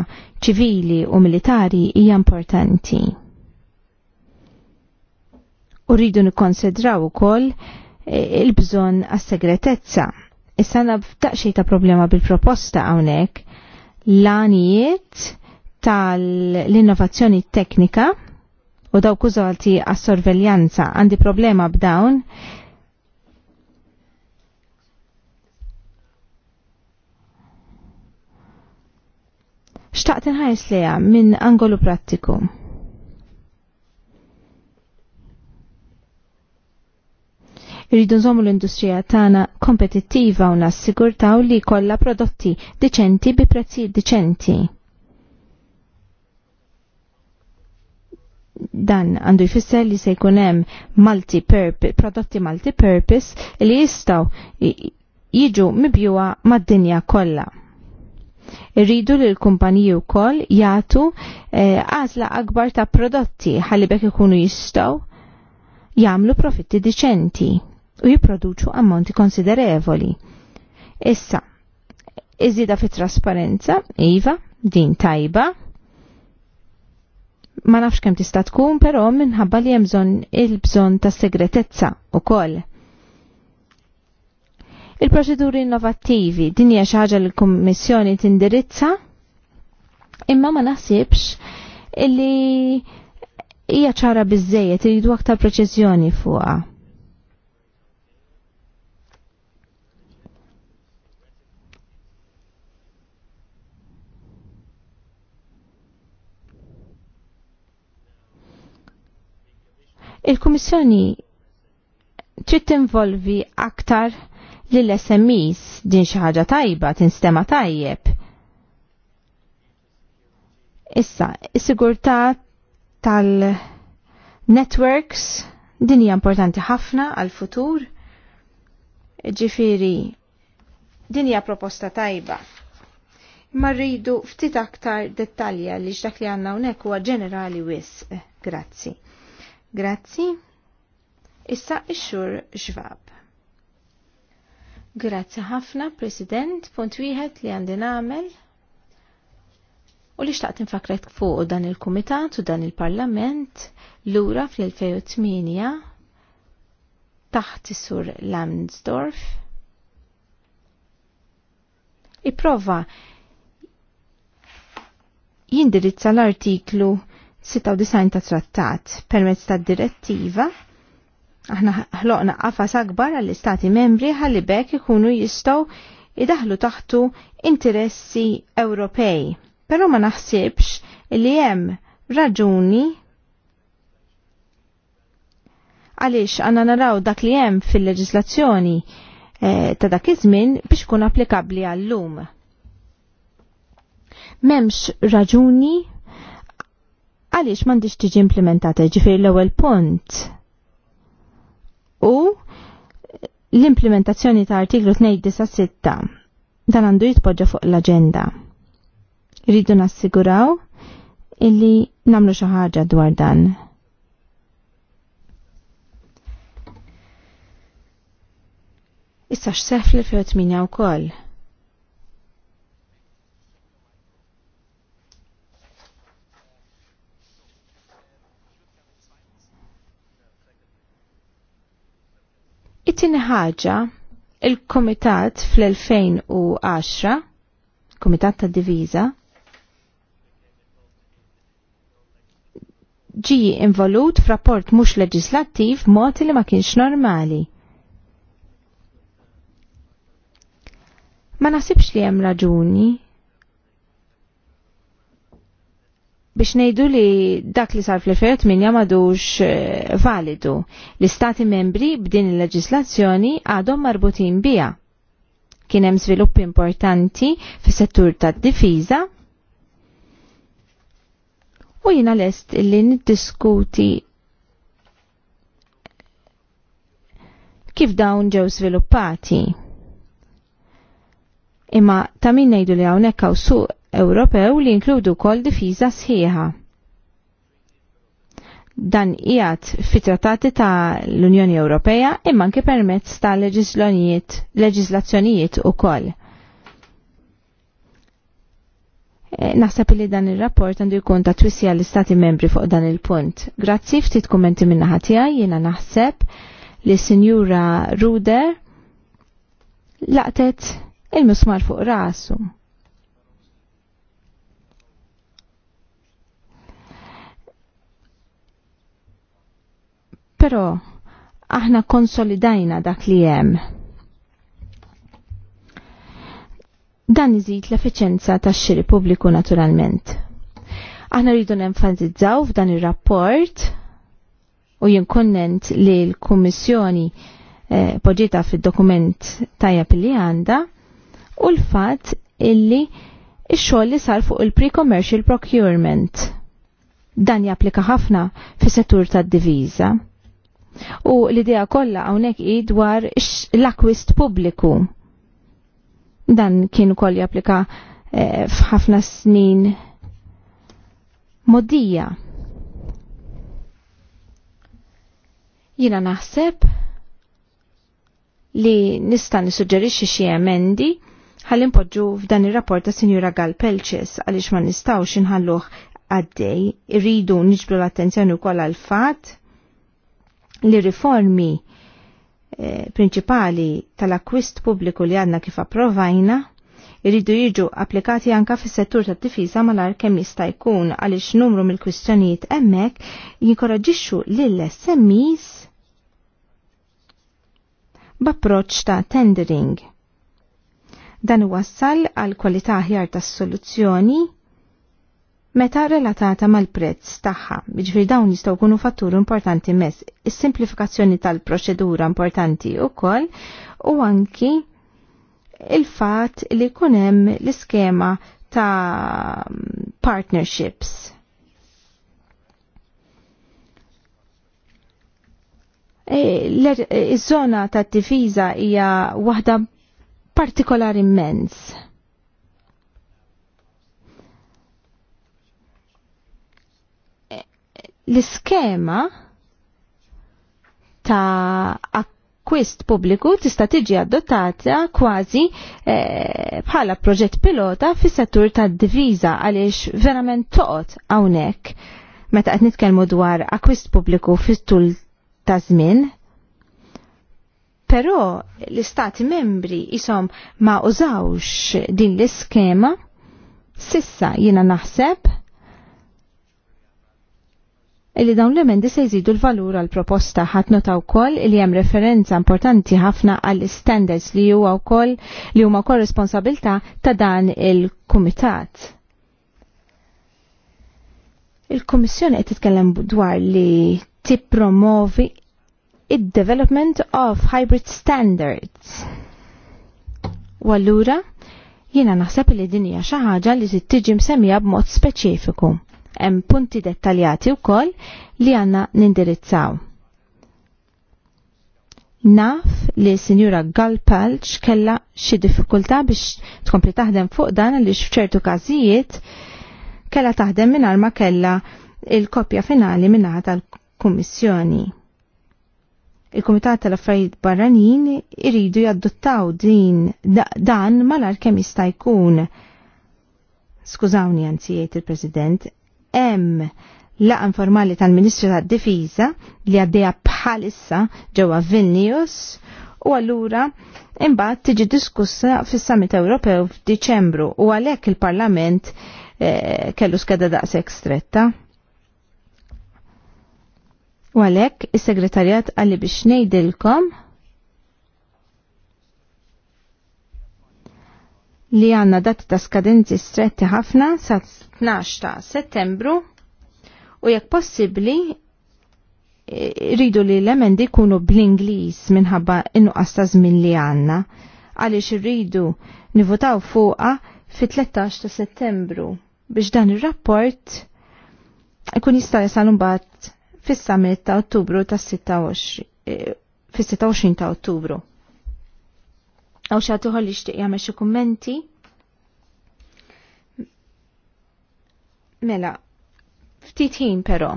ċivili u militari hija importanti. U rridu nikkonsidraw ukoll eh, il-bżonn għas-segretezza. Issa nabdaq ta' problema bil-proposta hawnhekk l-għanijiet tal-innovazzjoni teknika u dawk użolti għas-sorveljanza għandi problema b'dawn xtaqt nħajs leja minn angolu prattiku. Irridu nżommu l-industrija tagħna kompetittiva u nassigurtaw li kolla prodotti deċenti bi prezzi deċenti. dan għandu jfisser li se jkun hemm multi purpose prodotti multi purpose li jistgħu jiġu mibjuwa mad-dinja kollha. Irridu li l-kumpaniji wkoll jagħtu eh, għażla akbar ta' prodotti ħalli bekk ikunu jistgħu jagħmlu profitti diċenti u jipproduċu ammonti konsiderevoli. Issa, iżida fit-trasparenza, iva, din tajba, ma nafx kem tista tkun, però minħabba li hemm bżonn il-bżonn ta' segretezza ukoll. Il-proċeduri innovattivi din hija xi ħaġa li l-Kummissjoni tindirizza imma ma naħsibx illi hija ċara biżejjed iridu aktar preċiżjoni fuqha. Il-Kummissjoni trid tinvolvi aktar lill-SMEs din xi ħaġa tajba tinstema tajjeb. Issa, is-sigurtà tal-networks din hija importanti ħafna għal-futur. Ġifiri, din hija proposta tajba. Ma rridu ftit aktar dettalja li x'dak li għandna hawnhekk huwa ġenerali wisq. Grazzi. Grazzi. Issa ix-xur xvab. Grazzi ħafna, President, punt wieħed li għandi nagħmel u li xtaqt infakret fuq dan il-Kumitat u dan il-Parlament lura fl-2008 taħt is-sur Lamsdorf. Iprova jindirizza l-artiklu 96 ta' trattat permezz ta' direttiva Aħna ħloqna qafas akbar għall-istati membri ħalli bekk ikunu jistgħu idaħlu taħtu interessi Ewropej. Però ma naħsibx li hemm raġuni għaliex għanna naraw dak li hemm fil-leġislazzjoni eh, ta' dak iż-żmien biex kun applikabbli għallum. M'hemmx raġuni għaliex m'għandix tiġi implementata ġifier l-ewwel punt u l-implementazzjoni ta' artiklu 296 dan għandu jitpoġġa fuq l-agenda. Rridu nassiguraw illi namlu xi ħaġa dwar dan. Issa l-fjot minja u wkoll. It-tieni ħaġa il-Komitat fl-2010, Komitat ta' Diviża, ġi involut f'rapport mhux leġislattiv mod li ma kienx normali. Ma nasibx li hemm raġuni biex nejdu li dak li sar fl-2008 madux eh, validu. L-istati membri b'din il-leġislazzjoni għadhom marbutin bija. Kien hemm importanti fis-settur tad-difiża u jiena lest li niddiskuti kif dawn ġew sviluppati. Imma ta' min ngħidu li hawnhekk hawn suq Ewropew li inkludu kol difiża sħiħa. Dan ijat fit-trattati ta' l-Unjoni Ewropea imma anke permezz ta' u ukoll. E, naħseb li dan ir-rapport għandu jkun ta' twissija l-Istati membri fuq dan il-punt. Grazzi ftit kummenti minna ħatija jiena naħseb li Sinjura Ruder laqtet il-musmar fuq rasu. Però aħna konsolidajna dak li hemm. Dan iżid l-effiċenza tax-xiri pubbliku naturalment. Aħna rridu nenfazizzaw f'dan ir-rapport u jinkonnent li l-Kummissjoni eh, poġita fid-dokument tajjeb li għanda u l-fatt illi il xogħol li sar fuq il-pre-commercial procurement. Dan japplika ħafna fis-settur tad-diviża U l-idea kollha hawnhekk hi dwar l-akwist pubbliku. Dan kien ukoll japplika eh, f'ħafna snin modija. Jina naħseb li nista' nisuġġerixxi xi emendi ħalli npoġġu f'dan ir-rapport ta' Sinjura Gal għaliex ma nistgħux inħalluh għaddej, irridu niġbru l-attenzjoni wkoll għal fatt li riformi principali eh, prinċipali tal-akwist pubbliku li għadna kif approvajna irridu jiġu applikati anka fis settur tad difiża malar kemm jista' jkun għaliex numru mill-kwistjonijiet hemmhekk jinkoraġixxu lill SMEs b'approċċ ta' tendering. Dan wassal għal kwalità aħjar tas-soluzzjoni meta relatata mal-prezz tagħha. Jiġifieri dawn jistgħu jkunu fattur importanti mess is-simplifikazzjoni tal-proċedura importanti wkoll u anki il-fatt li jkun hemm l-iskema ta' partnerships. E, e, iż-żona tad difiża hija waħda partikolari immens l-iskema ta' akkwist pubbliku tista' tiġi adottata kważi eh, bħala proġett pilota fis-settur tad-diviża għaliex verament toqgħod hawnhekk meta qed nitkellmu dwar akwist pubbliku fit-tul ta' żmien. Però l-istati membri isom ma użawx din l-iskema sissa jiena naħseb illi dawn l-emendi se jżidu l-valur għal proposta ħadd nota wkoll li hemm referenza importanti ħafna għall standards li huwa wkoll li huma wkoll responsabilità ta' dan il-kumitat. Il-Kummissjoni qed titkellem dwar li tippromovi id-development of hybrid standards. U allura jiena naħseb li din hija xi ħaġa li tiġi msemmija b'mod speċifiku Hemm punti dettaljati wkoll li għandna nindirizzaw. Naf li Sinjura Galpalċ kella xi diffikultà biex tkompli taħdem fuq dan li f'ċertu każijiet kella taħdem mingħajr ma kella il-kopja finali minnaħa tal-Kummissjoni. Il-Kumitat tal-Affarijiet Barranin iridu jaddottaw din dan malar kemm jista' jkun. Skużawni għanzijiet il-President, hemm la informali tal-Ministru tad-Difiża li għaddeja bħalissa ġewwa Vilnius u allura imbagħad tiġi diskussa fis-Summit Ewropew f'Diċembru u għalhekk il-Parlament eh, kellu skeda daqshekk stretta. U għalhekk is-Segretarjat għalli biex ngħidilkom li għanna dat ta' skadenzi stretti ħafna sa' 12 ta' settembru u jekk possibli e, rridu li l-emendi kunu bl-Inglis minħabba innu ta' żmien li għanna għaliex rridu nivutaw fuqa fi 13 ta' settembru biex dan ir-rapport ikun jista' jasal bat fis-summit ta' Ottubru ta' 26 e, fis-26 ta' Ottubru. Għaw xatuħol li xtiq jgħamil xie kummenti. Mela, ftit ħin però.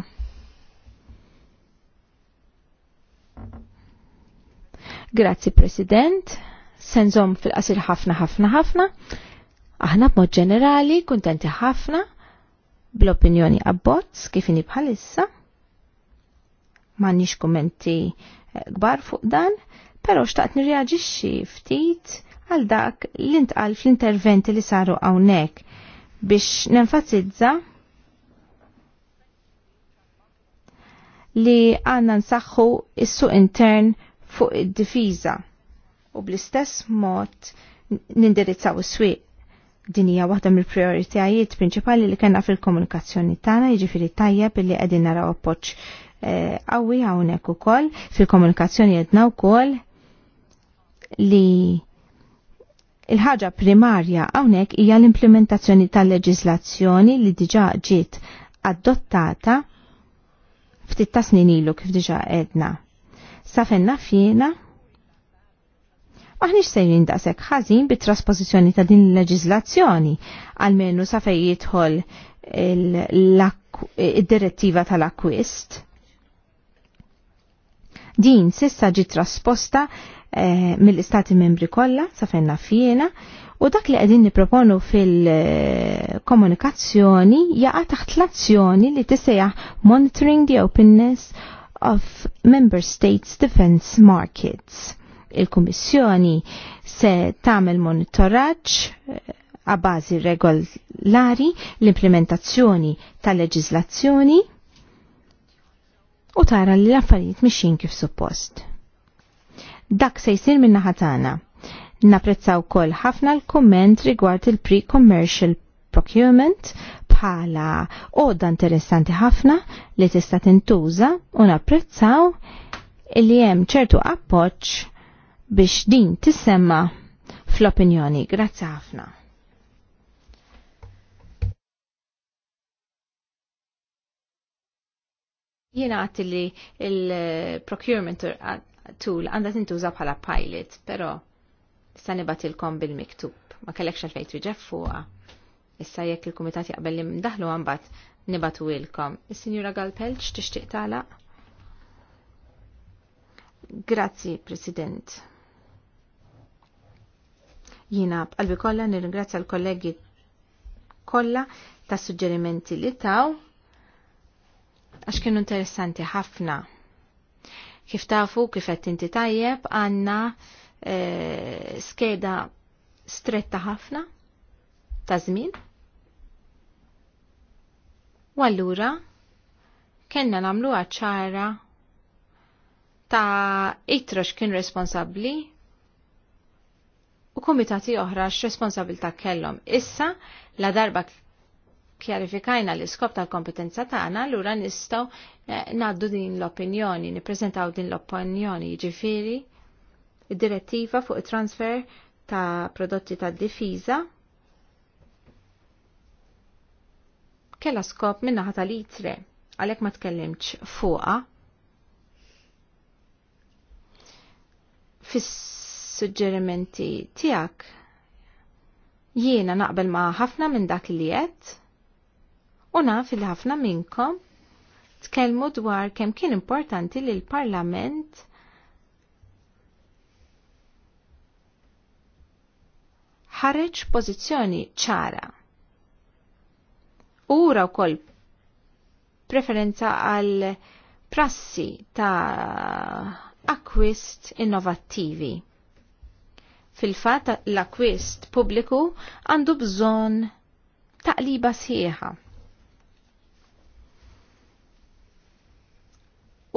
Grazzi President, senżom fil-qasir ħafna ħafna ħafna. Aħna b'mod ġenerali kuntenti ħafna bl-opinjoni abbozz kif bħalissa. Ma' M'għandniex kummenti kbar eh, fuq dan, pero xtaqt nirreagġixxi ftit għal dak li ntqal fl-interventi li saru hawnhekk biex nenfasizza li għanna nsaħħu is-suq intern fuq id-difiża u bl-istess mod nindirizzaw is-swieq. Din hija waħda mill-prioritajiet prinċipali li kellna fil-komunikazzjoni tagħna, jiġifieri tajjeb li qegħdin naraw appoġġ eh, qawwi hawnhekk ukoll fil-komunikazzjoni qedna wkoll li il-ħaġa primarja hawnhekk hija l-implementazzjoni tal-leġislazzjoni li diġà ġiet adottata ftit ta' snin ilu kif diġà edna. Safenna fjena maħniġ sejrin jindasek ħazin bit trasposizjoni ta' din il-leġizlazzjoni, għalmenu safej jitħol il-direttiva jidħol il-direttiva tal-akwist. Din sissa ġi trasposta Eh, mill-istati membri kollha sa fejn u dak li qegħdin nipproponu fil-komunikazzjoni jaqa' taħt l-azzjoni li tissejjaħ Monitoring the Openness of Member States Defence Markets. Il-Kummissjoni se tagħmel monitoraġġ eh, bażi regolari l-implementazzjoni tal-leġiżlazzjoni u tara li l-affarijiet mixin kif suppost dak se jsir minna naħa tagħna. Napprezzaw kol ħafna l-komment rigward il-pre-commercial procurement bħala oda interessanti ħafna li tista' tintuża u napprezzaw li hemm ċertu appoġġ biex din tissemma fl-opinjoni. Grazzi ħafna. Jiena għatti li il-procurement tul għandha tintuża bħala pilot, però issa nibatilkom bil-miktub. Ma kellekx għalfejn triġef fuqha. Issa jekk il-kumitat jaqbel li mdaħlu għambat nibatu ilkom. Is-Sinjura Galpelċ tixtieq tagħlaq? Grazzi, President. Jina b'qalbi kollha nirringrazzja l-kollegi kollha tas suġġerimenti li taw għax kienu interessanti ħafna. Kif tafu kifet inti tajjeb għanna eh, skeda stretta ħafna ta' żmien. U allura kellna nagħmlu ċara ta' itrox kien responsabbli u komitati oħra x-responsabilta kellhom. Issa la darba kjarifikajna l-iskop tal-kompetenza tagħna, allura nistgħu eh, ngħaddu din l-opinjoni, nippreżentaw din l-opinjoni ġifieri id-direttiva fuq it-transfer ta' prodotti tad difiża kella skop minnaħa tal-itre għalhekk ma tkellimċ fuqha. Fis-suġġerimenti tiegħek jiena naqbel ma' ħafna minn dak li jett u fil ħafna minnkom tkellmu dwar kemm kien importanti li l-Parlament ħareġ pożizzjoni ċara. Ura wkoll preferenza għal prassi ta' akwist innovattivi. Fil-fat l-akwist pubbliku għandu bżon taqliba sħiħa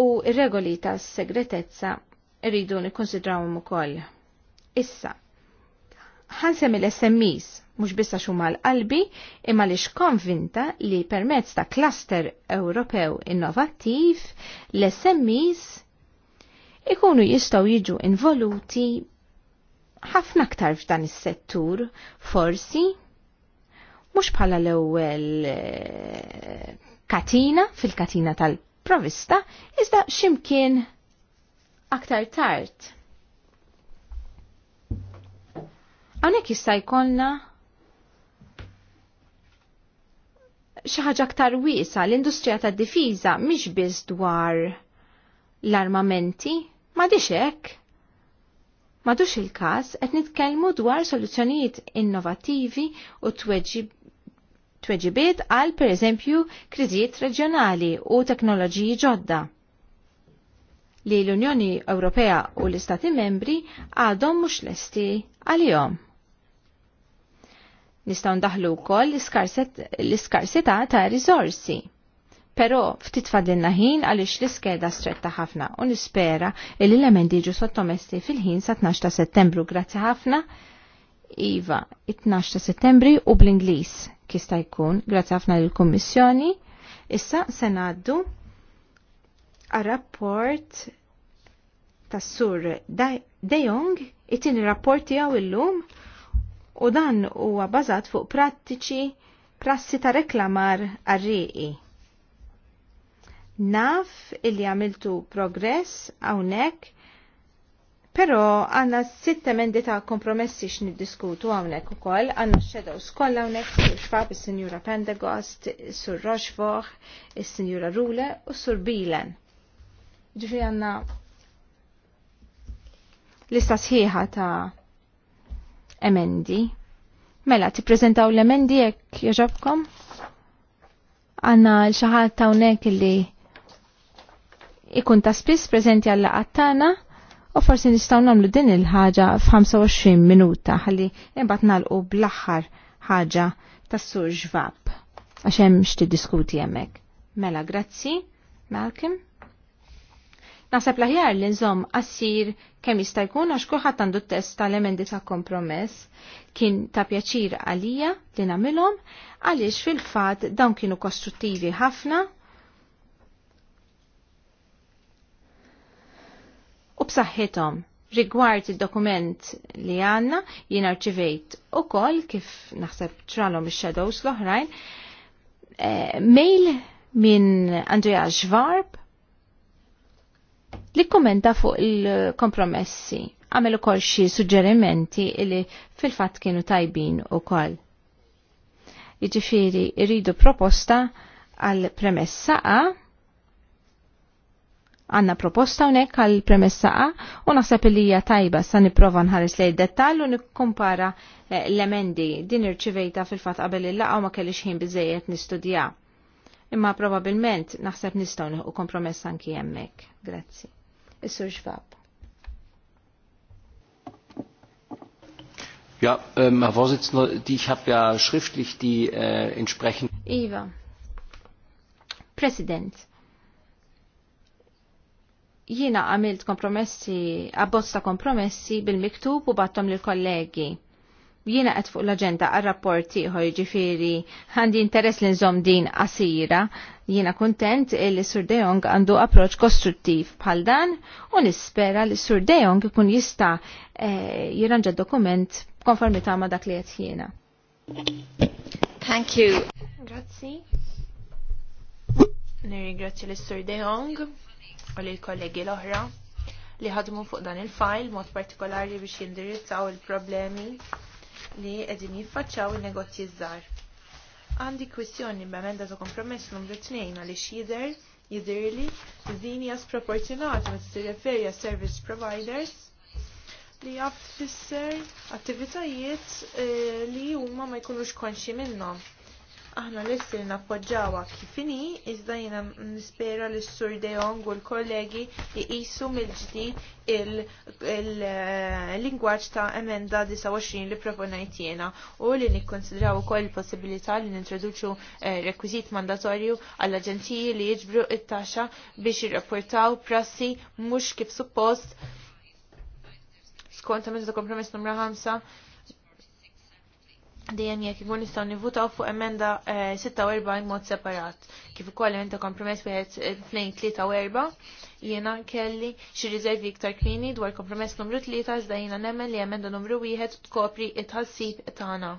u regoli tas segretezza rridu nikkonsidrawhom ukoll. Issa, ħansem il-SMEs mhux bissa xumma l-qalbi imma li konvinta li permezz ta' klaster Ewropew innovattiv l-SMEs ikunu jistgħu jiġu involuti ħafna aktar f'dan is-settur forsi mhux bħala l-ewwel eh, katina fil-katina tal- provista iżda ximkien aktar tard. Għonek jista' jkollna xi ħaġa aktar wiesa l-industrija tad-difiża mhix biss dwar l-armamenti, ma hekk. Madux il-każ qed nitkellmu dwar soluzzjonijiet innovattivi u tweġib tweġibiet għal pereżempju kriżijiet reġjonali u teknoloġiji ġodda li l-Unjoni Ewropea u l-Istati membri għadhom mhux lesti għalihom. Nistgħu ndaħlu wkoll l-iskarsità ta' riżorsi. Però ftit fadilna ħin għaliex l-iskeda stretta ħafna u nispera li l-emendi ġu sottomesti fil-ħin sa 12 ta' settembru. Grazzi ħafna. Iva, 12 ta' settembri u bl-Inglis kista jkun, grazzi ħafna l-Kommissjoni. Issa se ngħaddu għal-rapport tas sur De Jong, it-tieni rapport il illum u dan huwa għabazat fuq prattiċi prassi ta' reklamar għarriqi. Naf illi għamiltu progress hawnhekk Pero għanna sitt emendi ta' kompromessi għawnek hawnhekk ukoll, għanna x-shadows kollha hawnhekk sur xfab, is senjura Pendegost, sur Rochefort, is senjura Rule u sur Bilen. Ġifri għanna lista sħiħa ta' emendi. Mela, ti prezentaw l-emendi jekk jaġabkom? Għanna l-xaħat ta' unek li ikun ta' spis prezenti għalla għattana u forsi nistgħu nagħmlu din il-ħaġa f-25 minuta għalli imbagħad nagħlqu bl-aħħar ħaġa tas-sur ġvab għax hemm x'tiddiskuti hemmhekk. Mela, grazzi, Malcolm. Naħseb l-aħjar li nżomm assir kemm jista' jkun għax kulħadd għandu test tal-emendi ta' kompromess kien ta' pjaċir għalija li nagħmilhom għaliex fil-fatt dawn kienu kostruttivi ħafna u b'saħħithom. Rigward id-dokument li għanna jien arċivejt u kif naħseb tralom ix-shadows l-oħrajn, eh, mail minn Andrea Xvarb li kommenta fuq il-kompromessi għamel ukoll xi suġġerimenti li fil-fatt kienu tajbin ukoll. Jiġifieri rridu proposta għal premessa A Għanna proposta unek għal premessa A u naħseb li hija tajba sa nipprova nħares lej dettal u nikkompara eh, l-emendi din irċivejta fil-fatt qabel il-laqa ma kellix ħin biżejjed nistudja. Imma probabilment naħseb nistgħu u kompromess anki hemmhekk. Grazzi. Is-Sur Ja, ähm, Herr Vorsitzender, die, ich habe ja schriftlich die äh, entsprechenden. Iva. Präsident. Jina għamilt kompromessi, abbozza kompromessi bil-miktub u battom lil kollegi Jina għed fuq l-agenda għal-rapporti ħoj ġifiri għandi interess li nżom din asira. Jina kontent li Sur Dejong għandu approċ kostruttiv bħal dan u nispera li Sur Dejong ikun jista eh, jiranġa dokument konformita ma dak li għed Thank you. Grazzi. Nirringrazzja l-Sur De Jong u lill kollegi l-oħra li ħadmu fuq dan il-fajl mod partikolari biex jindirizzaw il-problemi li qegħdin jiffaċċaw in-negozji żgħar. Għandi kwistjoni b'emenda ta' kompromess numru 2 għaliex jidher jidhirli li din hija sproporzjonata meta tirreferi għas service providers li jaffisser attivitajiet eh, li huma ma jkunux konxi minnhom Aħna l istil nappoġġawa kifini, iżda jina nispera l sur Deong u l-kollegi li jisu mill-ġdid il-lingwaġġ eh, ta' emenda 29 li proponajt jena u li nikkonsidraw ukoll il-possibilità li nintroduċu eh, rekwiżit mandatorju għall aġenziji li jiġbru it-taxxa biex jirrapportaw prassi mhux kif suppost skont ta' mezzu kompromess numra 5 dejjem jekk ikun nistgħu nivvutaw fuq emenda 46 eh, mod separat. Kif ukoll emenda kompromess wieħed eh, tnejn 'tlieta' u erba' jiena kelli xi riservi iktar kmini dwar kompromess numru 3 iżda jiena nemmen li emenda numru 1 tkopri it-ħassib tagħna.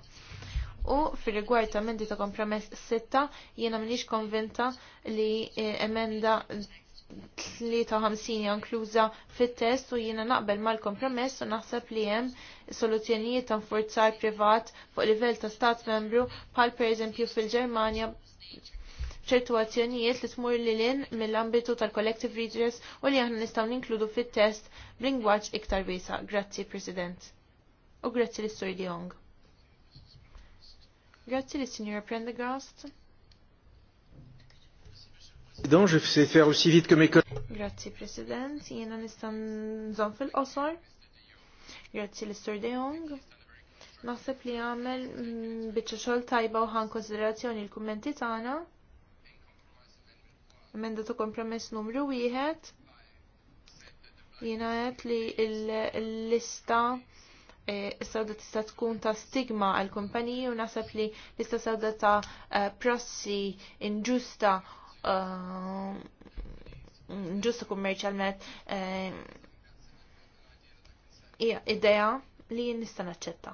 U fir rigward ta' emendi ta' kompromess 6 jiena m'iniex konvinta li eh, emenda 53 jankluża fit-test u jiena naqbel mal-kompromess u naħseb li hemm soluzzjonijiet ta' forzar privat fuq livell ta' stat membru bħal pereżempju fil-Ġermanja ċertuazzjonijiet li tmur li lin mill-ambitu tal-collective redress u li aħna nistgħu ninkludu fit-test b'lingwaġġ iktar wiesa. Grazzi, President. U grazzi l-Sur Grazie, Grazzi Prendergast. Grazie, President. Jena nistan zon fil-qosor. Grazie Lister De Jong. Naħseb li għamel mm, bieċa xol tajba u ħan konsiderazzjoni l-kummenti tagħna. Emenda ta' kompromess numru wieħed. Jiena għedt li l-lista eh, s sawda tista' tkun ta' stigma għal kumpaniji u naħseb li l-lista sawda ta' eh, prossi inġusta Um, ġustu kummerċjalment eh, hija idea li nista' naċċetta.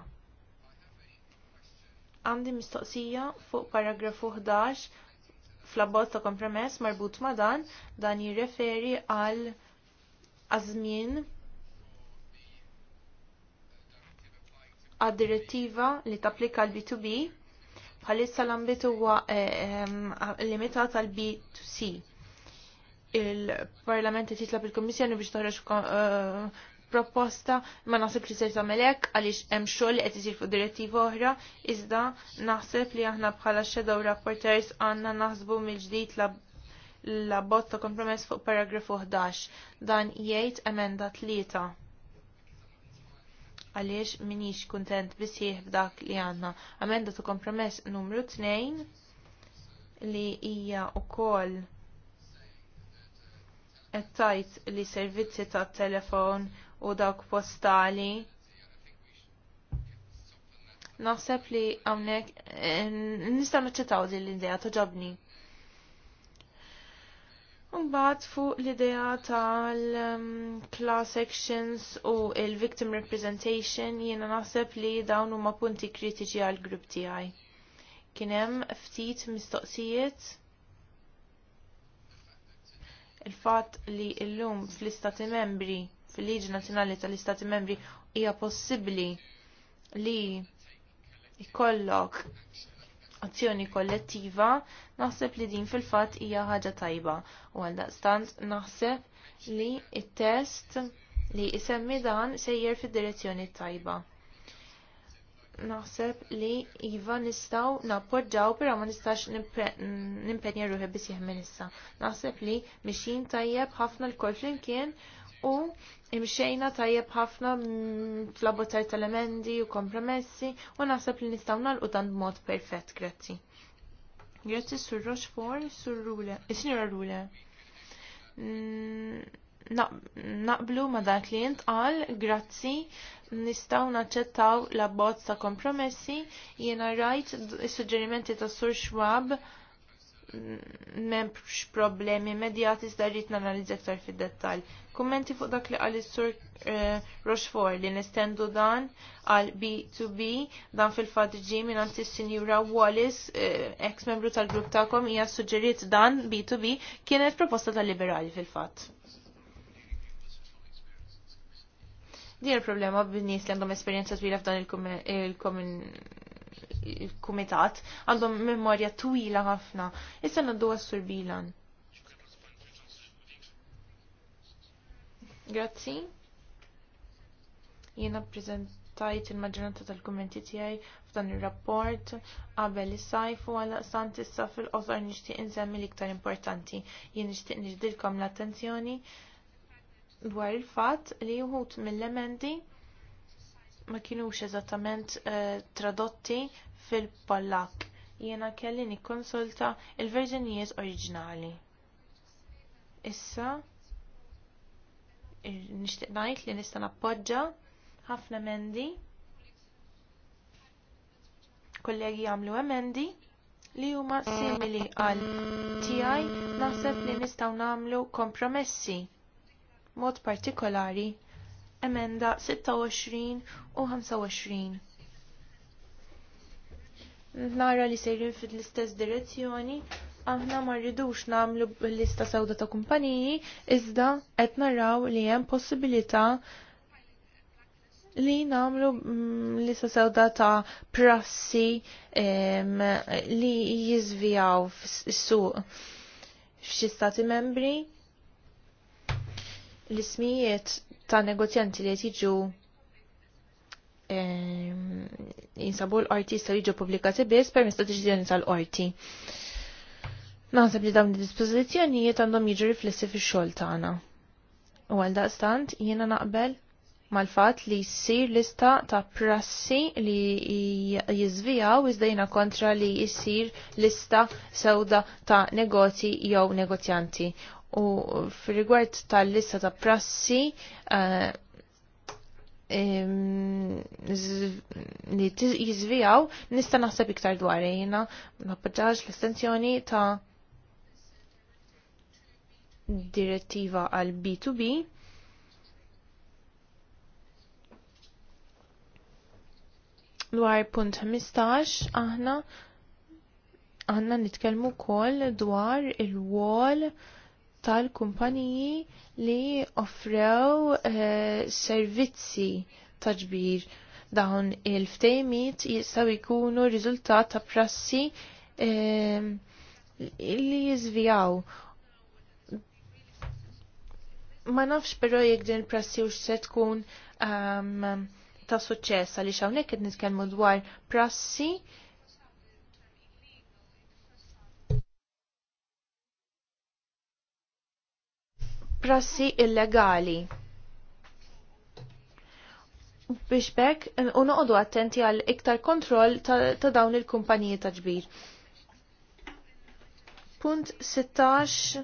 Għandi mistoqsija fuq paragrafu 11 fl-abbozz ta' kompromess marbut ma' dan dan jirreferi għal azmin għad-direttiva li tapplika l-B2B Bħalissa l-ambitu huwa ehm, limitat tal B2C. Il-Parlament titla bil komissjoni biex toħroġ eh, proposta ma naħseb li ser tagħmel hekk għaliex hemm xogħol li qed isir fuq direttiva oħra, iżda naħseb li aħna bħala shadow rapporters għandna naħsbu mill-ġdid la bozza kompromess fuq paragrafu 11 dan jgħid emenda tlieta għaliex minix kuntent bisieħ f'dak li għanna. Amenda ta' kompromess numru 2 li hija wkoll qed tajt li servizzi tat telefon u dawk postali. Naħseb li hawnhekk eh, nistgħu naċċettaw din l-idea toġobni. Mbagħad fuq l-idea tal-class um, actions u il-victim representation jiena naħseb li dawn huma punti kritiċi għal grupp tiegħi. Kien hemm ftit mistoqsijiet il-fatt li llum fl-Istati Membri fil-Liġi Nazzjonali tal-Istati Membri hija possibbli li jkollok azzjoni kollettiva, naħseb li din fil-fatt hija ħaġa tajba u għaldaqstant naħseb li it-test li isemmi dan sejjer fid-direzzjoni tajba. Naħseb li Iva nistaw nappoġġaw, pero ma nistax nimpenja ruħi bis jihmin issa. Naħseb li mixin tajjeb ħafna l-kol flimkien u imxejna tajjeb ħafna fl tal-emendi u kompromessi u naħseb li nistgħu nagħlqu dan b'mod perfett, grazzi. Grazzi sur Rochefort, sur Rule, is-Sinjora eh, Rule. Mm, naqblu ma dak li jintqal, grazzi nistaw naċċettaw la bozza ta' kompromessi jiena rajt is-suġġerimenti ta' Sur Schwab memx problemi immedjati iżda rrid nanalizza aktar fid-dettall. Kummenti fuq dak li għal sur eh, Rochefort li nestendu dan għal B2B dan fil-fatt ġi minn għanti sinjura Wallis, eh, ex-membru tal-grupp ta'kom, hija suġġeriet dan B2B kienet proposta tal-liberali fil-fatt. Din il-problema b'nies li għandhom esperjenza twila f'dan il il-kommun il-kumitat għandhom memorja twila ħafna. Issa naddu għas Bilan. Grazzi. Jiena prezentajt il-maġġoranza tal kumenti tiegħi f'dan ir-rapport qabel is-sajf u għal sant issa fil-qosor nixtieq insemmi l-iktar importanti. Jien nixtieq niġdilkom l-attenzjoni dwar il-fatt li wħud mill-emendi ma kienux eżattament eh, tradotti fil-Pollak. Jiena kelli nikkonsulta l verżjonijiet oriġinali. Issa, nixtieq ngħid li nista' nappoġġa ħafna emendi. Kollegi jagħmlu emendi li huma simili għal tiegħi naħseb li nistgħu nagħmlu kompromessi. Mod partikolari emenda 26 u 25 nara li sejrin l istess direzzjoni, aħna ma rridux namlu lista sewda ta' kumpaniji, iżda qed naraw li hemm possibilità li namlu mm, lista sewda ta' prassi em, li jizvijaw fis-suq f'xi stati membri l-ismijiet ta' negozjanti li jiġu jinsabu l-orti jistaw jiġu publikati biss permezz ta' deċiżjoni tal-orti. Naħseb li dawn id-dispożizzjonijiet għandhom jiġu riflessi fix-xogħol tagħna. U għal daqstant jiena naqbel mal-fat li jissir lista ta' prassi li jizvijaw iżdejna kontra li jissir lista sewda ta' negozji jew negozjanti. U fil-rigward tal-lista ta' prassi uh, li jizvijaw nista naħseb iktar dwar jina l-appoġġaġ l-estensjoni ta' direttiva għal B2B dwar punt 15 aħna għanna nitkelmu kol dwar il-wall il il wall tal-kumpaniji li offrew eh, servizzi ta' dawn il-ftejmit jistaw jkunu riżultat ta' prassi eh, li jizvijaw. Ma nafx però jekk din il-prassi u se tkun ehm, ta' suċċess għaliex hawnhekk qed nitkellmu dwar prassi prassi illegali biex bekk unuqdu attenti għal iktar kontroll ta', ta dawn il-kumpaniji ta' ġbir. Punt 16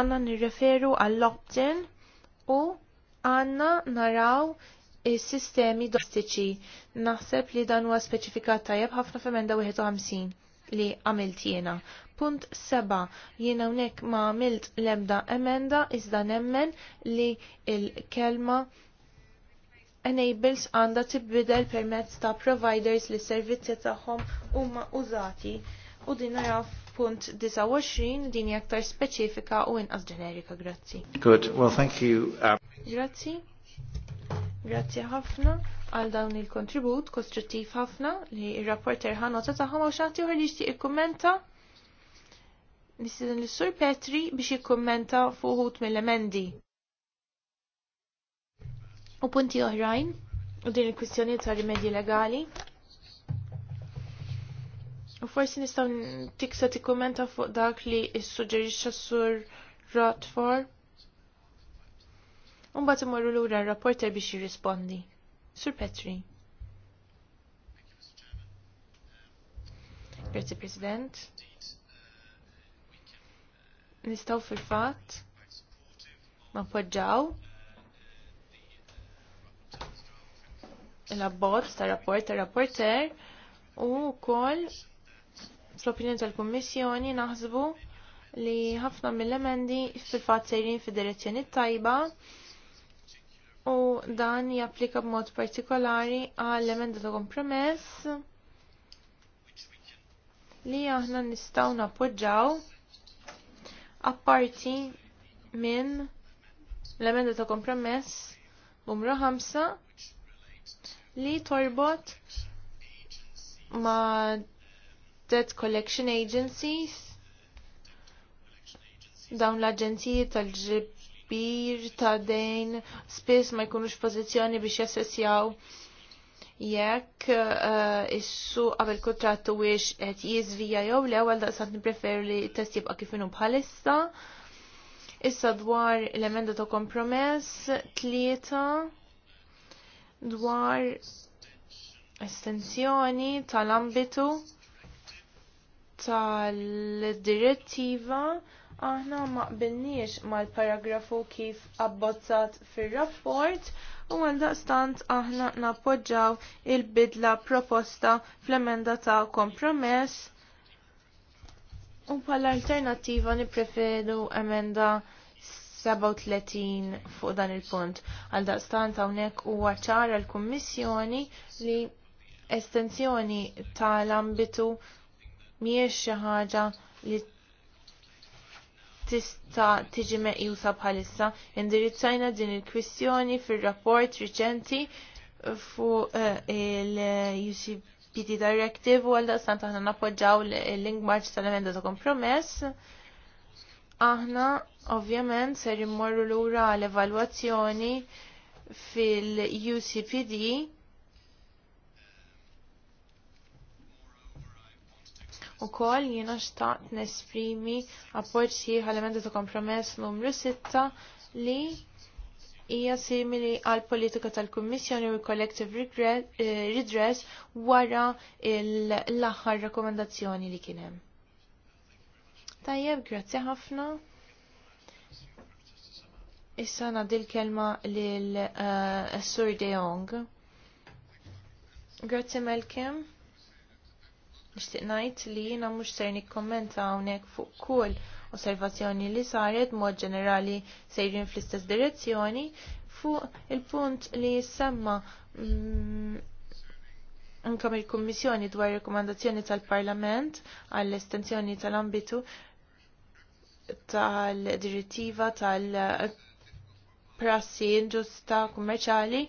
għanna nirreferu għall opt-in u għanna naraw il sistemi dostiċi. Naħseb li dan huwa speċifikat tajjeb ħafna f'emenda 51 li għamilt jiena. Punt seba' jiena hawnhekk ma għamilt l-ebda emenda iżda nemmen li il-kelma enables għandha tibbidel permezz ta' providers li servizzi tagħhom huma użati u din naraw punt 29 din aktar speċifika u inqas ġenerika, grazzi. Good, well thank you. Uh, grazzi. Grazzi ħafna għal dawn il-kontribut kostruttiv ħafna li il-rapporter ħanota taħħom għax għati uħar li jixtieq ikkummenta. Nistiden l-Sur Petri biex jikkommenta fuq mill-emendi. U punti oħrajn, u din il-kwistjoni ta' rimedji legali. U forsi nistaw tiksa tikkommenta fuq dak li s-sugġerixxa sur Rotfor. bat imorru lura r-rapporter biex jirrispondi. Sur Petri. Grazie President nistaw fil-fat poġġaw l abbot ta' rapport ta' rapporter u kol fl-opinjoni tal-Kummissjoni naħsbu li ħafna mill-emendi fil-fatt sejrin fid-direzzjoni tajba u dan japplika b'mod partikolari għall emenda ta' kompromess li aħna nistgħu nappoġġaw apparti minn l-emenda ta' kompromess numru 5 li torbot ma' debt collection agencies dawn l agenziji tal ġibir ta' dejn spiss ma jkunux pożizzjoni biex jassessjaw jekk eh, issu qabel kontrattu wiex qed jiżvija jew l-ewwel daqsat nipreferu li test jibqa' kif inhu bħalissa. Issa dwar l-emenda ta' kompromess tlieta dwar estensjoni tal-ambitu tal-direttiva aħna ma qbilniex mal-paragrafu kif abbozzat fir-rapport u għaldaqstant aħna nappoġġaw il-bidla proposta fl-emenda ta' kompromess u pal alternativa nipreferu emenda 37 fuq dan il-punt. Għaldaqstant hawnhekk huwa ċara l-Kummissjoni li estensjoni tal-ambitu mhijiex xi ħaġa li tista' tiġi meqjusa bħalissa. Indirizzajna din il-kwistjoni fir-rapport riċenti fuq eh, il-UCPD Directive u għalda stant aħna nappoġġaw l-link tal-emenda ta' kompromess. Aħna ovvjament ser immorru lura l-evalwazzjoni fil-UCPD U kol jina xtaqt nesprimi appoġġ sieħ għal-emenda ta' kompromess numru 6 li hija simili għal politika tal-Kummissjoni u collective eh, redress wara l-aħħar rakkomandazzjoni li kien hemm. Tajjeb, grazzi ħafna. Issa nadil kelma lil uh, Sur De Jong. Grazie Malcolm. Nixtieq ngħid li jiena mhux ser nikkommenta hawnhekk fuq kull osservazzjoni li saret mod ġenerali sejrin fl-istess direzzjoni fuq il-punt li jissemma mm, anka mill-Kummissjoni dwar rekomandazzjoni tal-Parlament għall-estensjoni tal-ambitu tal-direttiva tal-prassi ġusta kummerċali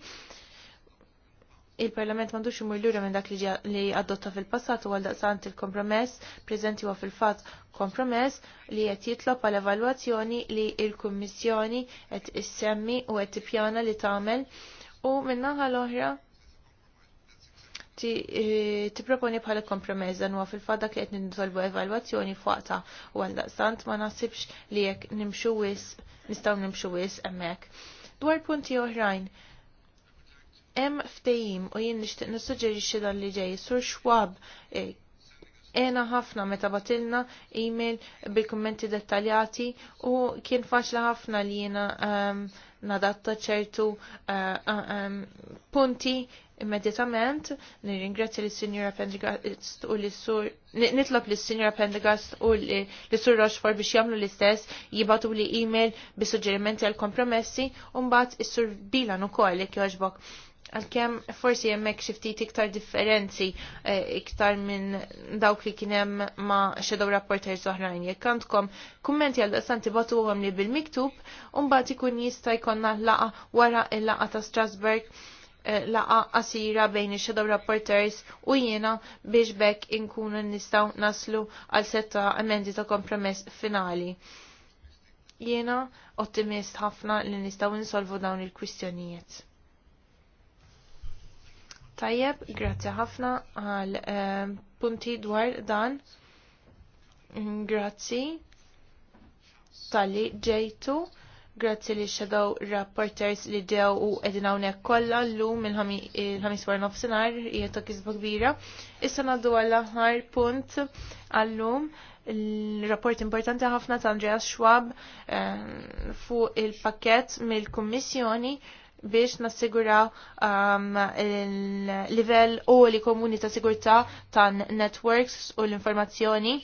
il-Parlament mandux imur lura minn dak li adotta fil-passat u għaldaqsant il-kompromess preżenti huwa fil-fatt kompromess li qed jitlob għal evalwazzjoni li l-Kummissjoni qed issemmi u qed tippjana li tagħmel u minnaħa l-oħra eh, tipproponi bħala kompromess dan huwa fil-fatt dak li qed nintolbu evalwazzjoni fuqta u għaldaqsant ma nasibx li jekk nimxu wis nistgħu nimxu wis hemmhekk. Dwar punti oħrajn, hemm ftehim u jien nixtieq nissuġġerixxi dan li ġej sur xwab e, ena ħafna meta batilna email bil-kommenti dettaljati u kien faċla ħafna li jena um, ehm, nadatta ċertu uh, um, punti immedjatament. Nirringrazzja li s-Sinjura Pendergast u li sur nitlob li s-Sinjura Pendergast u li sur Roxfor biex jamlu l-istess jibatu li email bi suġġerimenti għal kompromessi un bat is-sur Bilan u koll li għalkemm forsi hemmhekk xi ftit iktar differenzi eh, iktar minn dawk li kien hemm ma' shadow rapporters oħrajn. Jekk għandkom kummenti għal daqstan tibatu għom li bil-miktub, u mbagħad ikun jista' jkollna laqa wara il-laqa ta' Strasburg eh, laqa qasira bejn ix-shadow rapporters u jiena biex bekk inkunu nistgħu naslu għal setta emendi ta' kompromess finali. Jiena ottimist ħafna li nistgħu insolvu dawn il-kwistjonijiet. Tajjeb, grazzi ħafna għal eh, punti dwar dan. Mm, grazzi tal-li ġejtu. Grazzi li xedaw rapporters li ġew u edina kollha kolla l-lum il-ħamis war nofsenar, jieto kizba kbira. Issa naddu għall-ħar punt għallum, lum rapport importanti ħafna ta' Andreas Schwab eh, fuq il-pakket mill-Kummissjoni biex nassiguraw um, il-livell u li komuni ta' sigurtà tan networks u l-informazzjoni.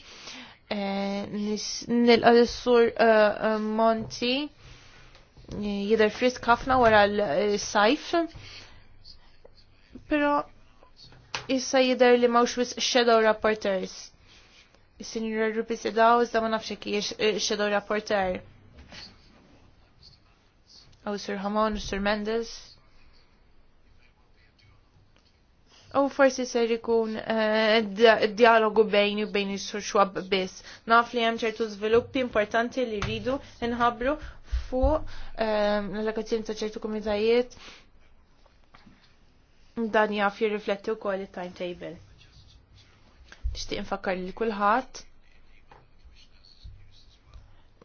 Eh, Nil-sur uh, eh, Monti jider frisk ħafna wara l-sajf, pero issa jider li mawx wis shadow rapporters. Is-sinjura Rupi id iżda ma nafxek jiex eh, shadow rapporter. Oh, Sir Hamon, Sir Mendes. U forsi ser ikun eh, dialogu bejn u bejn is-sur xwab biss. Naf li hemm ċertu żviluppi importanti li rridu nħabru fuq eh, l-allokazzjoni ta' ċertu kumitajiet dan jaf jirrifletti wkoll it-timetable. Nixtieq nfakkar li kulħadd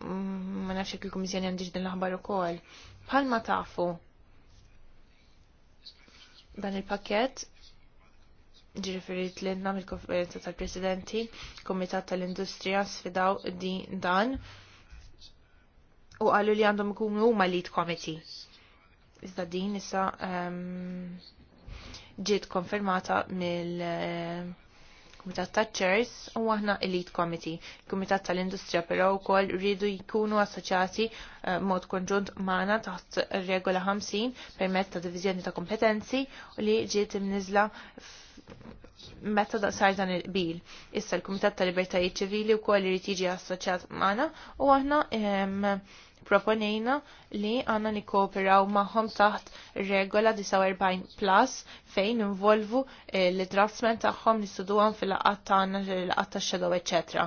mm, ma nafx il-Kummissjoni għandix din l-aħbar ukoll Palma tafu dan il-pakket ġifirit li nam il-konferenza tal-presidenti, komitat tal-industrija sfidaw din dan u għallu li għandhom ikunu huma lead committee. Iżda din issa ehm, ġiet konfermata mill- il-Kumitat ta' Chairs u aħna Elite Committee. Il-Kumitat tal-Industrija però wkoll rridu jkunu assoċjati eh, mod konġunt magħna taħt regola 50 permezz ta' diviżjoni ta' kompetenzi u li ġiet imniżla meta da sar dan il-bil. Issa l-Kumitat tal-Libertajiet Ċivili wkoll irid jiġi assoċjat magħna u aħna ehm, proponejna li għanna nikkooperaw maħħom taħt regola 49 plus fejn involvu eh, li draftsmen taħħom nistuduwan fil laqqat taħna, l laqqat ta' etc.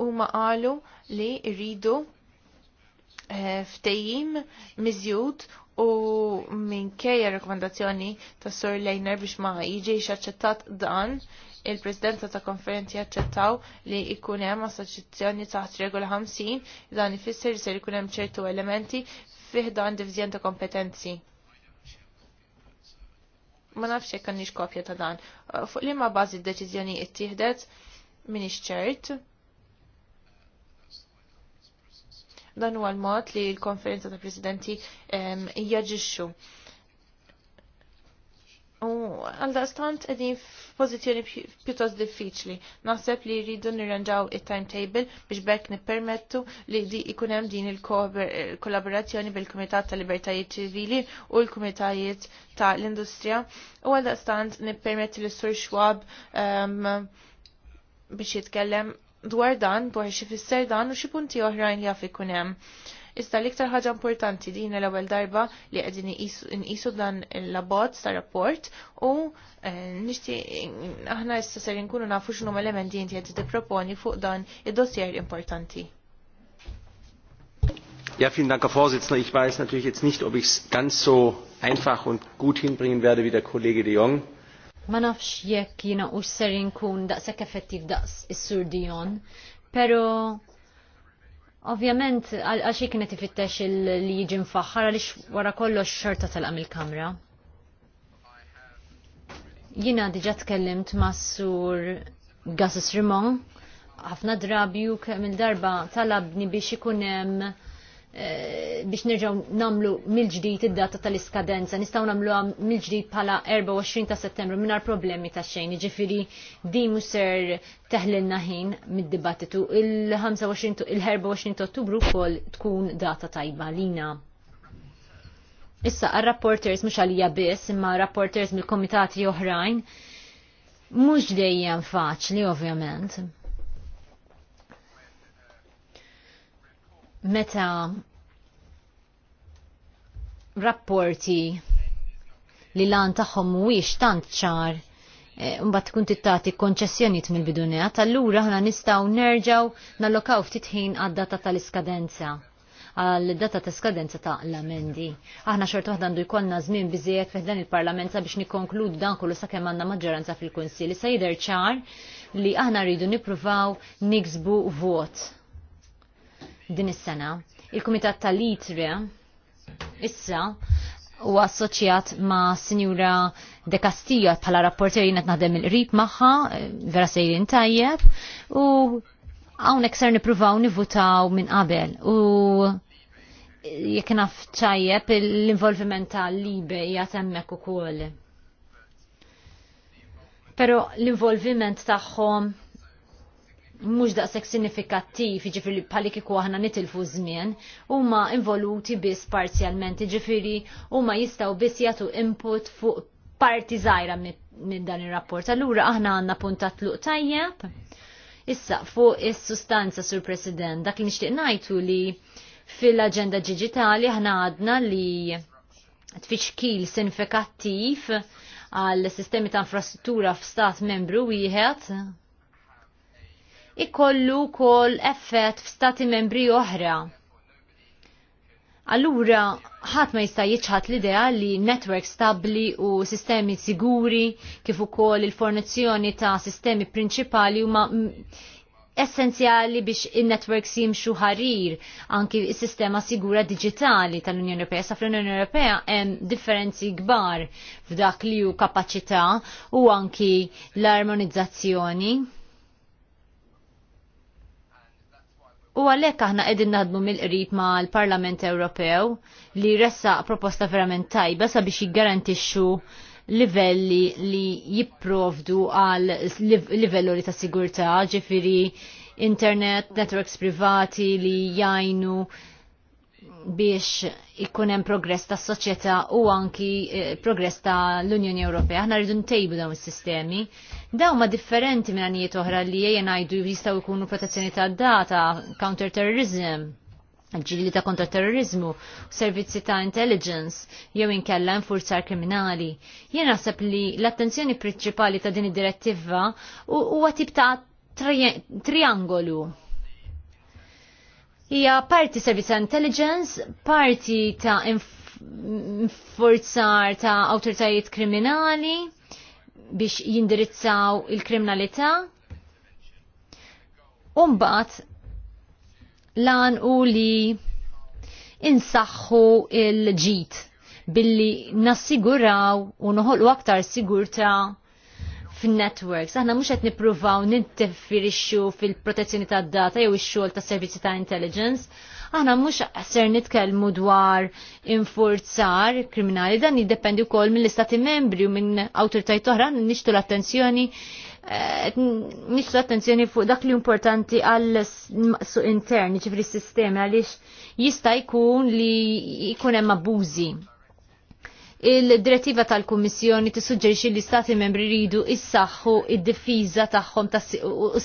U ma qalu li rridu eh, ftejim miżjud u minn kejja rekomendazzjoni ta' Sir Lejner biex ma jiġi xaċċettat dan il-Presidenza ta' konferenzi jaċċettaw li jkun hemm assoċjazzjoni taħt regola 50 dan ifisser li se jkun hemm ċertu elementi fih dan divizjon ta' kompetenzi. Ma nafx jekk għandix kopja ta' dan. Uh, fuq liema bażi d-deċiżjoni ttieħdet minix ċert. Dan huwa l-mod li l-konferenza ta' presidenti jaġixxu. Um, U għal-dastant edin f-pozizjoni pjuttost diffiċli. Naħseb li rridu nirranġaw il-timetable biex bekk nippermettu li di ikunem din il-kollaborazzjoni bil-Kumitat ta' Libertajiet Ċivili u l-Kumitajiet ta' l-Industrija. U għal-dastant li s sur xwab ehm, biex jitkellem dwar dan, dwar xifisser dan u xipunti punti oħrajn li għaf ikunem. Iżda l-iktar ħaġa importanti din l-ewwel darba li qegħdin nqisu dan l-abbozz tar rapport u eh, nixtieq aħna issa ser inkunu nafu x'nhom elementi inti qed tipproponi fuq dan id-dossier importanti. Ja, vielen Dank, Herr Vorsitzender. Ich weiß natürlich jetzt nicht, ob ich es ganz so einfach und gut hinbringen werde wie der Kollege de Jong. Ma nafx jekk jina u ser inkun daqshekk effettiv daqs is-sur Dion, pero Ovvjament, għaxi kienet ifittex li jiġi mfaħħar għaliex wara kollox xorta tal il-kamra. Jina diġa tkellimt ma' sur Gassis Rimon, ħafna drabi u kemm il-darba talabni biex ikun hemm Eh, biex nerġaw namlu mill-ġdijt id-data tal-iskadenza, nistaw namlu mill-ġdijt pala 24 ta' settembru minnar problemi ta' xejn, ġifiri di muser teħlilna ħin mid-dibattitu il-24 ta' ottubru kol tkun data tajba lina. Issa, għal-rapporters mux għalija biss, imma rapporters mill-komitati oħrajn, mux dejjem faċli ovvjament meta rapporti li lan tagħhom mhuwiex tant ċar eh, mbagħad tkun tittati konċessjonijiet mill-bidunija, allura aħna nistgħu nerġgħu nallokaw ftit ħin għad-data tal-iskadenza għal data ta' skadenza ta' l-amendi. Aħna xort waħda għandu jkollna żmien biżejjed fih dan il-parlamenta biex nikkonkludu dan kollu sakemm għandna maġġoranza fil-Kunsilli. Sa jidher ċar li aħna rridu nippruvaw niksbu vot din is-sena. Il-Kumitat tal litre issa u assoċjat ma' Sinjura De Castillo bħala rapporter jienet naħdem il-qrib magħha, eh, vera sejrin tajjeb, u hawnhekk ser nippruvaw nivutaw minn qabel. U jekk naf ċajjeb l-involviment tal-libe jgħat hemmhekk ukoll. Pero l-involviment tagħhom mhux daqshekk sinifikattiv, jiġifieri bħalik kieku aħna nitilfu żmien, huma involuti biss parzjalment, jiġifieri huma jistgħu biss jagħtu input fuq parti żgħira minn dan ir-rapport. Allura aħna għandna puntat tluq tajjeb. Issa fuq is-sustanza sur President, dak li nixtieq ngħidu li fil-aġenda digitali aħna għadna li tfixkil sinifikattiv għal sistemi ta' infrastruttura f'stat membru wieħed ikollu kol effett f'stati membri oħra. Allura, ħadd ma jista' jiċħat l-idea li netwerk stabbli u sistemi siguri kif ukoll il-fornizzjoni ta' sistemi prinċipali huma essenzjali biex in-networks jimxu ħarir anki s-sistema sigura digitali tal-Unjoni Ewropea. Sa fl-Unjoni Ewropea hemm differenzi kbar f'dak li hu kapaċità u anki l-armonizzazzjoni U għalhekk aħna qegħdin naħdmu mill-qrib mal-Parlament Ewropew li ressa proposta verament tajba sabiex jiggarantixxu livelli li jipprovdu għal livelluri ta' sigurtà, ġifiri internet, networks privati li jajnu biex ikun hemm progress tas soċieta u anki eh, progress ta' l-Unjoni Ewropea. Aħna rridu ntejbu dawn is-sistemi. Dawn ma differenti minn għanijiet oħra li jgħin ngħidu jistgħu jkunu protezzjoni tad data, counter terrorism, ġili ta' kontra terrorizmu, servizzi ta' intelligence, jew inkella infurzar kriminali. Jien naħseb li l-attenzjoni prinċipali ta' din id-direttiva huwa tip ta' triangolu. Tri hija parti Service intelligence, parti ta' forzar ta' autoritajiet kriminali biex jindirizzaw il-kriminalità. Umbat lan u li insaħħu il-ġit billi nassiguraw u noħolqu aktar sigurta' fil networks Aħna mhux qed nippruvaw nintifirixxu fil-protezzjoni tad-data jew ix-xogħol tas servizzi ta' intelligence. Aħna mhux ser nitkellmu dwar infurzar kriminali dan jiddependi wkoll mill-istati membri u minn awtoritajiet oħra nixtu l-attenzjoni eh, nixtu attenzjoni fuq dak li importanti għal suq intern, ġifri s-sistemi, għaliex jista' jkun li jkun hemm abbużi Il-direttiva tal-Kummissjoni tissuġġerixxi li stati membri ridu issaħħu id-difiża tagħhom tas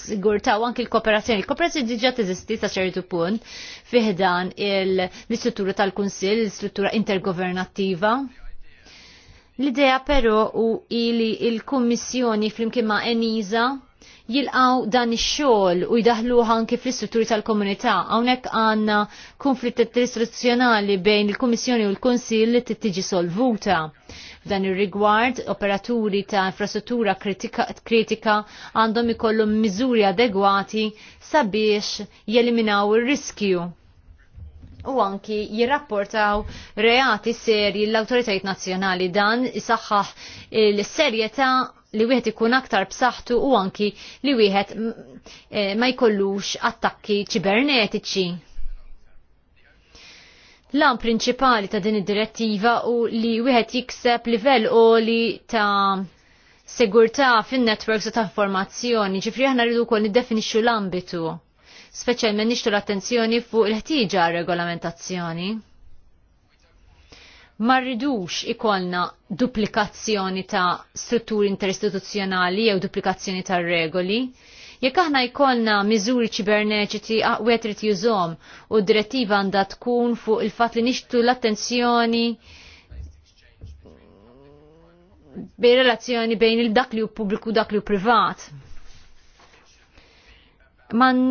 sigurtà u anke l-kooperazzjoni. Il-kooperazzjoni diġà teżisti ta' ċertu punt fiħdan l-istruttura tal-Kunsill, l-istruttura intergovernattiva. L-idea però u ili il-Kummissjoni flimkien ma' Enisa jilqaw dan ix-xogħol u jdaħluha anke fl-istrutturi tal-komunità. Hawnhekk għandna konflitt istituzzjonali bejn il-Kummissjoni u l-Kunsill li tittiġi solvuta. F'dan ir-rigward, operaturi ta' infrastruttura kritika għandhom ikollhom miżuri adegwati sabiex jeliminaw ir-riskju u anki jirrapportaw reati serji l autoritajt nazzjonali dan isaħħaħ l-serjetà li wieħed ikun aktar b'saħħtu u anki li wieħed eh, ma jkollux attakki ċibernetiċi. Lan prinċipali ta' din id-direttiva u li wieħed jikseb livell oli ta' segurtà fin-networks u ta' informazzjoni, ġifri aħna rridu kol niddefinixxu l-ambitu, speċjalment nixtu l-attenzjoni fuq il-ħtieġa regolamentazzjoni ma rridux ikolna duplikazzjoni ta' strutturi interistituzzjonali jew duplikazzjoni ta' regoli. Jekk aħna jkollna miżuri ċiberneċiti aqwet ah, trid jużhom u d direttiva għandha tkun fuq il-fatt li nixtu l-attenzjoni bejn relazzjoni bejn il-dak li hu pubbliku dak li hu privat. Man,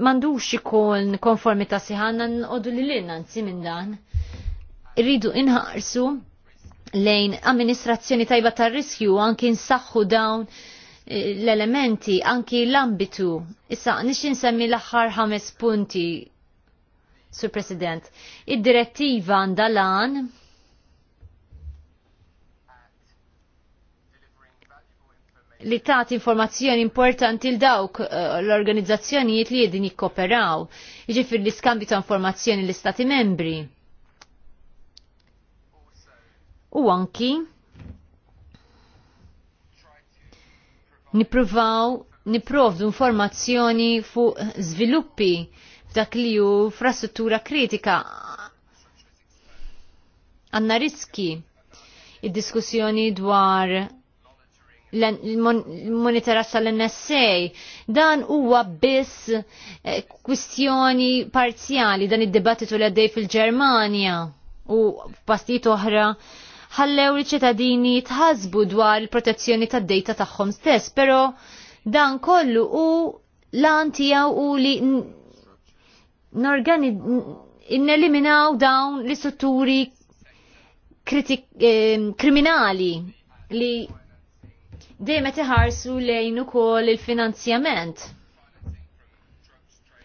mandux ikun konformita siħanna nqodu li l anzi nsi minn dan rridu inħarsu lejn amministrazzjoni tajba tar-riskju anki nsaħħu dawn eh, l-elementi, anki l-ambitu. Issa, nix nsemmi l-axħar ħames punti, Sur President. Id-direttiva għandalan li taħt informazzjoni importanti l dawk eh, l-organizzazzjonijiet li jedin jikkoperaw, iġifir l-iskambju ta' informazzjoni l-istati membri u anki nipruvaw niprovdu informazzjoni fuq żviluppi f'dak li hu frastruttura kritika għanna riski id-diskussjoni dwar l-monitoraġġ tal-NSA dan huwa biss eh, kwistjoni parzjali dan id-dibattitu li għaddej fil-Ġermanja u f'pastijiet oħra ħallew li ċittadini tħasbu dwar il-protezzjoni tad dejta tagħhom stess, però dan kollu u lan tiegħu u li norgani inneliminaw dawn l istrutturi ehm, kriminali li dejjem qed iħarsu lejn ukoll il-finanzjament.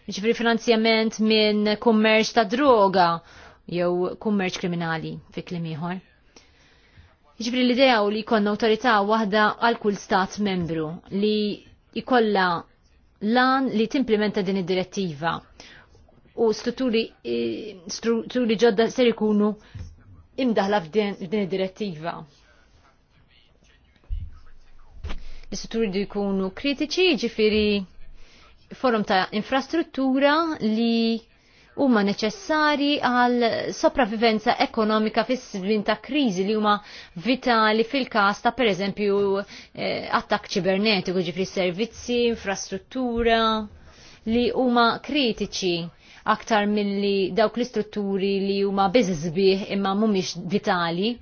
Ġifri finanzjament minn kummerċ ta' droga jew kummerċ kriminali fi kliem ieħor. Ġifri l-idea u li jkollna autorità waħda għal kull stat membru li jkollha lan li timplementa din id-direttiva u strutturi, strutturi ġodda ser ikunu imdaħla f'din id-direttiva. L-istrutturi jkunu kritiċi, ġifiri forum ta' infrastruttura li huma neċessari għal sopravivenza ekonomika fis-snin ta' kriżi li huma vitali fil-każ ta' pereżempju eh, attakk ċibernetiku ġifri servizzi, infrastruttura li huma kritiċi aktar milli dawk l-istrutturi li huma biżiż imma mhumiex vitali.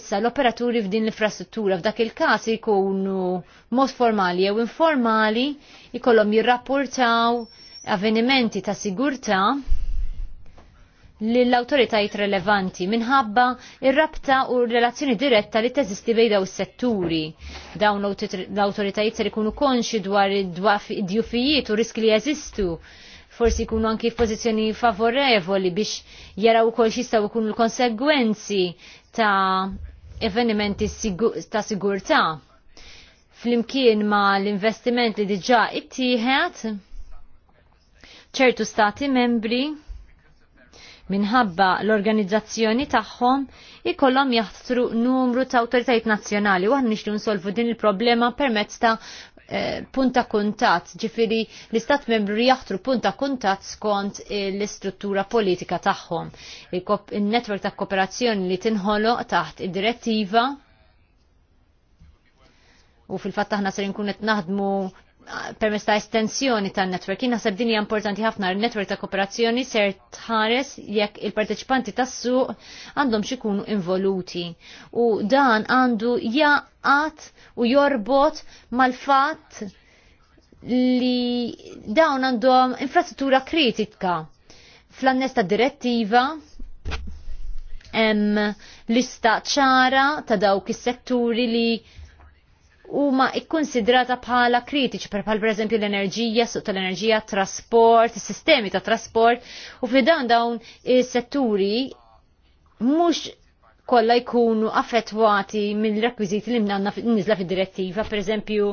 Issa l-operaturi f'din l-infrastruttura f'dak il-każ jkunu mod formali jew informali jkollhom jirrapportaw avvenimenti ta' sigurtà lill-autoritajiet relevanti minħabba ir-rabta u relazzjoni diretta li teżisti bejn daw is-setturi. Dawn l-autoritajiet ser ikunu konxi dwar id-djufijiet u riski li jeżistu forsi jkunu anki f'pożizzjoni favorevoli biex jaraw ukoll x'jistgħu jkunu l-konsegwenzi ta' avvenimenti ta' sigurtà flimkien ma' l-investiment li diġà ittieħed ċertu stati membri minħabba l-organizzazzjoni tagħhom ikollhom jaħtru numru ta' awtoritajiet nazzjonali u aħna nixtru nsolvu din il-problema permezz ta' eh, punta kuntat, ġifiri l-istat membri jaħtru punta kuntat skont l-istruttura politika tagħhom. Il-netwerk ta' kooperazzjoni li tinħoloq taħt id-direttiva u fil-fatt aħna ser nkun qed naħdmu permess ta' estensjoni ta' network. Jina sab dinja importanti ħafna il-network ta' kooperazzjoni ser tħares jekk il-parteċipanti tas suq għandhom xikunu involuti. U dan għandu jaqat u jorbot mal-fat li dawn għandhom infrastruttura kritika. Fl-annes ta' direttiva hemm lista ċara ta' dawk is-setturi li huma ikkonsidrata bħala kritiċi per pal pereżempju l-enerġija, suq tal-enerġija, trasport, sistemi ta' trasport u f'dan dawn is-setturi mhux kollha jkunu affettwati mill-rekwiżiti li mnanna nizla fid-direttiva, pereżempju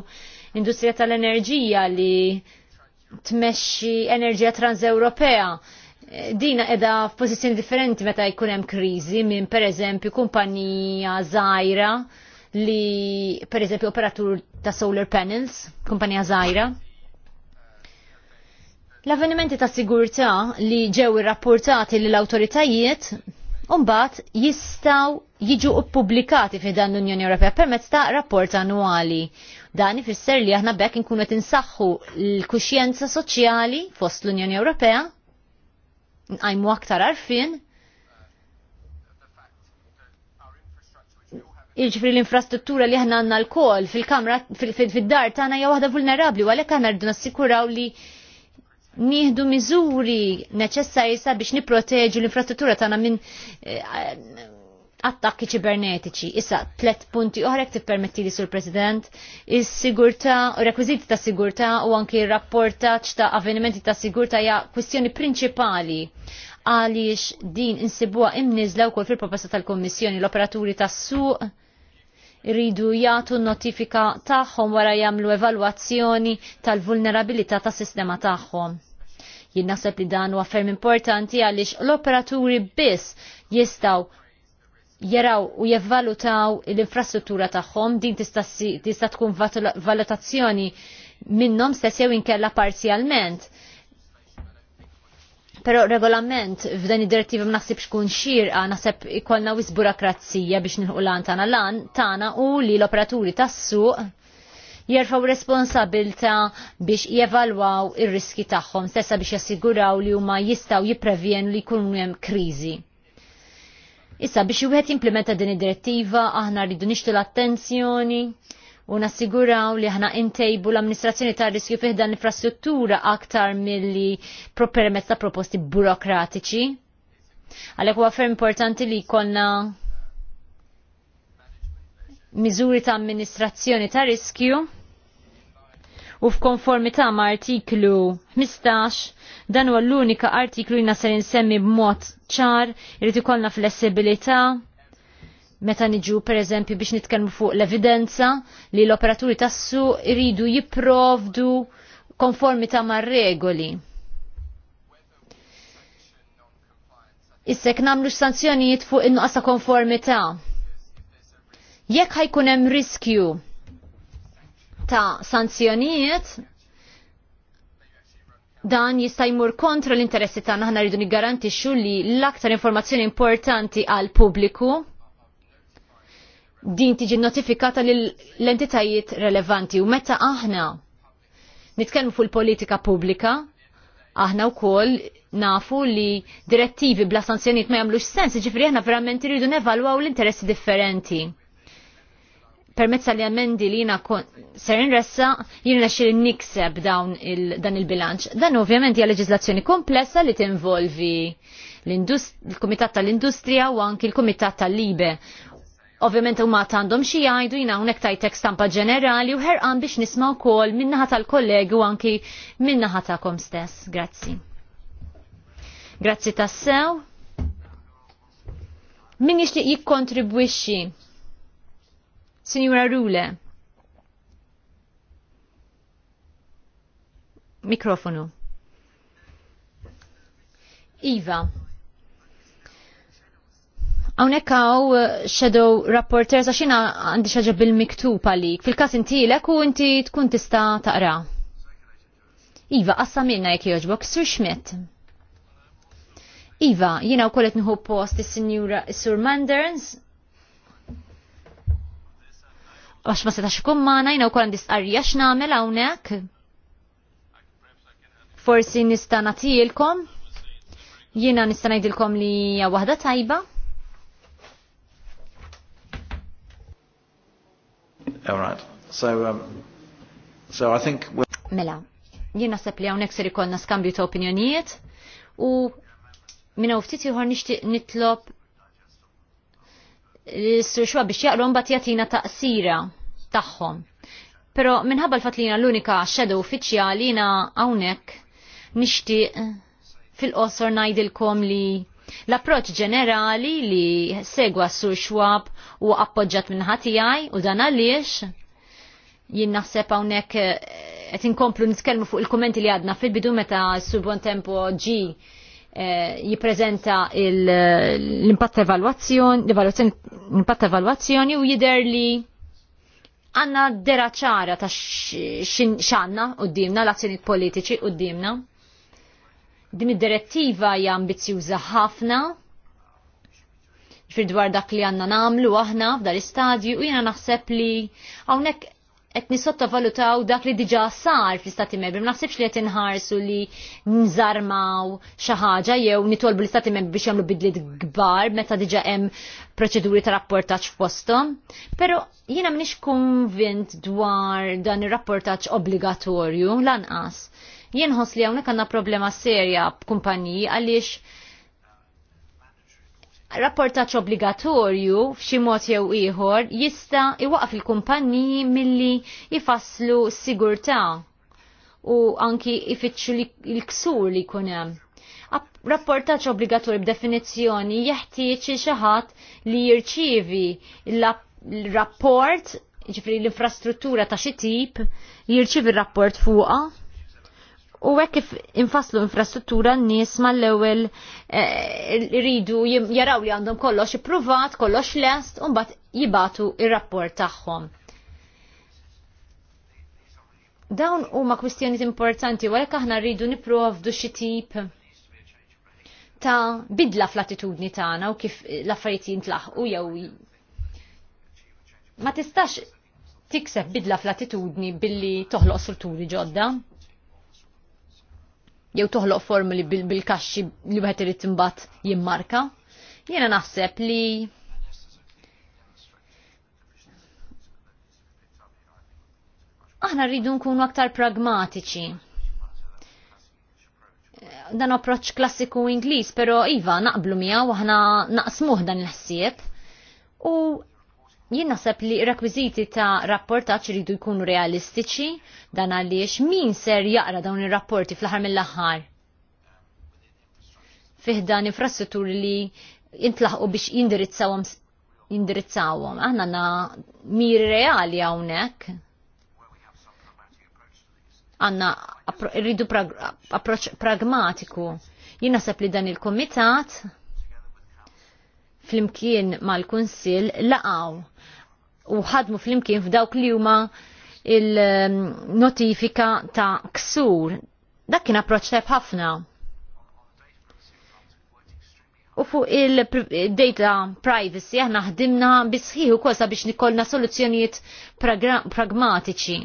industrija tal-enerġija li tmexxi enerġija transewropea dina edha f'pożizzjoni differenti meta jkun hemm kriżi minn pereżempju kumpanija żgħira li per eżempju operatur ta' solar panels, kumpanija Zajra? L-avvenimenti ta' sigurtà li ġew irrapportati lill awtoritajiet Umbat jistaw jiġu publikati fi dan l-Unjoni Ewropea permezz ta' rapport annwali. Dan ifisser li aħna bekk inkunu qed insaħħu l-kuxjenza soċjali fost l-Unjoni Ewropea, nqajmu aktar arfin, Iġifri l-infrastruttura li ħna għanna l-kol fil-kamra, fil-dar ta' hija waħda vulnerabli, u għalhekk aħna rridu nassikuraw li nieħdu miżuri neċessari sabiex nipproteġu l-infrastruttura tagħna minn eh, attakki ċibernetiċi. Issa, tlet punti oħra ti permetti li sur President, is-sigurta, rekwiziti ta' sigurta u anki rapportaċ ta' avvenimenti ta' sigurta ja' kwistjoni prinċipali għaliex din insibuha imnizla wkoll fil-proposta tal-Kommissjoni l-operaturi tas-suq iridu jagħtu notifika tagħhom wara jagħmlu evalwazzjoni tal-vulnerabilità tas-sistema tagħhom. Jien naħseb li dan huwa ferm importanti għaliex l-operaturi biss jistgħu jaraw u jevvalutaw l-infrastruttura tagħhom din tista' tkun valutazzjoni minnhom stess jew inkella parzjalment Pero regolament f'dan id-direttiva ma naħsibx kun xirqa naħseb ikollna wis burokrazija biex nilħu lan tagħna lan tagħna u li l-operaturi tas-suq jerfaw responsabilta biex jevalwaw ir-riski tagħhom stessa biex jassiguraw li huma jistgħu jipprevjenu li jkunu hemm kriżi. Issa biex wieħed implementa din id-direttiva aħna rridu nixtu l-attenzjoni u nassiguraw li ħna intejbu l-amministrazzjoni ta' riskju fiħda l-infrastruttura aktar milli permezz ta' proposti burokratiċi. Għalek huwa għafer importanti li konna miżuri ta' amministrazzjoni ta' riskju u f'konformità ma' artiklu 15 dan huwa l-unika artiklu jina ser insemmi b'mod ċar irid ikollna flessibilità meta niġu per eżempju biex nitkellmu fuq l-evidenza li l-operaturi tassu iridu jiprovdu konformita ma' regoli. Issek namlu sanzjonijiet fuq in-nuqqas ta' konformità. Jekk ħajkun hemm riskju ta' sanzjonijiet, dan jista' jmur kontra l-interessi tagħna ħna rridu niggarantixxu li l-aktar informazzjoni importanti għal pubbliku din tiġi notifikata l-entitajiet relevanti u meta aħna nitkellmu fuq il-politika pubblika, aħna wkoll nafu li direttivi bla sanzjoniet ma jagħmlux sens, ġifri aħna verament iridu nevalwaw l-interessi differenti. Permezz li emendi li jina ser inressa jirna xil nikseb dawn il, dan il-bilanċ. Dan ovvjament hija leġislazzjoni komplessa li tinvolvi l-Kumitat tal-Industrija u anki l-Kumitat tal-Libe Ovvjament huma għandhom xi jgħidu jina hawnhekk tajtek stampa ġenerali u ħerqan biex nisma' wkoll min-naħa tal-kollegi u anki min-naħa tagħkom stess. Grazzi. Grazzi tassew. Min jixtieq jikkontribwixxi? Sinjura Rule. Mikrofonu. Iva, Hawnhekk hawn uh, shadow rapporters għax għandi xi bil-miktub għalik. Fil-każ ek u inti tkun tista' taqra. Iva, għassa minna jekk jogħġbok, Sur Schmidt. Iva, jiena wkoll qed nħu post is-Sinjura Sur Manders, għax ma setax ikun maħna jina u kollet għandis qarja x'namel hawnhekk. Forsi nista' nagħtilkom. Jiena nista' ngħidilkom li hija waħda tajba. All right. So, um, so I think... Mela, jien naħseb li hawnhekk seri konna skambju ta' opinjonijiet u minna uftit ftit ieħor nixtieq nitlob l surxwa biex jaqrom bat jatina taqsira tagħhom. Pero minħabba l-fat li jina l-unika shadow li jina hawnhekk nixtieq fil-qosor ngħidilkom li L-approċ ġenerali li segwa s-sur xwab u appoġġat minn ħatijaj u dan għaliex jien naħseb hawnhekk eh, qed inkomplu nitkellmu fuq il kumenti li għadna fil-bidu meta s-sur Tempo ġi eh, jipprezenta l-impatt evalwazzjoni, l-impatt evalwazzjoni u jider li għanna dera ċara ta' xanna u d-dimna, l-azzjoni politiċi u d-dimna. Din id-direttiva hija ambizjuża ħafna fil dwar dak li għanna namlu aħna f'dal istadju u jena naħseb li hawnhekk qed nisottovalutaw dak li diġà sar fl-Istati Membri. Ma naħsibx li qed inħarsu li nżarmaw xi ħaġa jew nitolbu l-Istati Membri biex jagħmlu bidliet kbar meta diġà hemm proċeduri ta' rapportaġġ f'posthom. Però jiena m'iniex konvint dwar dan ir-rapportaġġ obbligatorju lanqas Jien ħoss li hawnhekk għandna problema serja b'kumpaniji għaliex rapportaċ obbligatorju f'xi mod jew ieħor jista' iwaqaf il-kumpaniji milli jifasslu s-sigurtà u anki ifittxu l-ksur li jkun hemm rapportaċ obbligatorju b'definizzjoni jeħtieġ xi ħadd li jirċievi l-rapport, ġifri l-infrastruttura ta' xi tip, jirċievi r-rapport fuqha U hekk kif infaslu infrastruttura n-nies mal-ewwel iridu eh, jaraw li għandhom kollox ippruvat, kollox lest, u mbagħad jibatu il rapport tagħhom. Dawn huma kwistjonijiet importanti u għalhekk aħna rridu nipprovdu xi tip ta' bidla fl-attitudni tagħna u kif l-affarijiet jintlaħqu jew ma tistax tikseb bidla fl-attitudni billi toħloq strutturi ġodda jew toħloq formuli bil-kaxxi li wieħed irid imbagħad jimmarka. Jiena naħseb li aħna rridu nkunu aktar pragmatiċi. Dan approċ klassiku Ingliż, però iva naqblu miegħu aħna naqsmuh dan il-ħsieb. U jien naħseb li rekwiziti ta' rapportaċ rridu jkunu realistiċi dan għaliex min ser jaqra dawn ir-rapporti fl-aħħar mill-aħħar. Fiħdan infrastrutturi li jintlaħqu biex jindirizzawhom jindirizzawhom. Aħna na miri reali hawnhekk. Għanna rridu approċ pragmatiku. Jien naħseb li dan il-komitat flimkien mal-Kunsill laqaw u ħadmu flimkien f'dawk li huma il-notifika ta' ksur. Dak kien approċċ tajb ħafna. U fuq il-data privacy aħna ħdimna bisħiħu kosa biex nikolna soluzzjonijiet pragmatiċi.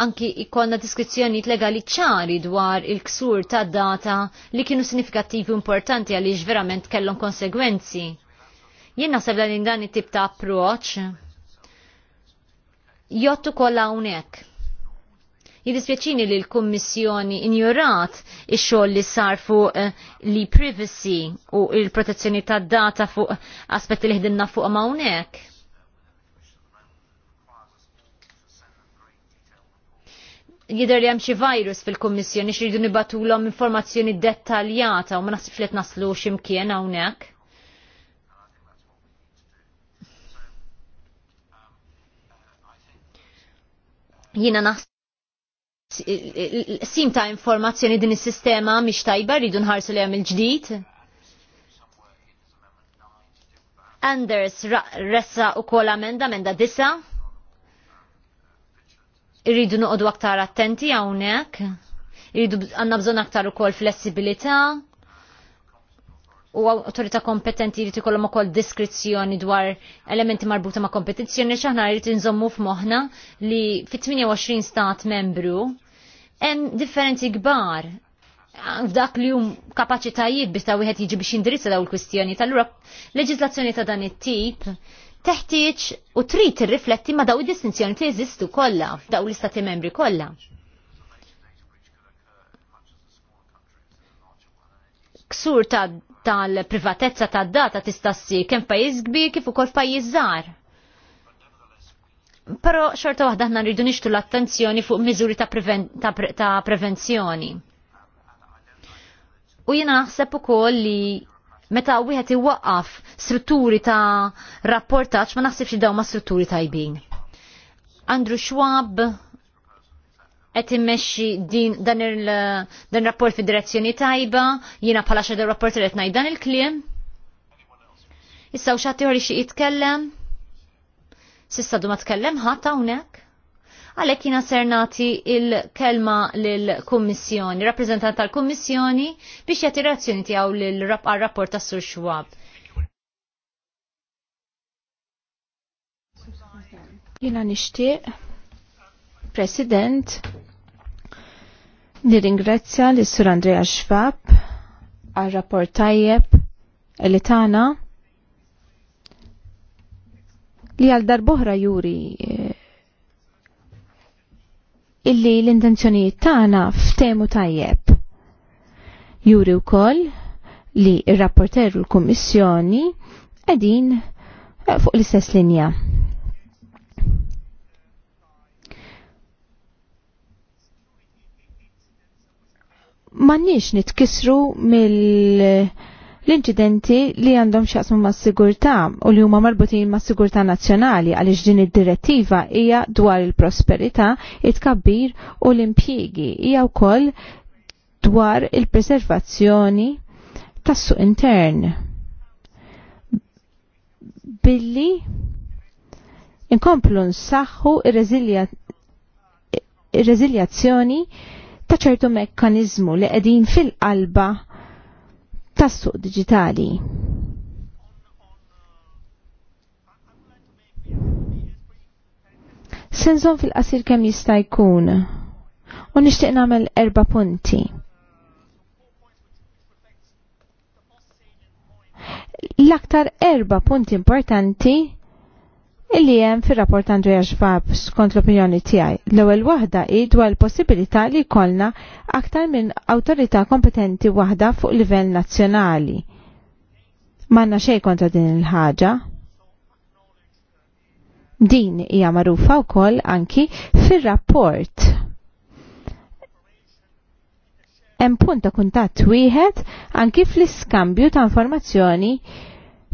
anki ikonna diskrizzjonijiet legali ċari dwar il-ksur ta' data li kienu u importanti għaliex verament kellhom konsegwenzi. Jien naħseb dan dan it-tip ta' approċ jottu kollha hawnhekk. Jidispjaċini li l-Kummissjoni injorat il xogħol li sar fuq eh, li privacy u l protezzjoni tad data fuq aspetti li ħdinna fuq hawnhekk jider li hemm xi virus fil-Kummissjoni xiridu nibatulhom informazzjoni dettaljata u ma naħsibx li naslu x'imkien hawnhekk. Jiena naħseb sim ta' informazzjoni din is-sistema mhix tajba rridu nħarsu li hemm il-ġdid. Anders ressa u kol amenda, amenda disa' irridu noqodu aktar attenti għawnek, irridu għanna bżon aktar u kol flessibilita, u autorita kompetenti irridu kollom u kol diskrizzjoni dwar elementi marbuta ma' kompetizzjoni, xaħna irridu nżommu f'moħna li fit-28 stat membru, hemm differenti gbar f'dak li jum kapaċitajiet biex ta' wieħed jiġi biex jindirizza daw il-kwistjoni. tal lura leġizlazzjoni ta' dan it-tip teħtieġ u trid tirrifletti ma daw id-distinzjoni li jeżistu kollha f'daw l-istati membri kollha. Ksur tal-privatezza ta' data tista' ssir kemm pajjiż kbir kif ukoll pajjiż żgħar. Però xorta waħda aħna rridu nixtu l-attenzjoni fuq miżuri ta', preven ta, pre ta prevenzjoni. U jiena naħseb ukoll li Meta wieħed iwaqqaf strutturi ta' rapportaġġ ma naħsibx li dawn ma' strutturi tajbin. Andrew Schwab qed immexxi din dan il-rapport fid-direzzjoni tajba, jiena bħala xi rapport qed ngħid dan il-kliem. Issa u xatt jħor jitkellem? Sissa du ma tkellem ħadd hawnhekk? għalhekk jiena sernati il-kelma lill-Kummissjoni, rappreżentant tal-Kummissjoni biex jagħti reazzjoni tiegħu lill-rapport tas Sur Schwab. Jiena nixtieq, President, nirringrazzja lis sur Andrea Schwab għal rapport tajjeb li li għal darbohra juri eh, illi l-intenzjonijiet tagħna f'temu tajjeb. Juri wkoll li r-rapporter l-Kummissjoni qegħdin eh, fuq l-istess linja. Mannix nitkisru mill- l-inċidenti li għandhom xaqsmu ma' sigurtà u li huma marbutin ma' sigurtà nazzjonali għaliex din id-direttiva hija dwar il-prosperità, it-kabbir u l-impjiegi hija wkoll dwar il-preservazzjoni tas-suq intern. Billi inkomplu nsaħħu ir-reżiljazzjoni ta' ċertu mekkanizmu li qegħdin fil-qalba tas-suq digitali. Senżon fil-qasir kemm jista' jkun u nixtieq nagħmel erba' punti. L-aktar erba' punti importanti illi jem fir-rapport Andrea Schwab skont l-opinjoni tiegħi. L-ewwel waħda hi l possibilità li jkollna aktar minn awtorità kompetenti waħda fuq livell nazzjonali. M'għandna xejn kontra din il-ħaġa. Din hija magħrufa wkoll anki fir-rapport hemm punt ta' kuntatt wieħed anki fl-iskambju ta' informazzjoni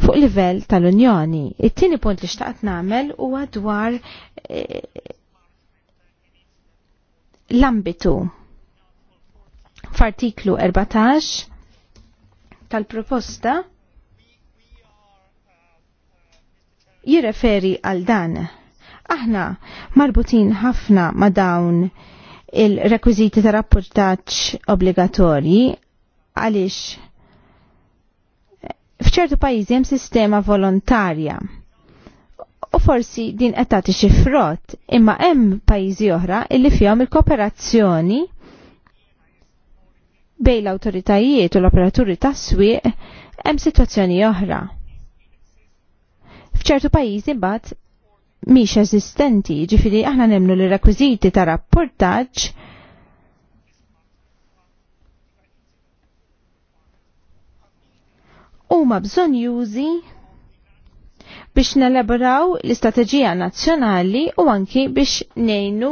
fuq livell tal-Unjoni. It-tieni punt li xtaqt nagħmel huwa dwar eh, l-ambitu f'artiklu 14 tal-proposta jirreferi għal dan. Aħna marbutin ħafna ma' dawn il-rekwiziti ta' rapportaċ obbligatorji għaliex fċertu pajjiżi hemm sistema volontarja. U forsi din qed tagħti xi frott, imma hemm pajjiżi oħra illi fihom il-kooperazzjoni bejn l-awtoritajiet u l-operaturi tas-swieq hemm sitwazzjoni oħra. F'ċertu pajjiżi mbagħad mhix eżistenti, ġifieri aħna nemnu l rekwiżiti ta' rapportaġġ huma bżonn jużi biex nelaboraw l-istrateġija nazzjonali u anki biex nejnu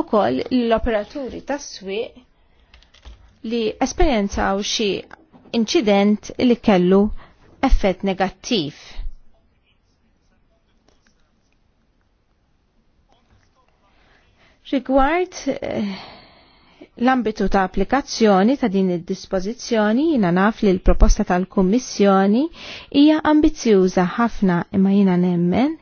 u koll l-operaturi tas swieq li esperienzaw xi incident li kellu effett negattiv. Rigward eh, l-ambitu ta' applikazzjoni ta' din id-dispożizzjoni jina naf li l-proposta tal-Kummissjoni hija ambizzjuża ħafna imma jina nemmen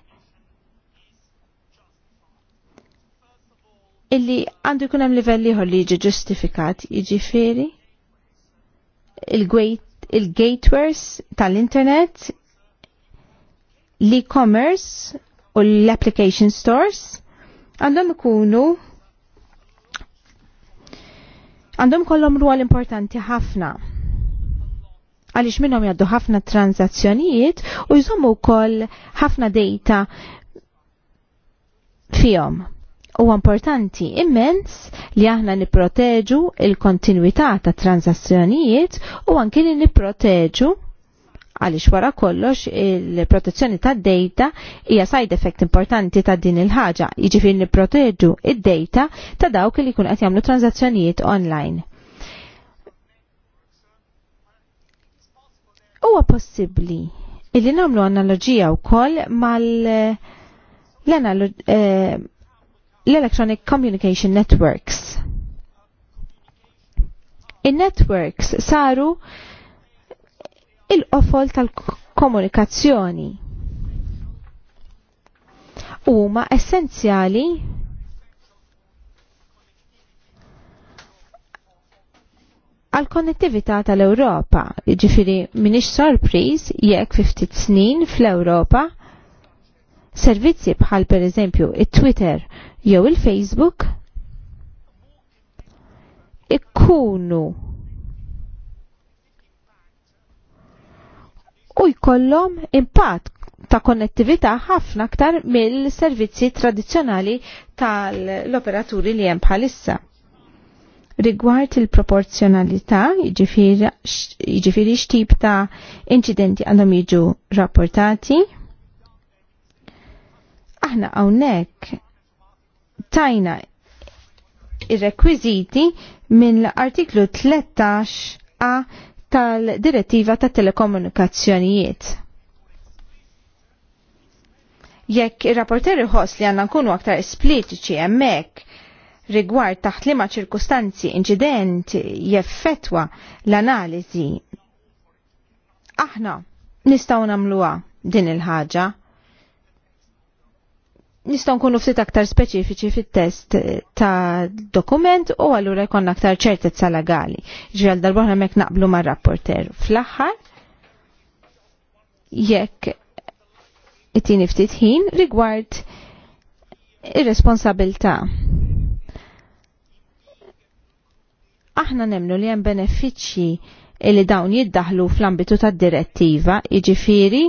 illi għandu jkun hemm livell ieħor li jiġi ġustifikat, jiġifieri il-gateways il gatewers tal internet l-e-commerce u l-application stores għandhom ikunu għandhom kollom rwol importanti ħafna għaliex minnhom jaddu ħafna tranzazzjonijiet u jżommu wkoll ħafna data fihom. Huwa importanti immens li aħna nipproteġu il-kontinwità ta' tranzazzjonijiet u anke li nipproteġu għaliex wara kollox il-protezzjoni tad-data hija side effect importanti ta' din il-ħaġa, jiġifieri nipproteġu id-data ta' dawk li jkun qed jagħmlu tranzazzjonijiet online. Huwa possibbli illi nagħmlu analoġija wkoll mal eh, electronic Communication Networks. In-networks saru il-qofol tal-komunikazzjoni. Huma essenzjali għal konnettività tal-Ewropa, ġifiri minix sorpriz jekk 50 snin fl-Ewropa, servizzi bħal per eżempju il-Twitter jew il-Facebook ikkunu u jkollhom impatt ta' konnettività ħafna aktar mill-servizzi tradizzjonali tal-operaturi li hemm bħalissa. Rigward il-proporzjonalità, jiġifieri, jiġifieri x'tip ta' inċidenti għandhom jiġu rapportati. Aħna hawnhekk tajna ir-rekwiżiti mill-artiklu 13 a tal-direttiva tat telekomunikazzjonijiet. Jekk ir rapporteri Ħoss li għandna nkunu aktar esplitiċi hemmhekk rigward taħt liema ċirkustanzi inċident jeffettwa l-analiżi aħna nistgħu nagħmluha din il-ħaġa nistaw nkunu ftit aktar speċifiċi fit-test ta' dokument u allura jkun aktar ċertezza legali. Ġral darbohra mek naqblu ma' rapporter. fl aħħar jekk it tieni ftit ħin rigward ir-responsabilta. Aħna nemlu li hemm benefiċċji illi dawn jiddaħlu fl-ambitu tad direttiva jiġifieri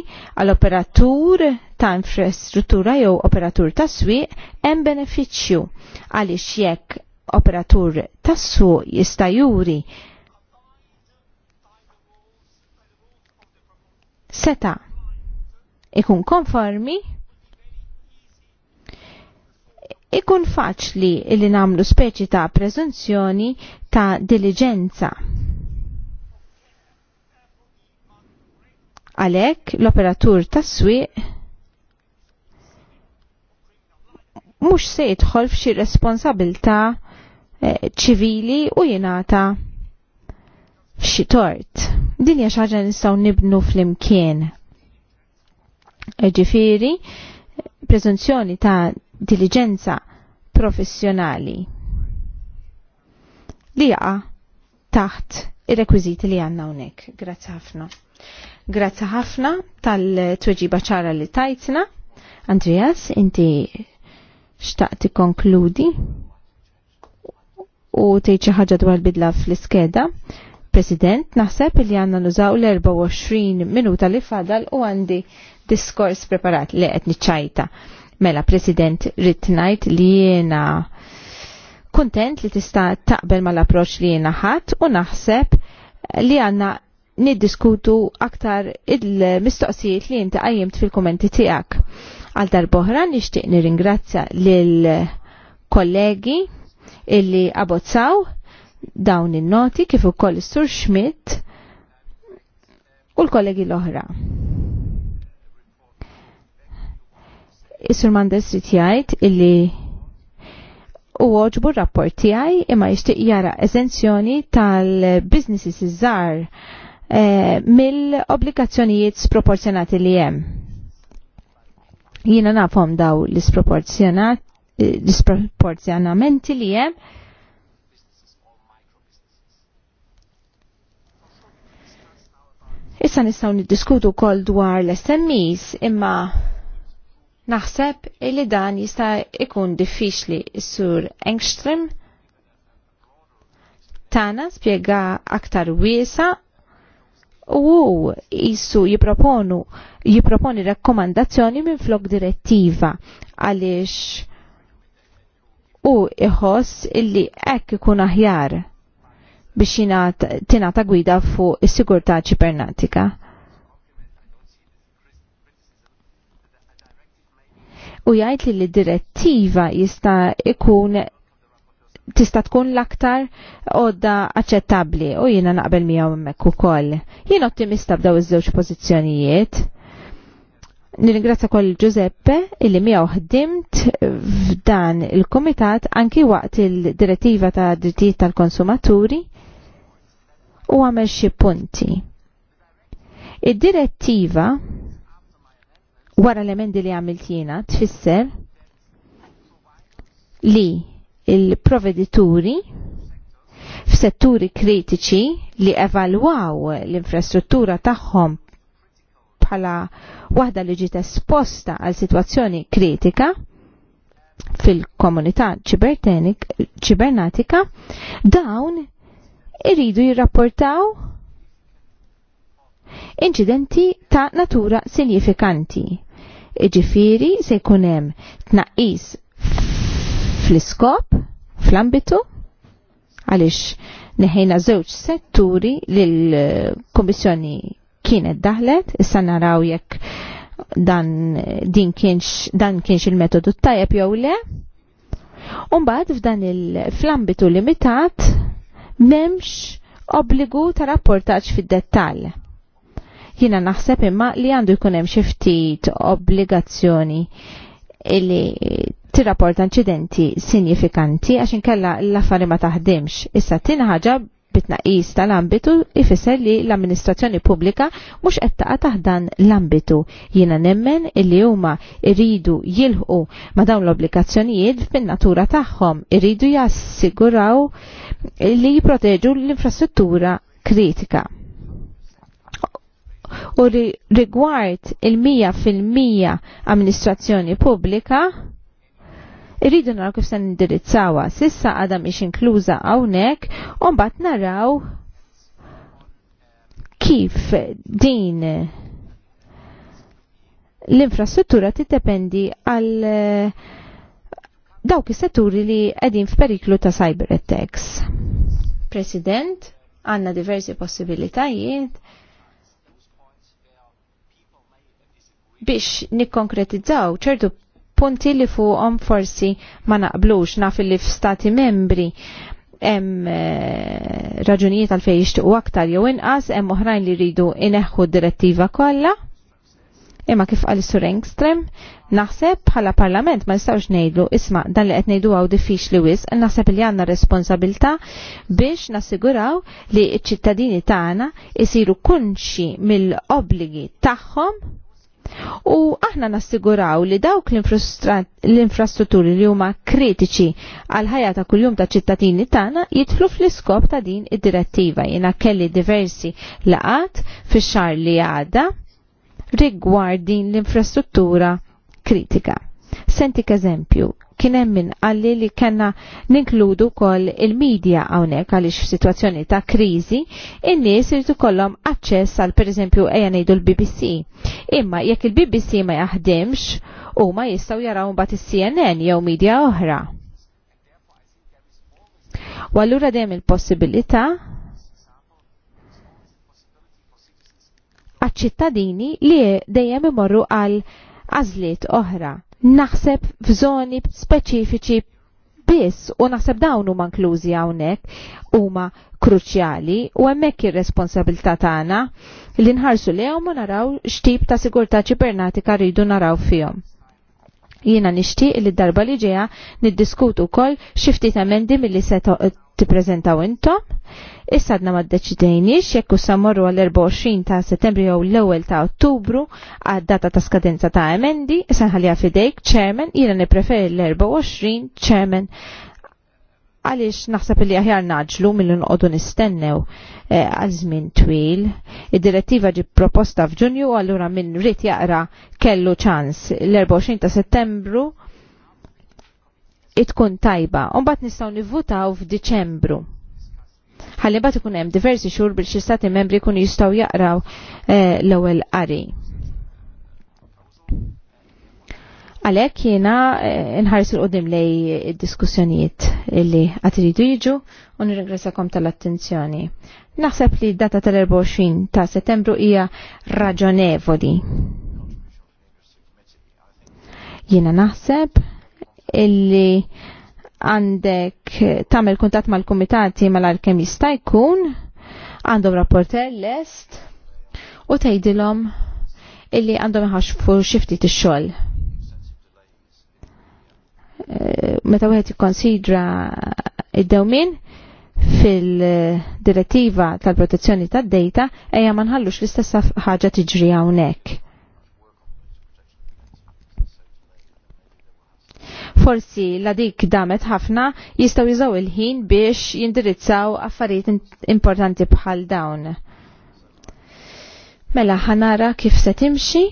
għall operatur ta' infrastruttura jew operatur ta' swieq hemm benefiċċju għaliex jekk operatur tas suq jista' juri seta' ikun konformi ikun faċli li namlu speċi ta' prezunzjoni ta' diligenza Għalhekk l-operatur tas-swieq mhux se jidħol f'xi responsabilità eh, ċivili u jingħata f'xi tort. Din hija xi ħaġa nistgħu nibnu flimkien. Ġifieri, preżunzjoni ta' diligenza professjonali li jaqa' taħt ir-rekwiżiti li għandna hawnhekk. Grazzi ħafna. Grazzi ħafna tal-tweġiba ċara li tajtna. Andreas, inti ti konkludi u tgħid ħaġa dwar bidla fl-iskeda. President, naħseb li għanna nużaw l-24 minuta li fadal u għandi diskors preparat li qed ċajta. Mela, President, ritnajt li jena kontent li tista' taqbel mal-approċ li jena ħadd u naħseb li għanna niddiskutu aktar il-mistoqsijiet li inti għajjimt fil-kommenti tiegħek. Għal darboħra nixtieq nirringrazzja l kollegi illi abbozzaw dawn in-noti kif ukoll is-Sur Schmidt u l-kollegi l-oħra. Is-Sur Mandes jgħid illi u oġbu rapport tiegħi imma jixtieq jara eżenzjoni tal-businesses iż-żgħar Eh, mill-obbligazzjonijiet sproporzjonati li hemm. Jiena nafhom daw l-isproporzjonamenti li hemm. Issa nistgħu niddiskutu wkoll dwar l-SMEs imma naħseb li dan jista' ikun diffiċli s-sur Engström tana spjega aktar wiesa u jissu jiproponu jiproponi rakkomandazzjoni minn flok direttiva għaliex u iħoss illi ekk ikun aħjar biex ta' gwida fuq is-sigurtà ċipernatika. U jgħid li l-direttiva jista' ikun tista' tkun l-aktar għodda aċċettabbli u jiena naqbel miegħu hemmhekk ukoll. Jien ottimista b'daw iż-żewġ pożizzjonijiet. Nirringrazzja koll Giuseppe illi miegħu ħdimt f'dan il-kumitat anki waqt il-direttiva ta' drittijiet tal-konsumaturi u għamel xi punti. Id-direttiva wara l-emendi li għamilt jiena tfisser li il-provedituri f'setturi kritiċi li evalwaw l-infrastruttura tagħhom bħala waħda li ġiet esposta għal sitwazzjoni kritika fil-komunità ċibernatika, dawn iridu jirrapportaw inċidenti ta' natura sinifikanti. Iġifiri se jkun hemm tnaqqis fl-iskop, fl-ambitu, għalix neħejna żewġ setturi l-Komissjoni eh, kienet daħlet, issa naraw jekk dan din kienx dan kienx il-metodu tajjeb jew le. Umbagħad f'dan il-flambitu limitat m'hemmx obbligu ta' rapportaġġ fid-dettall. Jiena naħseb imma li għandu jkun hemm xi ftit obbligazzjoni li tirrapporta inċidenti sinifikanti għax inkella l-affari ma taħdimx. Issa tina ħaġa bitnaqis tal-ambitu ifisser li l-amministrazzjoni pubblika mhux qed taqa' taħdan l-ambitu. Jiena nemmen illi huma irridu jilħqu ma' dawn l-obbligazzjonijiet fin-natura tagħhom, iridu jassiguraw li jipproteġu l-infrastruttura kritika. U rigward il-100% amministrazzjoni pubblika, Irridu naraw kif se nindirizzawa, sissa għadha mhix inkluża hawnhekk u mbagħad naraw kif din l-infrastruttura tiddependi għal eh, dawk is-setturi li qegħdin f'periklu ta' cyber attacks. President, għandna diversi possibilitajiet biex nikkonkretizzaw ċertu punti li fuqhom forsi ma naqblux naf li f'stati membri hemm eh, raġunijiet tal fejn jixtiequ aktar jew inqas hemm oħrajn li jridu ineħħu d-direttiva kollha. Imma kif qal sur Engstrem, naħseb bħala parlament ma nistgħux ngħidlu isma' dan li qed ngħidu hawn diffiċli wisq, naħseb li għandna responsabilità biex nassiguraw li ċ-ċittadini tagħna isiru kunxi mill-obbligi tagħhom U aħna nassiguraw li dawk l-infrastrutturi li huma kritiċi għal ħajja ta' kuljum ta' ċittadini tagħna jidħlu fl-iskop ta' din id-direttiva. Jiena kelli diversi laqat fix-xahar li għadda rigward din l-infrastruttura kritika. Sentik eżempju, kien hemm min qalli li kellna ninkludu kol il-medja hawnhekk għaliex f'sitwazzjoni ta' kriżi in-nies irid ikollhom aċċess għal pereżempju ejja ngħidu l-BBC. Imma jekk il-BBC ma jaħdimx huma jistgħu jaraw mbagħad is-CNN jew media oħra. U allura dejjem il-possibilità għaċ-ċittadini li dejjem imorru għal għażliet oħra naħseb f'żoni speċifiċi biss u naħseb dawn huma inklużi hawnhekk huma kruċjali u hemmhekk ir-responsabilità tagħna li nħarsu lehom u naraw x'tip ta' sigurtà ċibernatika rridu naraw fihom. Jiena nixtieq li darba li ġeja niddiskutu wkoll xi ftit emendi milli se tippreżentaw intom. Issa għadna ma ddeċidejniex jekk sammorru għall-24 ta' settembru jew l-ewwel ta' ottubru għad data ta' skadenza ta' emendi, issa nħallija fidejk, chairman, jiena nippreferi l-24 chairman għaliex naħseb li aħjar naġlu milli nqogħdu nistennew eh, għal żmien twil. Id-direttiva ġi proposta f'Ġunju allura minn rrit jaqra kellu ċans l-24 ta' Settembru itkun tajba. Umbat nistgħu nivvutaw f'Diċembru ħalli bat ikun hemm diversi xhur biex stati membri jkunu jistgħu jaqraw eh, l-ewwel qari. Għalek jena eh, nħares l qodim lej diskussjonijiet li għatridu jiġu u nirringrazzakom tal-attenzjoni. Naħseb li data tal-24 ta' settembru hija raġonevoli. Jena naħseb illi għandek tamel kuntat mal-komitati mal-arkem jista' jkun, għandhom rapporter est u tgħidilhom illi għandhom iħaxfu xifti t-xogħol Eh, meta wieħed jikkonsidra id-dewmin fil-direttiva tal-protezzjoni tad-data ejja ma nħallux l-istess ħaġa tiġri hawnhekk. Forsi la dik damet ħafna jistgħu jiżaw il-ħin biex jindirizzaw affarijiet importanti bħal dawn. Mela ħanara kif se timxi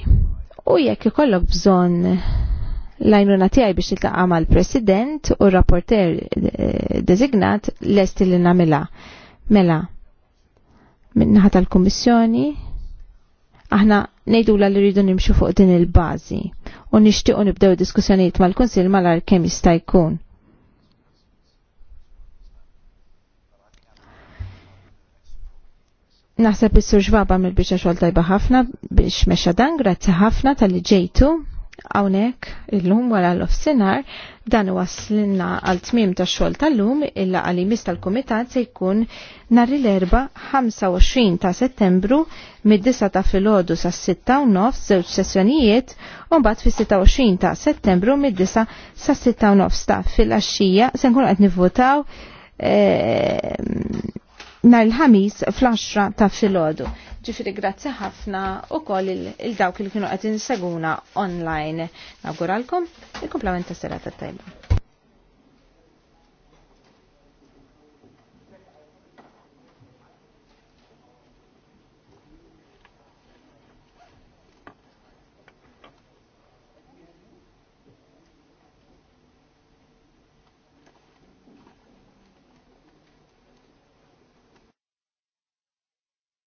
u jekk ikollok bżonn lajnuna tiegħi biex nitlaqa mal-President u rapporter eh, designat lest li namela. Mela, minnaħat tal-Kummissjoni, aħna ngħidula li rridu nimxu fuq din il-bażi u nixtiequ nibdew diskussjonijiet mal-Kunsill malar kemm jista' jkun. Naħseb is-sur ġvaba mill-biċċa xogħol tajba ħafna biex mexa dan, grazzi ħafna tal-li ġejtu Hawnhekk illum wara l-offsinar dan waslinna għal tmiem ta' xogħol tal-lum illa għalimis tal-kumitat se jkun nhar l-erba' 25 ta' Settembru mid-9 ta' filgħodu sa' 6 u nofs żewġ sessjonijiet u mbagħad fis-26 ta' Settembru mid-9 sa' 6 u nofs ta' fil għaxija se nkun qed nivvotaw eh, nar l ħamis fl-10 ta' filgħodu. Ġifieri grazzi ħafna ukoll il-dawk li kienu qed inseguna online. Nawguralkom il-komplement tas-serata tajba.